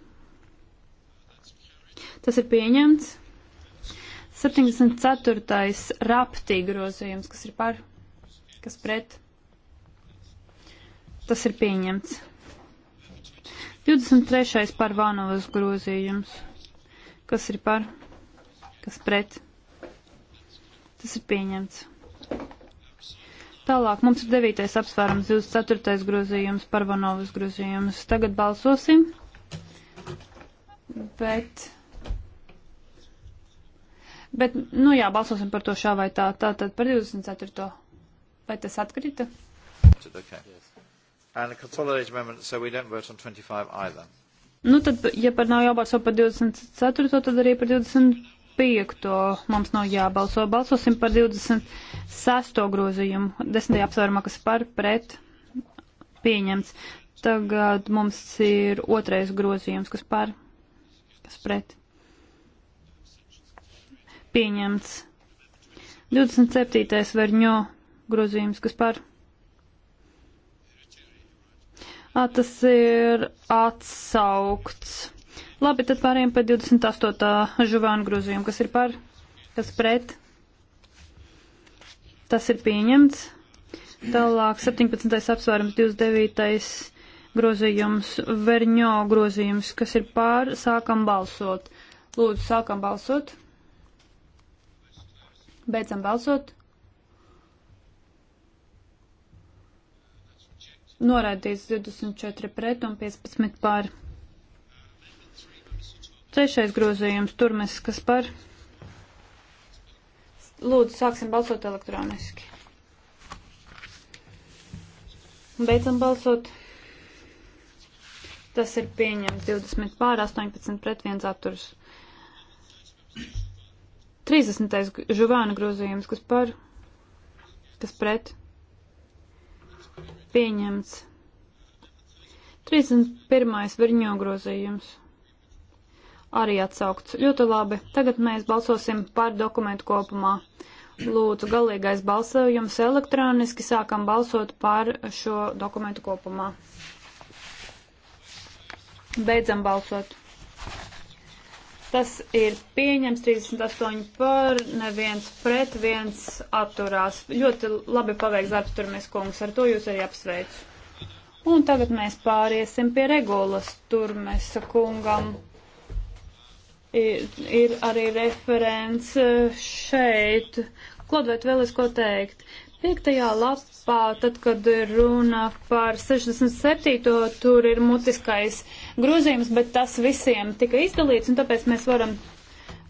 Speaker 1: Tas ir pieņemts. 74. raptī grozījums, kas ir par, kas pret. Tas ir pieņemts. 23. par Vānovas grozījums. Kas ir par, kas pret. Tas ir pieņemts. Tālāk mums ir 9. apsvērums, 24. grozījums, Parvanovas grozījums. Tagad balsosim, bet Bet, nu jā, balsosim par to šā vai tā. Tātad par 24. Vai tas atkrita?
Speaker 2: Okay. Amendment, so
Speaker 1: nu tad, ja par nav jābalso par 24, tad arī par 25. mums nav jābalso. Balsosim par 26. grozījumu, 10. apsvērumā, kas par pret pieņemts. Tagad mums ir otrais grozījums, kas par, kas pret pieņemts. 27. verņo grozījums, kas par. Ā, tas ir atsaukts. Labi, tad pārējiem pie 28. žuvāna grozījuma, kas ir par, kas pret. Tas ir pieņemts. Tālāk 17. apsvērums 29. grozījums, verņo grozījums, kas ir pār, sākam balsot. Lūdzu, sākam balsot. Beidzam balsot. Noraidīts 24 pret un 15 pār. Trešais grozījums turmes, kas par. Lūdzu, sāksim balsot elektroniski. Beidzam balsot. Tas ir pieņemts 20 pār 18 pret 1 atturs. 30. žuvāna grozījums, kas par, kas pret, pieņemts. 31. virņo grozījums, arī atsaukts. Ļoti labi, tagad mēs balsosim par dokumentu kopumā. Lūdzu, galīgais balsojums elektroniski sākam balsot par šo dokumentu kopumā. Beidzam balsot. Tas ir pieņems 38 par, neviens pret, viens atturās. Ļoti labi paveikts darbs turmies kungs, ar to jūs arī apsveicu. Un tagad mēs pāriesim pie regulas turmesa kungam. Ir, ir arī referents e, šeit. Klod, vai tu vēlies ko teikt? Piektajā lapā, tad, kad runa par 67. tur ir mutiskais grozījums, bet tas visiem tika izdalīts, un tāpēc mēs varam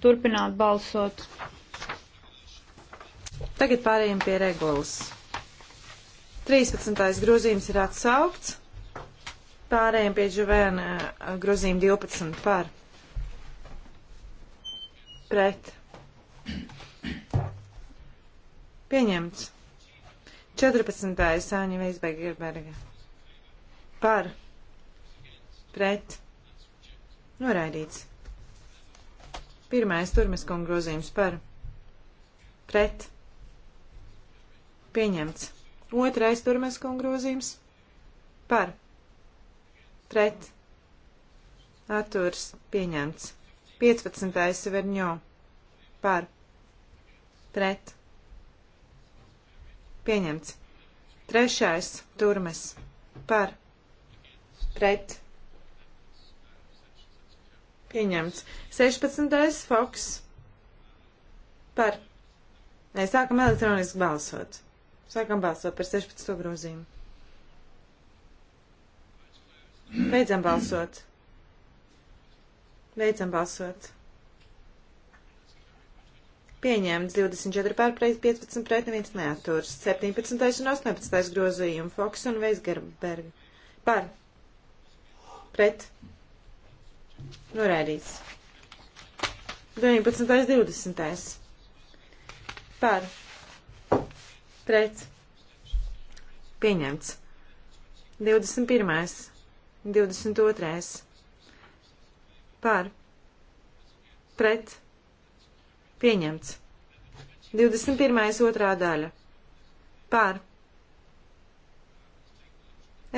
Speaker 1: turpināt balsot.
Speaker 3: Tagad pārējiem pie regulas. 13. grozījums ir atsaukts. Pārējiem pie Džuvēna eh, grozījuma 12 par. Pret. Pieņemts. 14. Sāņa Veisberga. Par pret noraidīts. Pirmais turmes kunga grozījums par pret pieņemts. Otrais turmes kunga grozījums par pret atturs pieņemts. 15. Severņo par pret pieņemts. Trešais turmes par pret Pieņemts. 16. Foks par. Nē, sākam elektroniski balsot. Sākam balsot par 16. grozījumu. Beidzam balsot. Beidzam balsot. Pieņemts 24 pār 15 pret neviens neaturs. 17. un 18. grozījumi Foks un Veisgerberga. Par. Pret. Noraidīts. 19. 20. Par. Pret. Pieņemts. 21. 22. Par. Pret. Pieņemts. 21. otrā daļa. Pār.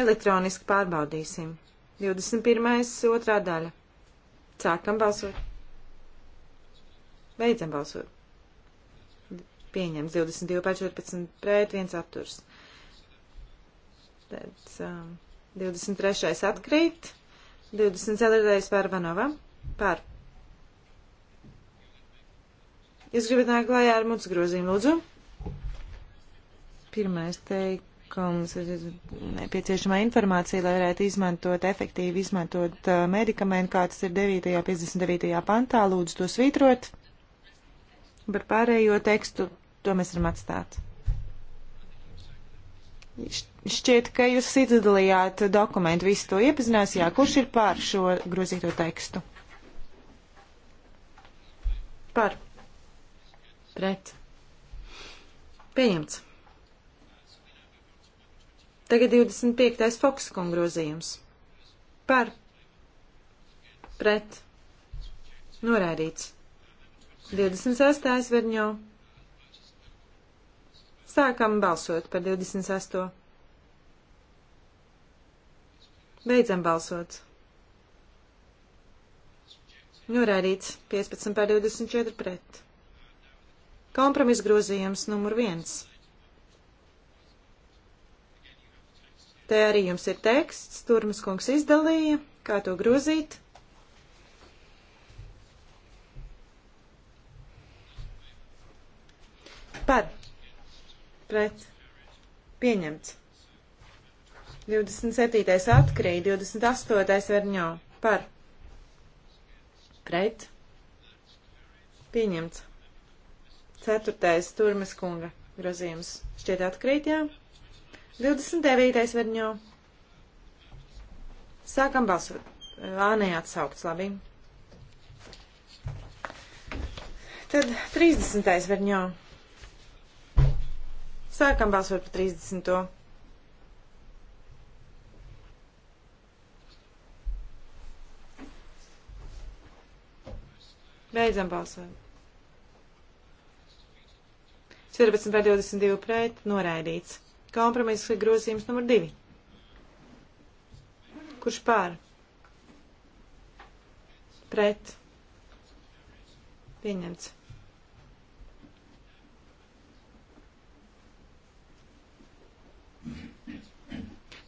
Speaker 3: Elektroniski pārbaudīsim. 21. otrā daļa. Sākam balsot. Beidzam balsot. Pieņems 22 pār 14 pret 1 apturs. Tad um, 23. atkrīt, 24. pār Vanovam. Pār. Jūs gribat nākt klājā ar mūsu grozīm, lūdzu? Pirmais teikt ka mums ir nepieciešama informācija, lai varētu izmantot, efektīvi izmantot uh, medikamentu, kā tas ir 9.59. pantā. Lūdzu to svītrot. Par pārējo tekstu to mēs varam atstāt. Šķiet, ka jūs izdalījāt dokumentu, visu to iepazinās. Jā, kurš ir pār šo grozīto tekstu? Par. Pret. Pieņemts. Tagad 25. Fokuskunga grozījums. Par. Pret. Norādīts. 26. Verņo. Sākam balsot par 28. Beidzam balsot. Norādīts 15 pār 24 pret. Kompromis grozījums numur 1 Te arī jums ir teksts, Turmas kungs izdalīja, kā to grozīt. Par. Pret. Pieņemts. 27. atkrīt, 28. verņā. Par. Pret. Pieņemts. 4. Turmas kunga grozījums. Šķiet atkrīt, jā? Ja? 29. verņo. Sākam balsot. Ā, nē, atsaukts, labi. Tad 30. verņo. Sākam balsot par 30. Beidzam balsot. 14 par 22 pret, noraidīts. Kompromisa grozījums numur divi. Kurš pār? Pret. Pieņemts.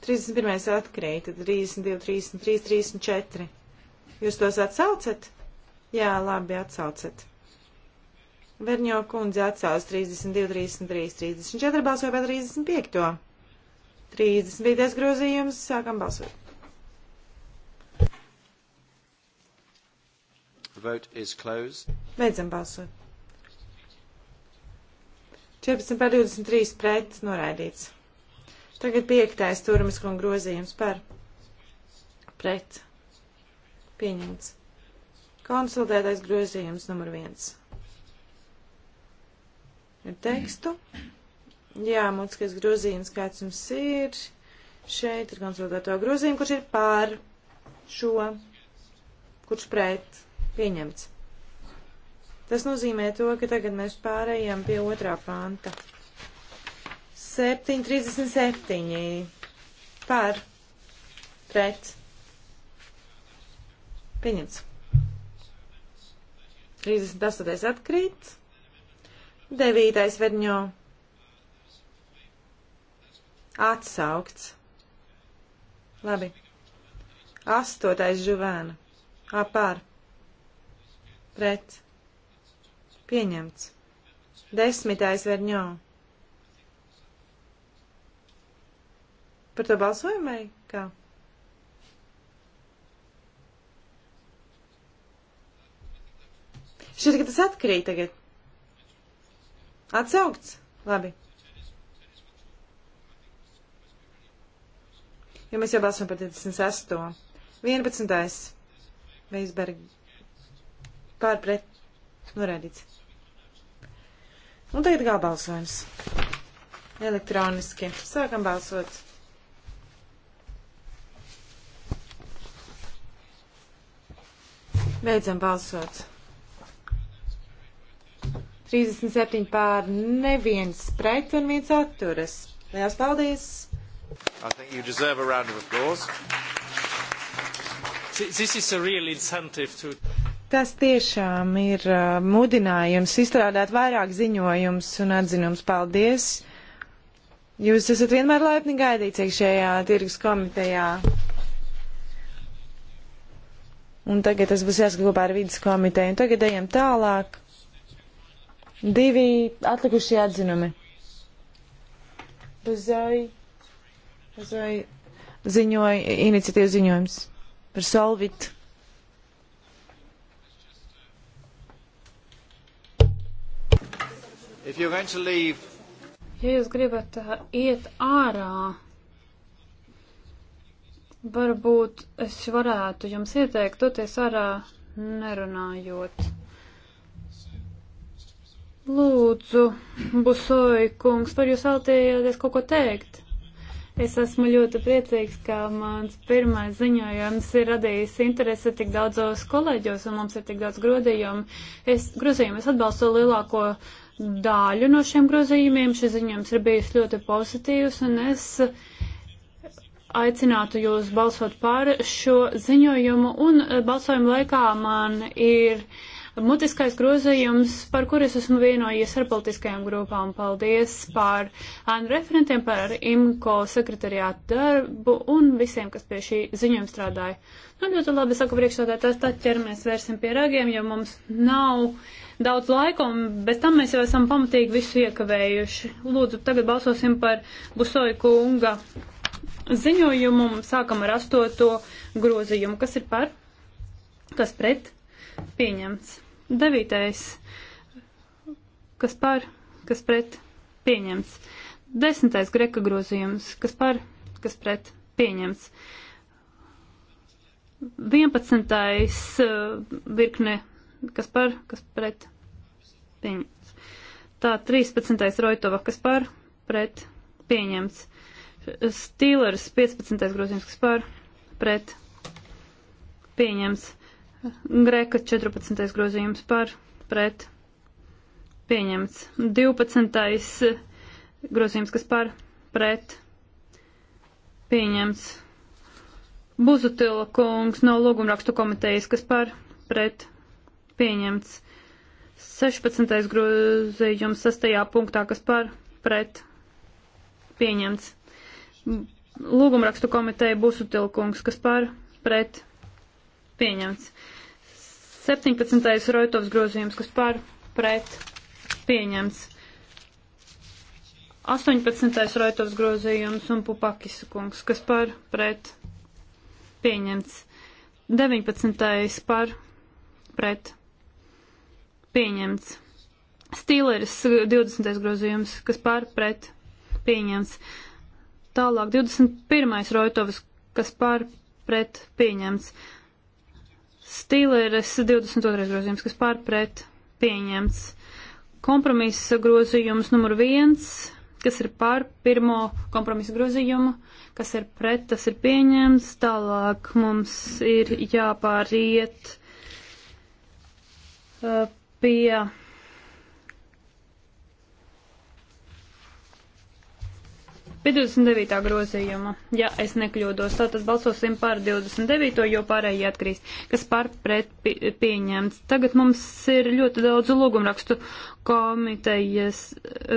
Speaker 3: Trīsdesmit pirmais atkrīt, tad trīsdesmit divi, trīsdesmit trīs, trīsdesmit četri. Jūs tos atsaucat? Jā, labi, atsaucat. Verņo kundze atsauc 32, 33, 34, balsoja par 35. 35. grozījums, sākam balsot.
Speaker 2: The vote is closed.
Speaker 3: Beidzam balsot. 14 par 23 pret noraidīts. Tagad piektais turumas kunga grozījums par pret pieņemts. Konsultētais grozījums numur viens tekstu. Jā, mūtiskais grozījums, kāds jums ir. Šeit ir konsultēto grozījumu, kurš ir pār šo, kurš pret pieņemts. Tas nozīmē to, ka tagad mēs pārējām pie otrā panta. 7.37. Par. Pret. Pieņemts. 38. atkrīt. Devītais verņo atsaukts. Labi. Astotais žuvēna. Apār. Pret. Pieņemts. Desmitais verņo. Par to balsojam vai kā? Šķiet, ka tas atkrīt tagad. Atsaukts? Labi. Jo mēs jau balsam par 26. 11. Veisberg pārpret. Norēdīts. Un tagad kā balsojums. Elektroniski. Sākam balsot. Beidzam balsot. 37 pār neviens pret un viens atturas. Lielas paldies!
Speaker 2: I think you deserve a round of applause. This is a real incentive to
Speaker 3: Tas tiešām ir uh, mudinājums izstrādāt vairāk ziņojums un atzinums. Paldies! Jūs esat vienmēr laipni gaidīts iekšējā tirgus komitejā. Un tagad tas būs jāsaka kopā ar vidas komiteju. Un tagad ejam tālāk. Divi atlikušie atzinumi. Bazai, bazai ziņoja, iniciatīva ziņojums par Solvit.
Speaker 2: Leave...
Speaker 1: Ja jūs gribat uh, iet ārā, varbūt es varētu jums ieteikt doties ārā nerunājot. Lūdzu, Busoja kungs, var jūs vēlties kaut ko teikt? Es esmu ļoti priecīgs, ka mans pirmais ziņojums ir radījis interesi tik daudzos kolēģos un mums ir tik daudz grozījumu. Es, grozījumu. es atbalstu lielāko daļu no šiem grozījumiem. Šis ziņojums ir bijis ļoti pozitīvs un es aicinātu jūs balsot par šo ziņojumu un balsojumu laikā man ir. Uh, mutiskais grozījums, par kur es esmu vienojies ar politiskajām grupām. Paldies par ANU referentiem, par IMCO sekretariātu darbu un visiem, kas pie šī ziņojuma strādāja. Nu, ļoti labi, saku priekšsādātājs, tad ķeramies vērsim pie ragiem, jo mums nav daudz laika, un bez tam mēs jau esam pamatīgi visu iekavējuši. Lūdzu, tagad balsosim par Busoju kunga ziņojumu. Sākam ar astoto grozījumu. Kas ir par? Kas pret? Pieņemts. Devītais, kas par, kas pret, pieņemts. Desmitais greka grozījums, kas par, kas pret, pieņemts. Vienpadsmitais eh, virkne, kas par, kas pret, pieņemts. Tā, trīspadsmitais Roitova, kas par, pret, pieņemts. Stīlers, 15. grozījums, kas par, pret, pieņemts. Greka 14. grozījums par pret pieņemts. 12. grozījums, kas par pret pieņemts. Buzutila kungs no lūgumrakstu komitejas, kas par pret pieņemts. 16. grozījums 6. punktā, kas par pret pieņemts. Lūgumrakstu komiteja Busutilkungs, kas par pret pieņemts pieņemts. 17. Roitovs grozījums, kas par pret pieņemts. 18. Roitovs grozījums un Pupakis kungs, kas par pret pieņemts. 19. par pret pieņemts. Stīleris 20. grozījums, kas par pret pieņemts. Tālāk 21. Roitovs, kas par pret pieņemts. Stīleres 22. grozījums, kas pārpret pieņemts. Kompromisa grozījums numur 1, kas ir pār pirmo kompromisa grozījumu, kas ir pret, tas ir pieņemts. Tālāk mums ir jāpāriet uh, pie Pie 29. grozījuma, ja es nekļūdos, tātad balsosim par 29. jo pārējie atkrīst, kas par pret pieņemts. Tagad mums ir ļoti daudz lūgumrakstu komitejas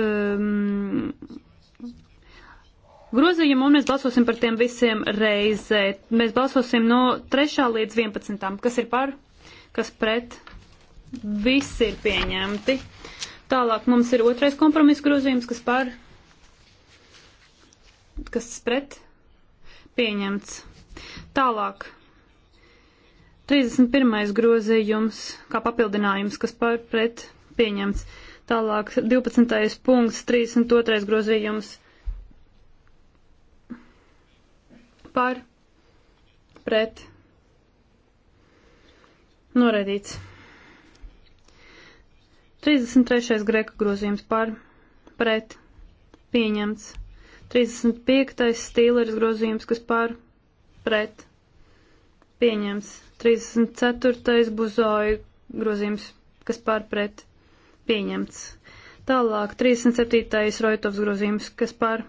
Speaker 1: um, grozījumu, un mēs balsosim par tiem visiem reizē. Mēs balsosim no 3. līdz 11. kas ir par, kas pret. Visi ir pieņemti. Tālāk mums ir otrais kompromiss grozījums, kas par kas pret pieņemts. Tālāk. 31. grozījums kā papildinājums, kas par pret pieņemts. Tālāk 12. punkts, 32. grozījums par pret noraidīts. 33. greka grozījums par pret pieņemts. 35. stīleris grozījums, kas pār pret pieņems. 34. buzoja grozījums, kas pār pret pieņemts. Tālāk 37. Roitovs grozījums, kas pār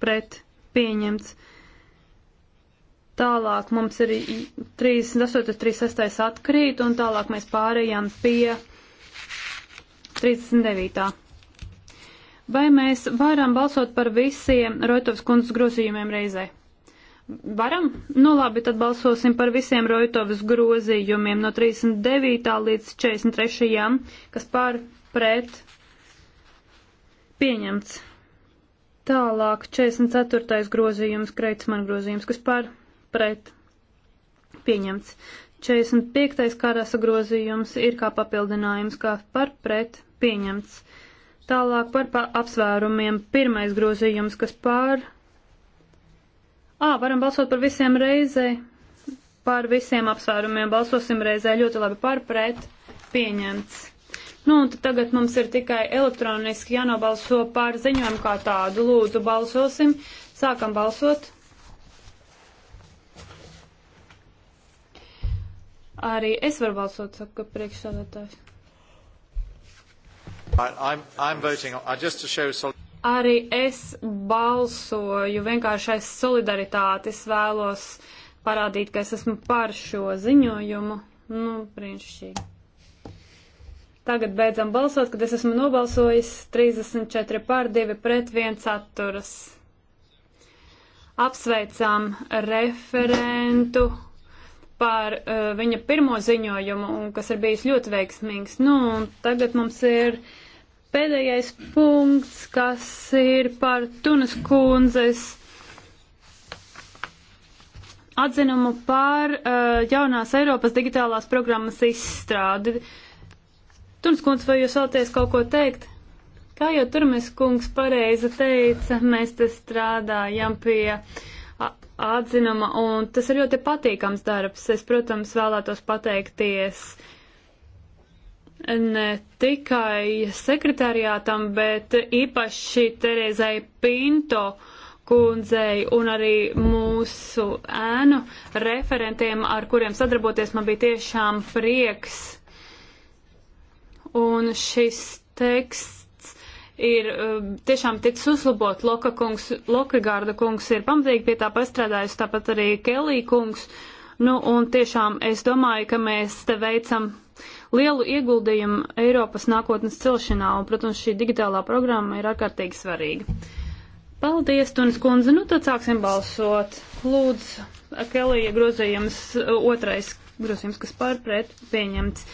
Speaker 1: pret pieņemts. Tālāk mums ir 38, 36 atkrīt, un tālāk mēs pārējām pie 39. Vai mēs varam balsot par visiem Roitovs kundzes grozījumiem reizē? Varam? Nu labi, tad balsosim par visiem Roitovs grozījumiem no 39. līdz 43. kas pār pret pieņemts. Tālāk 44. grozījums, Kreitsman grozījums, kas pār pret pieņemts. 45. karasa grozījums ir kā papildinājums, kā par pret pieņemts. Tālāk par, par apsvērumiem. Pirmais grozījums, kas pār. Ā, varam balsot par visiem reizē. Par visiem apsvērumiem balsosim reizē. Ļoti labi par pret. Pieņemts. Nu, un tagad mums ir tikai elektroniski jānobalso par ziņojumu kā tādu. Lūdzu, balsosim. Sākam balsot. Arī es varu balsot, saka priekšsādātājs.
Speaker 2: I'm, I'm voting, uh, show...
Speaker 1: Arī es balsoju vienkārši aiz solidaritātes vēlos parādīt, ka es esmu par šo ziņojumu. Nu, brīnišķīgi. Tagad beidzam balsot, kad es esmu nobalsojis 34 pār 2 pret 1 atturas. Apsveicām referentu par uh, viņa pirmo ziņojumu, un kas ir bijis ļoti veiksmīgs. Nu, tagad mums ir. Uh, pēdējais punkts, kas ir par Tunas kundzes atzinumu par uh, jaunās Eiropas digitālās programmas izstrādi. Tunas kundze, vai jūs vēlaties kaut ko teikt? Kā jau Turmes kungs pareizi teica, mēs te strādājam pie atzinuma, un tas ir ļoti patīkams darbs. Es, protams, vēlētos pateikties uh, ne tikai sekretariātam, bet īpaši Terezai Pinto kundzei un arī mūsu ēnu referentiem, ar kuriem sadarboties man bija tiešām prieks. Un šis teksts ir um, tiešām ticis uzlabot. Loka kungs, Lokagārda kungs ir pamatīgi pie tā pastrādājis, tāpat arī Kelī kungs. Nu, un tiešām es domāju, ka mēs te veicam lielu ieguldījumu Eiropas nākotnes celšanā, un, protams, šī digitālā programma ir ārkārtīgi svarīga. Paldies, Tunis kundze. Nu, tad sāksim balsot. Lūdzu, Kelija grozījums, uh, otrais grozījums, kas pār pret, pieņemts.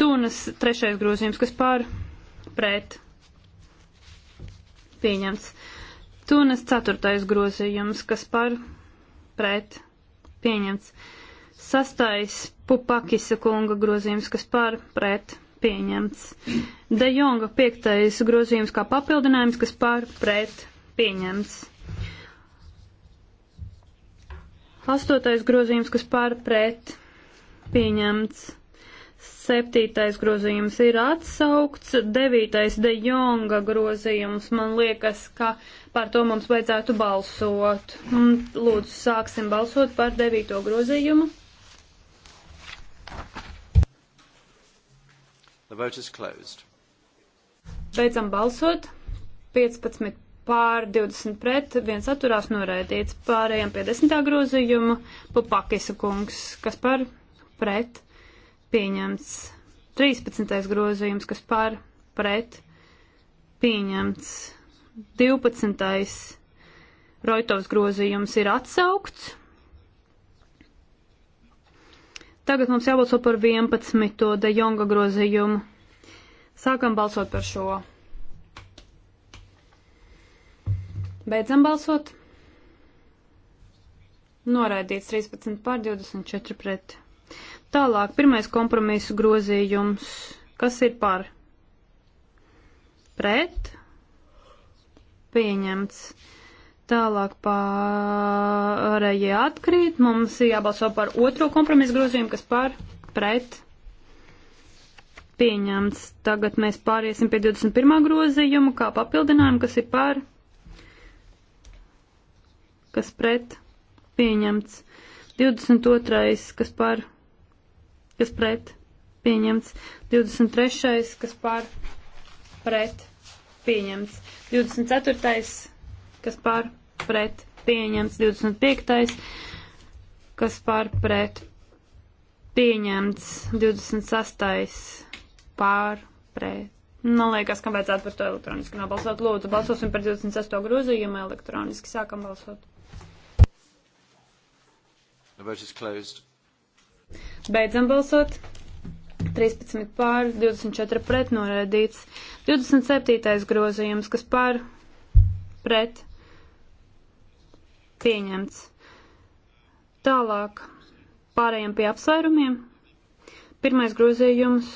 Speaker 1: Tunas trešais grozījums, kas pār pret, pieņemts. Tunas ceturtais grozījums, kas pār pret, pieņemts. Sastais Pupakisa kunga grozījums, kas par pret pieņemts. De Jonga piektais grozījums kā papildinājums, kas par pret pieņemts. Astotais grozījums, kas par pret pieņemts. Septītais grozījums ir atsaukts, devītais de Jonga grozījums, man liekas, ka par to mums vajadzētu balsot. Lūdzu, sāksim balsot par devīto grozījumu.
Speaker 2: The vote is closed.
Speaker 1: Beidzam balsot. 15 pār 20 pret, viens atturās noraidīts. Pārējām pie 10. grozījumu Papakisa kungs, kas par pret pieņemts. 13. grozījums, kas par pret pieņemts. 12. Roitovs grozījums ir atsaukts. Tagad mums jābalso par 11. de Jonga grozījumu. Sākam balsot par šo. Beidzam balsot. Noraidīts 13 pār 24 pret. Tālāk, pirmais kompromisu grozījums. Kas ir par? Pret? Pieņemts. Tālāk pārējie atkrīt. Mums jābalso par otro kompromisu grozījumu, kas par pret pieņemts. Tagad mēs pāriesim pie 21. grozījumu kā papildinājumu, kas ir par kas pret pieņemts. 22. kas par kas pret pieņemts. 23. kas par pret pieņemts. 24 kas pār pret pieņemts 25. kas pār pret pieņemts 26. pār pret. Man liekas, ka vajadzētu par to elektroniski nobalsot. Lūdzu, balsosim par 26. grozījumu elektroniski. Sākam balsot.
Speaker 2: The vote is closed.
Speaker 1: Beidzam balsot. 13 pār, 24 pret noraidīts. 27. grozījums, kas pār pret pieņemts. Tālāk pārējām pie apsvērumiem. Pirmais grozījums.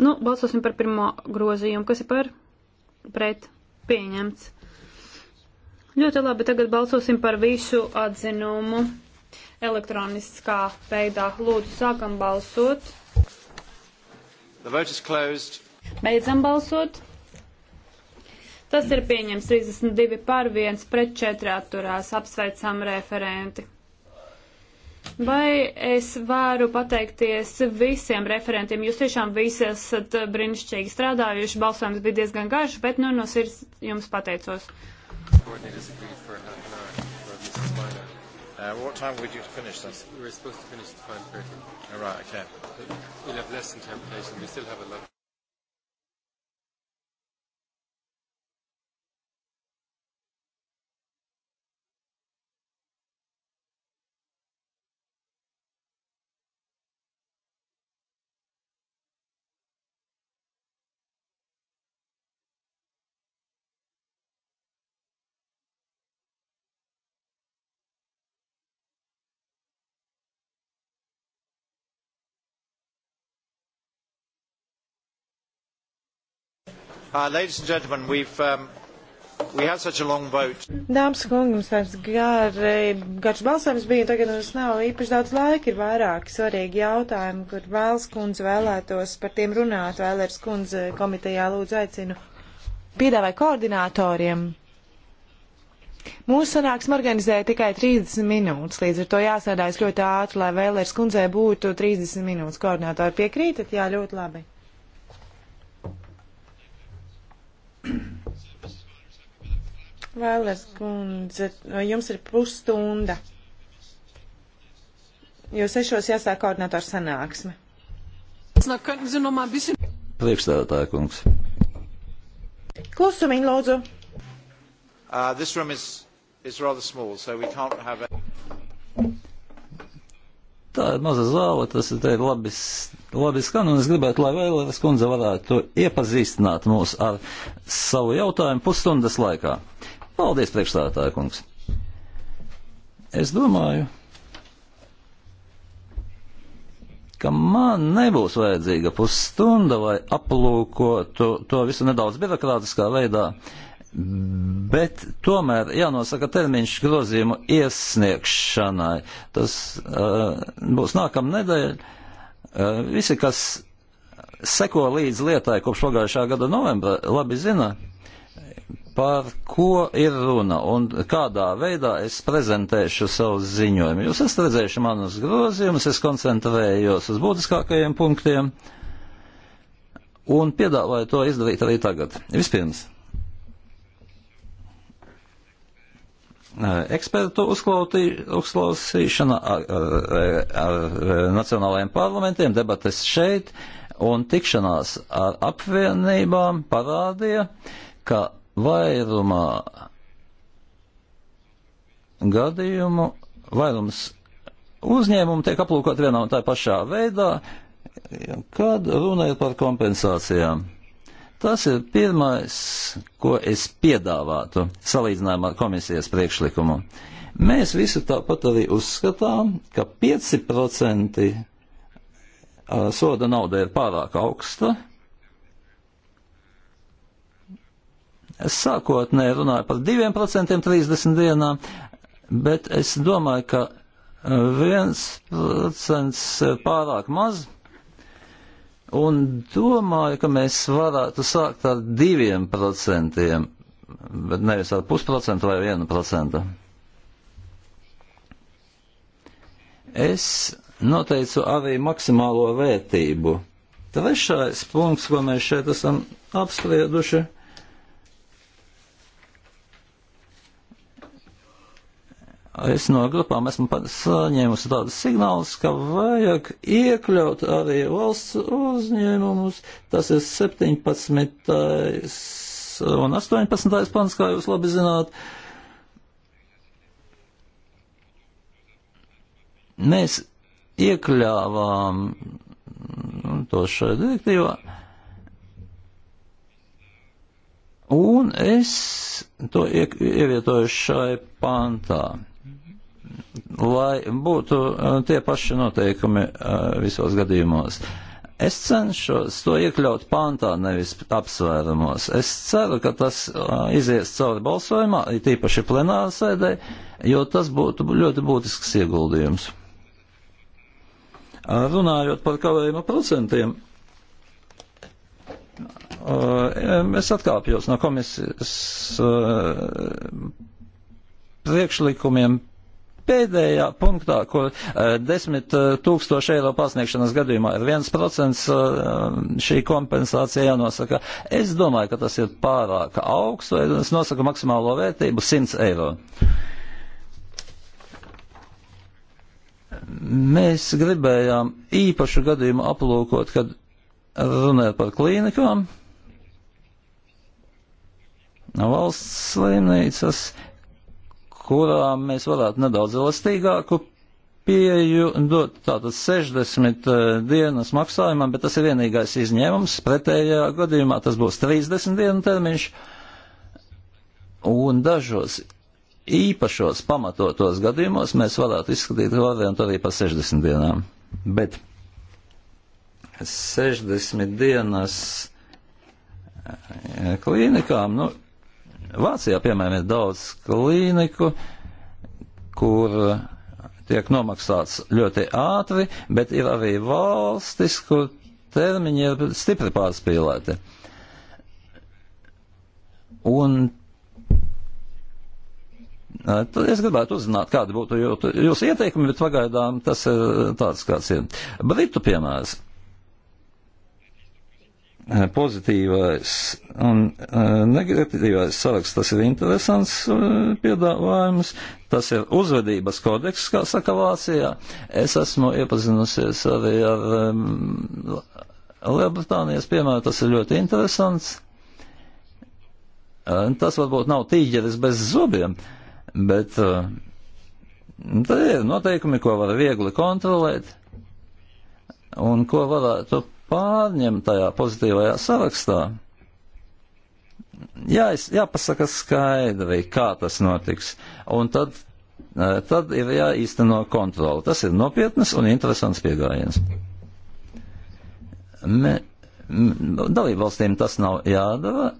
Speaker 1: Nu, balsosim par pirmo grozījumu, kas ir par pret pieņemts. Ļoti labi, tagad balsosim par visu atzinumu elektroniskā veidā. Lūdzu, sākam balsot. Beidzam balsot. Tas ir pieņems 32 pār 1 pret 4 atturās. Apsveicam referenti. Vai es varu pateikties visiem referentiem? Jūs tiešām visi esat brīnišķīgi strādājuši. Balsojums bija diezgan garš, bet nu no sirds jums pateicos.
Speaker 2: Uh, what time would you finish this? We were supposed to finish at 5.30. All right, okay. But we'll have less interpretation. We still have a lot. Uh, ladies and gentlemen, we've um, Dāmas un
Speaker 3: kungi, mums tāds gar, garš balsojums bija, tagad mums nav īpaši daudz laika, ir vairāki svarīgi jautājumi, kur vēlas kundze vēlētos par tiem runāt, vēlērs kundze komitejā lūdzu aicinu piedāvāja koordinatoriem. Mūsu sanāksme organizēja tikai 30 minūtes, līdz ar to jāsēdājas ļoti ātri, lai vēlērs kundzei būtu 30 minūtes. Koordinātori piekrītat? Jā, ļoti labi. Vēlēs kundze, jums ir pusstunda. Jo sešos jāsāk koordinātors sanāksme.
Speaker 4: Priekšstādātāja kungs.
Speaker 3: Klusumiņ, lūdzu.
Speaker 2: Uh, is, is small, so a...
Speaker 4: Tā ir maza zāle, tas ir labi, labi skan, un es gribētu, lai Vēlēras kundze varētu iepazīstināt mūs ar savu jautājumu pusstundas laikā. Paldies, priekšstādātāja kungs. Es domāju, ka man nebūs vajadzīga pusstunda, lai aplūkotu to, to visu nedaudz birokrātiskā veidā. Uh, Bet tomēr jānosaka termiņš grozījumu iesniegšanai. Tas uh, būs nākamā nedēļa. Uh, visi, kas seko līdz lietai kopš pagājušā gada novembra, labi zina, par ko ir runa un kādā veidā es prezentēšu savu ziņojumu. Jūs esat redzējuši manus grozījumus, es koncentrējos uz būtiskākajiem punktiem un piedāvāju to izdarīt arī tagad. Vispirms Ekspertu uzklausīšana ar, ar, ar nacionālajiem parlamentiem, debates šeit un tikšanās ar apvienībām parādīja, ka vairumā gadījumu vairums uzņēmumu tiek aplūkot vienā un tā pašā veidā, kad runa ir par kompensācijām. Tas ir pirmais, ko es piedāvātu salīdzinājumā komisijas priekšlikumu. Mēs visu tāpat arī uzskatām, ka 5% soda nauda ir pārāk augsta. Es sākotnēji runāju par 2% 30 dienām, bet es domāju, ka 1% pārāk maz un domāju, ka mēs varētu sākt ar diviem procentiem, bet nevis ar pusprocentu vai vienu procentu. Es noteicu arī maksimālo vērtību. Trešais punkts, ko mēs šeit esam apsprieduši, ir Es no grupām esmu saņēmusi tādas signālus, ka vajag iekļaut arī valsts uzņēmumus. Tas ir 17. un 18. pants, kā jūs labi zināt. Mēs iekļāvām to šajā direktīvā. Un es to ie, ievietoju šai pantā lai būtu eh, tie paši noteikumi eh, visos gadījumos. Es cenšos to iekļaut pāntā, nevis apsvērumos. Es ceru, ka tas eh, izies cauri balsojumā, it īpaši plenāra sēdē, jo tas būtu ļoti būtisks ieguldījums. Runājot par kavējuma procentiem, es atkāpjos no komisijas priekšlikumiem pēdējā punktā, kur eh, desmit eh, tūkstoši eiro pasniegšanas gadījumā ir viens procents eh, šī kompensācija jānosaka. Es domāju, ka tas ir pārāk augsts, es nosaku maksimālo vērtību 100 eiro. Mēs gribējām īpašu gadījumu aplūkot, kad runājot par klīnikām, valsts slimnīcas, kurām mēs varētu nedaudz elastīgāku pieju dot tātad 60 eh, dienas maksājumam, bet tas ir vienīgais izņēmums. Pretējā gadījumā tas būs 30 dienu termiņš. Un dažos īpašos pamatotos gadījumos mēs varētu izskatīt variantu arī par 60 dienām. Bet 60 dienas eh, klīnikām, nu, Vācijā, piemēram, ir daudz klīniku, kur tiek nomaksāts ļoti ātri, bet ir arī valstis, kur termiņi ir stipri pārspīlēti. Un e, Tad es gribētu uzzināt, kādi būtu jūsu ieteikumi, bet pagaidām tas ir tāds, kāds ir. Britu piemērs. Eh, pozitīvais un eh, negatīvais saraksts, tas ir interesants eh, piedāvājums, tas ir uzvedības kodeks, kā saka Vācijā. Es esmu iepazinusies arī ar Lielbritānijas piemēru, tas ir ļoti interesants. Tas varbūt nav tīģeris bez zobiem, bet te ir noteikumi, ko var viegli kontrolēt un ko varētu pārņemtajā pozitīvajā sarakstā jā, jāpasaka skaidri, kā tas notiks. Un tad, e, tad ir jāīsteno kontroli. Tas ir nopietnas un interesants pieejams. Nu, dalībvalstīm tas nav jādara,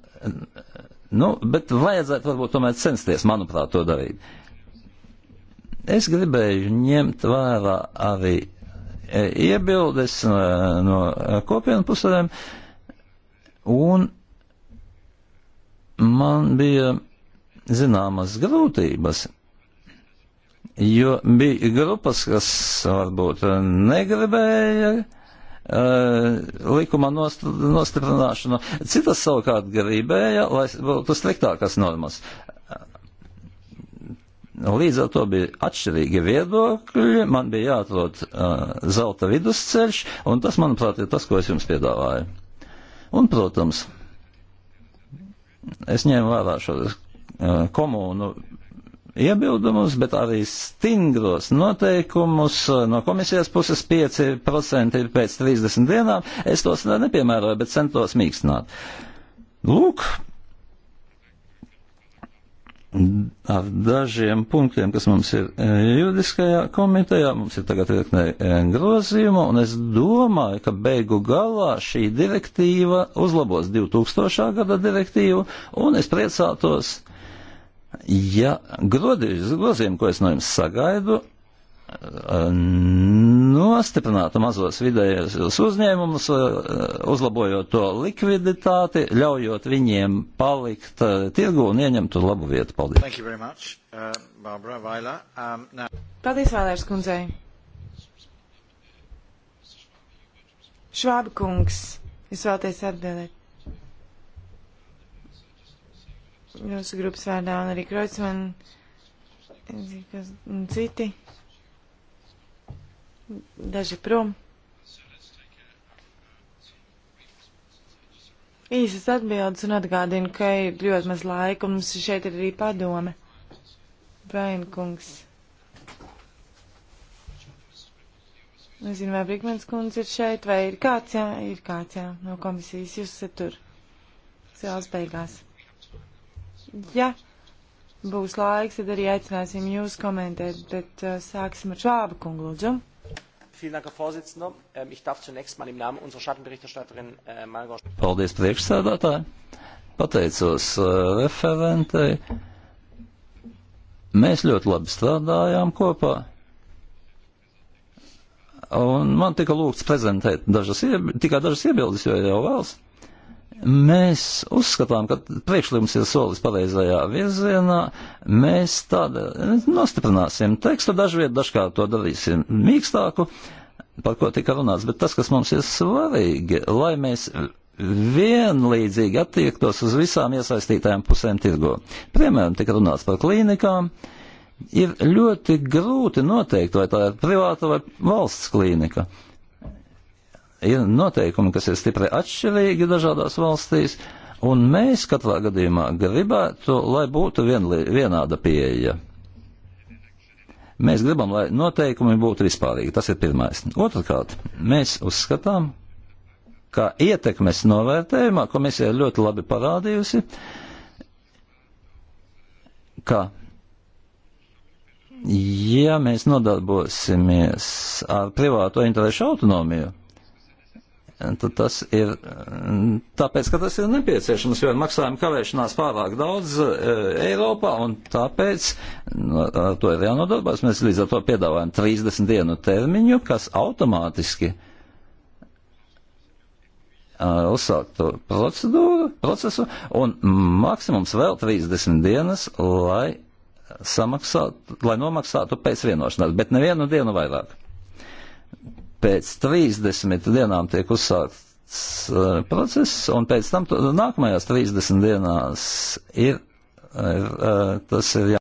Speaker 4: nu, bet vajadzētu varbūt tomēr censties, manuprāt, to darīt. Es gribēju ņemt vērā arī iebildes uh, no uh, kopienu pusēm, un man bija zināmas grūtības, jo bija grupas, kas varbūt negribēja uh, likuma nostiprināšanu, citas savukārt gribēja, lai būtu striktākas normas. Līdz ar to bija atšķirīgi viedokļi, man bija jāatrod uh, zelta vidusceļš, un tas, manuprāt, ir tas, ko es jums piedāvāju. Un, protams, es ņēmu vērā šo uh, komunu iebildumus, bet arī stingros noteikumus no komisijas puses 5% ir pēc 30 dienām. Es tos nepiemēroju, bet centos mīkstināt. Lūk, ar dažiem punktiem, kas mums ir e, juridiskajā komitejā, mums ir tagad virknē e, grozījumu, un es domāju, ka beigu galā šī direktīva uzlabos 2000. gada direktīvu, un es priecātos, ja grozījumi, ko es no jums sagaidu, nostiprinātu mazos vidējos uzņēmumus, eh, uzlabojot to likviditāti, ļaujot viņiem palikt eh, tirgu un ieņemt tur labu vietu. Paldies!
Speaker 2: Much, uh, Barbara, Vaila. um, now...
Speaker 3: Paldies, Vēlērs kundzei! Švāba kungs, jūs vēlaties atbildēt? Jūsu grupas vārdā un arī Kreutzmann, citi daži prom. Īsas atbildes un atgādinu, ka ir ļoti maz laika, un mums šeit ir arī padome. Brainkungs. Nezinu, vai Brīkmens kundze ir šeit, vai ir kāds, jā, ir kāds, jā, no komisijas. Jūs esat tur. Sēles beigās. Ja būs laiks, tad arī aicināsim jūs komentēt, bet uh, sāksim ar Švāba kungu, lūdzu.
Speaker 2: Vielen Dank, Herr Vorsitzender. Ähm, ich darf zunächst mal im Namen unserer Schattenberichterstatterin äh, Margot.
Speaker 4: Paldies, priekšsēdētāji. Pateicos äh, referentei. Mēs ļoti labi strādājām kopā. Un man tika lūgts prezentēt dažas, tikai dažas iebildes, jo jau vēlas. Mēs uzskatām, ka priekšlikums ir solis pareizajā virzienā. Mēs tādu eh, nostiprināsim tekstu dažviet, dažkārt to darīsim mīkstāku, par ko tika runāts. Bet tas, kas mums ir svarīgi, lai mēs vienlīdzīgi attiektos uz visām iesaistītajām pusēm tirgo. Piemēram, tika runāts par klīnikām. Ir ļoti grūti noteikt, vai tā ir privāta vai valsts klīnika ir noteikumi, kas ir stipri atšķirīgi dažādās valstīs, un mēs katrā gadījumā gribētu, lai būtu vienlī, vienāda pieeja. Mēs gribam, lai noteikumi būtu vispārīgi. Tas ir pirmais. Otrakārt, mēs uzskatām, ka ietekmes novērtējumā komisija ir ļoti labi parādījusi, ka ja mēs nodarbosimies ar privāto interesu autonomiju, Tad tas ir tāpēc, ka tas ir nepieciešams, jo maksājuma kavēšanās pārāk daudz e, Eiropā, un tāpēc nu, ar to ir jānodarbojas. Mēs līdz ar to piedāvājam 30 dienu termiņu, kas automātiski e, uzsāktu procedūru, procesu, un maksimums vēl 30 dienas, lai samaksātu, lai nomaksātu pēc vienošanās, bet nevienu dienu vairāk pēc 30 dienām tiek uzsākts uh, process, un pēc tam to, nākamajās 30 dienās ir, ir uh, tas ir jā.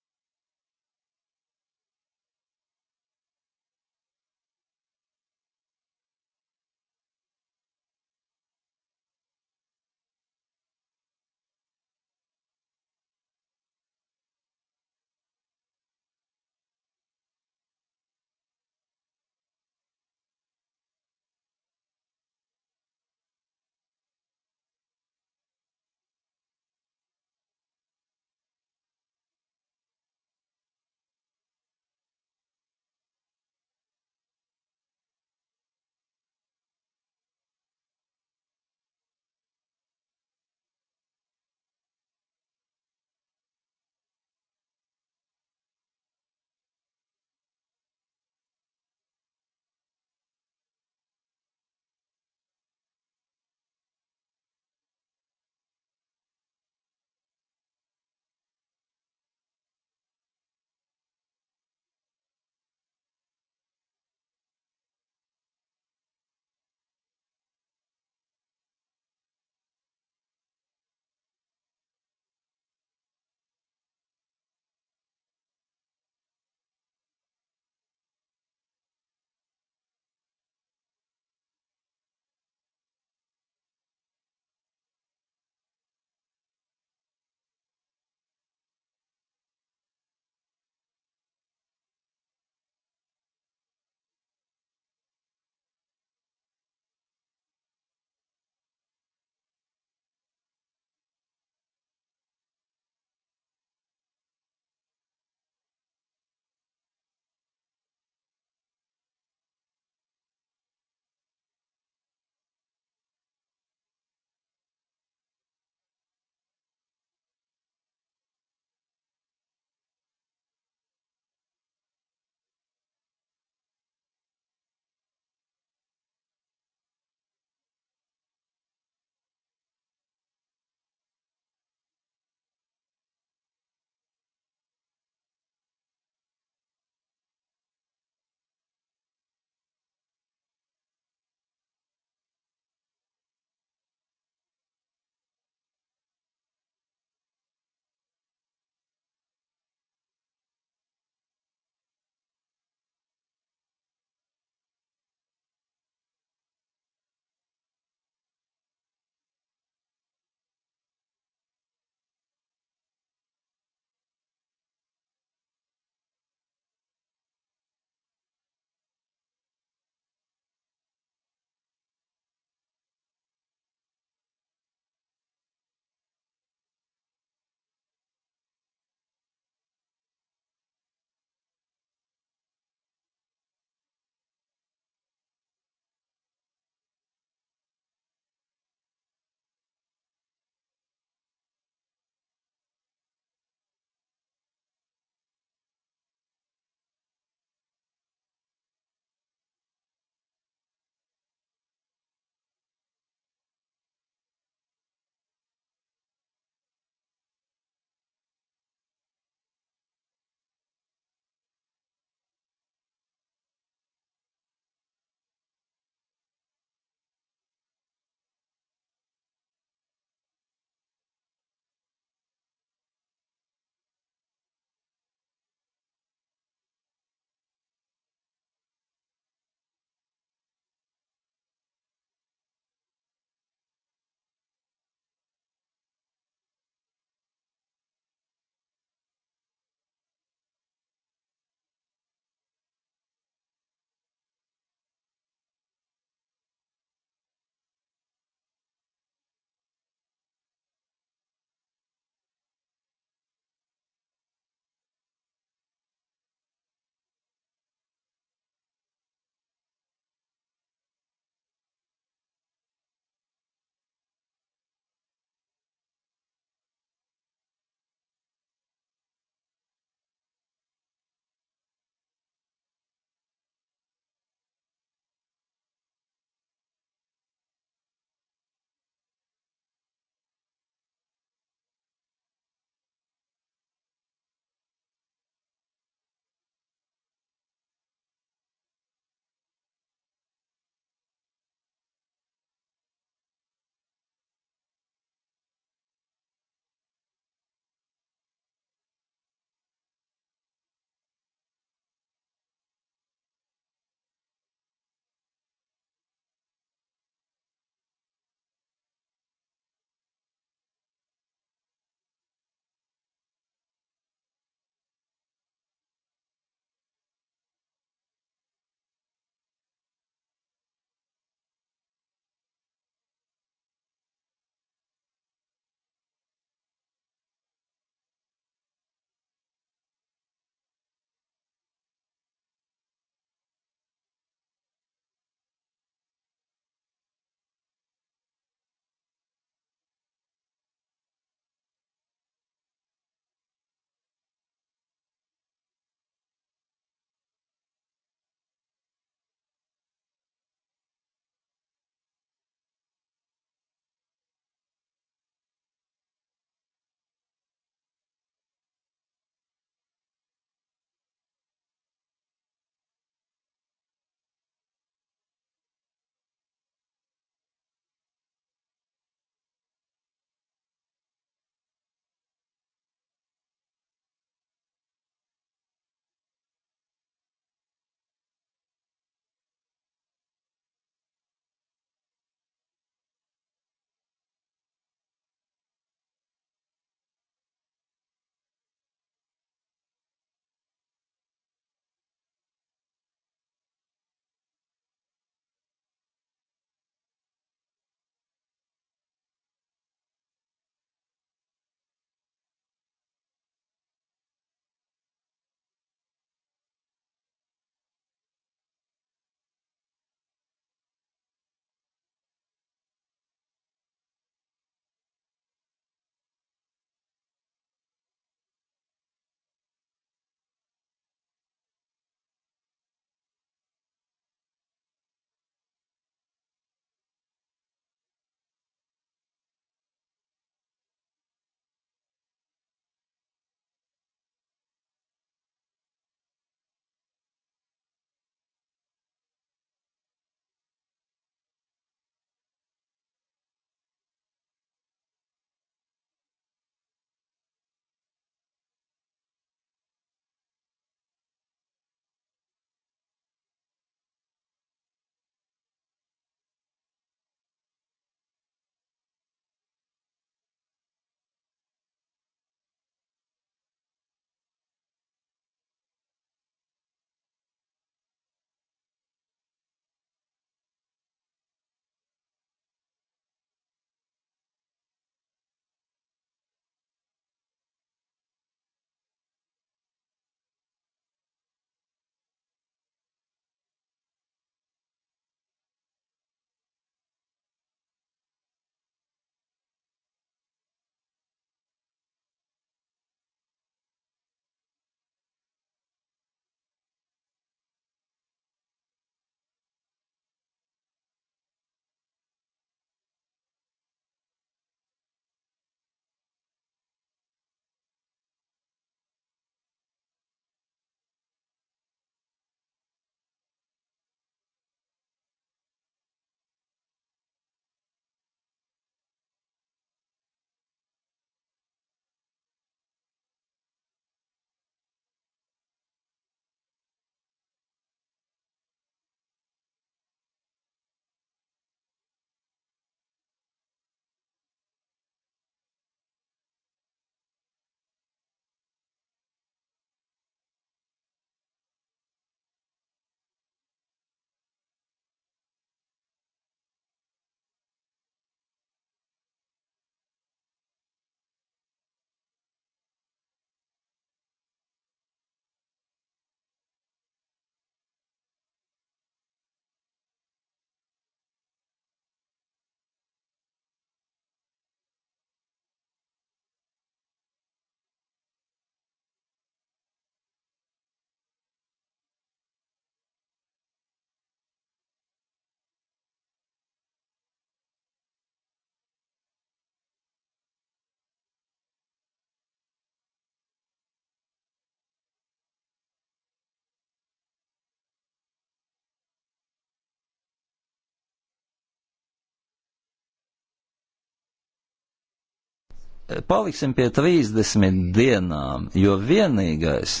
Speaker 4: paliksim pie 30 dienām, jo vienīgais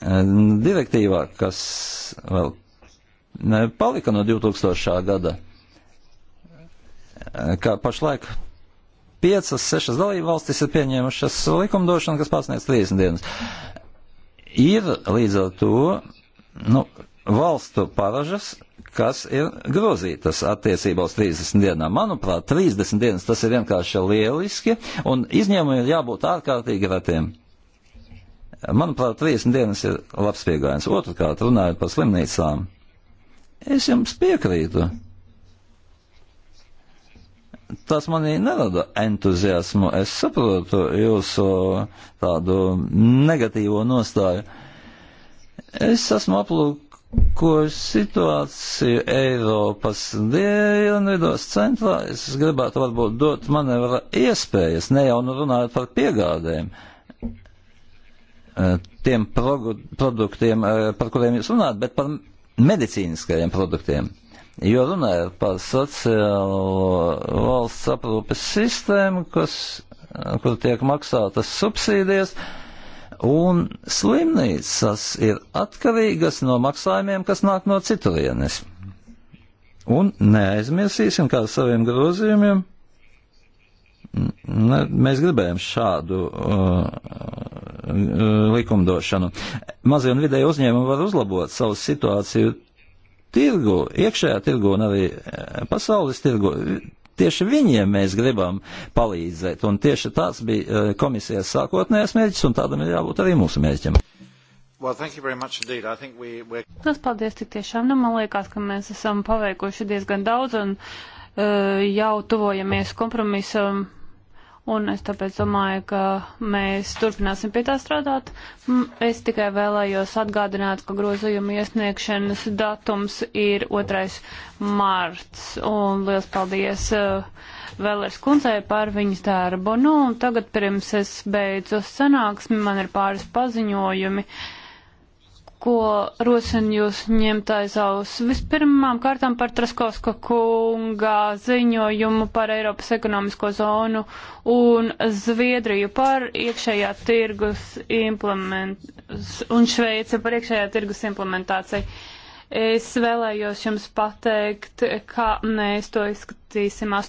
Speaker 4: e, direktīvā, kas vēl palika no 2000. gada, e, kā pašlaik piecas, sešas dalība valstis ir pieņēmušas likumdošanu, kas pārsniedz 30 dienas. Ir līdz ar to nu, valstu paražas kas ir grozītas attiecībā uz 30 dienām. Manuprāt, 30 dienas tas ir vienkārši lieliski, un izņēmumi ir jābūt ārkārtīgi retiem. Manuprāt, 30 dienas ir labs pieejams. Otrakārt, runājot par slimnīcām, es jums piekrītu. Tas manī nerada entuziasmu. Es saprotu jūsu tādu negatīvo nostāju. Es esmu aplūkojis kur situācija Eiropas dienvidos centrā, es gribētu varbūt dot manevra iespējas, ne jau nu runājot par piegādēm, eh, tiem produktiem, eh, par kuriem jūs runājat, bet par medicīniskajiem produktiem. Jo runājot par sociālo valsts aprūpes sistēmu, kas, eh, kur tiek maksātas subsīdijas, uh, un slimnīcas ir atkarīgas no maksājumiem, kas nāk no citurienes. Un neaizmirsīsim, kā ar saviem grozījumiem, ne, mēs gribējam šādu uh, uh, likumdošanu. Mazie un vidēji uzņēmumi var uzlabot savu situāciju tirgu, iekšējā tirgu un arī uh, pasaules tirgu. Tieši viņiem mēs gribam palīdzēt, un tieši tāds bija eh, komisijas sākotnējais mērķis, un tādam ir jābūt arī mūsu mērķim.
Speaker 2: Well, we, we're...
Speaker 1: Tas paldies tik tiešām. Nu, man liekas, ka mēs esam paveikuši diezgan daudz un uh, jau tuvojamies kompromisam. Um, un es tāpēc domāju, ka mēs turpināsim pie tā strādāt. Es tikai vēlējos atgādināt, ka grozījuma iesniegšanas datums ir 2. mārts, un liels paldies eh, Vēlers kundzei par viņas darbu. Nu, tagad pirms es beidzu sanāksmi, man ir pāris paziņojumi. Uh, ko rosinu jūs ņemt aiz auss. Vispirmām kārtām par Traskoska kunga ziņojumu par Eiropas ekonomisko zonu un Zviedriju par iekšējā tirgus implementāciju un Šveice par iekšējā tirgus implementāciju. Es vēlējos jums pateikt, kā mēs to izskatīsim 8.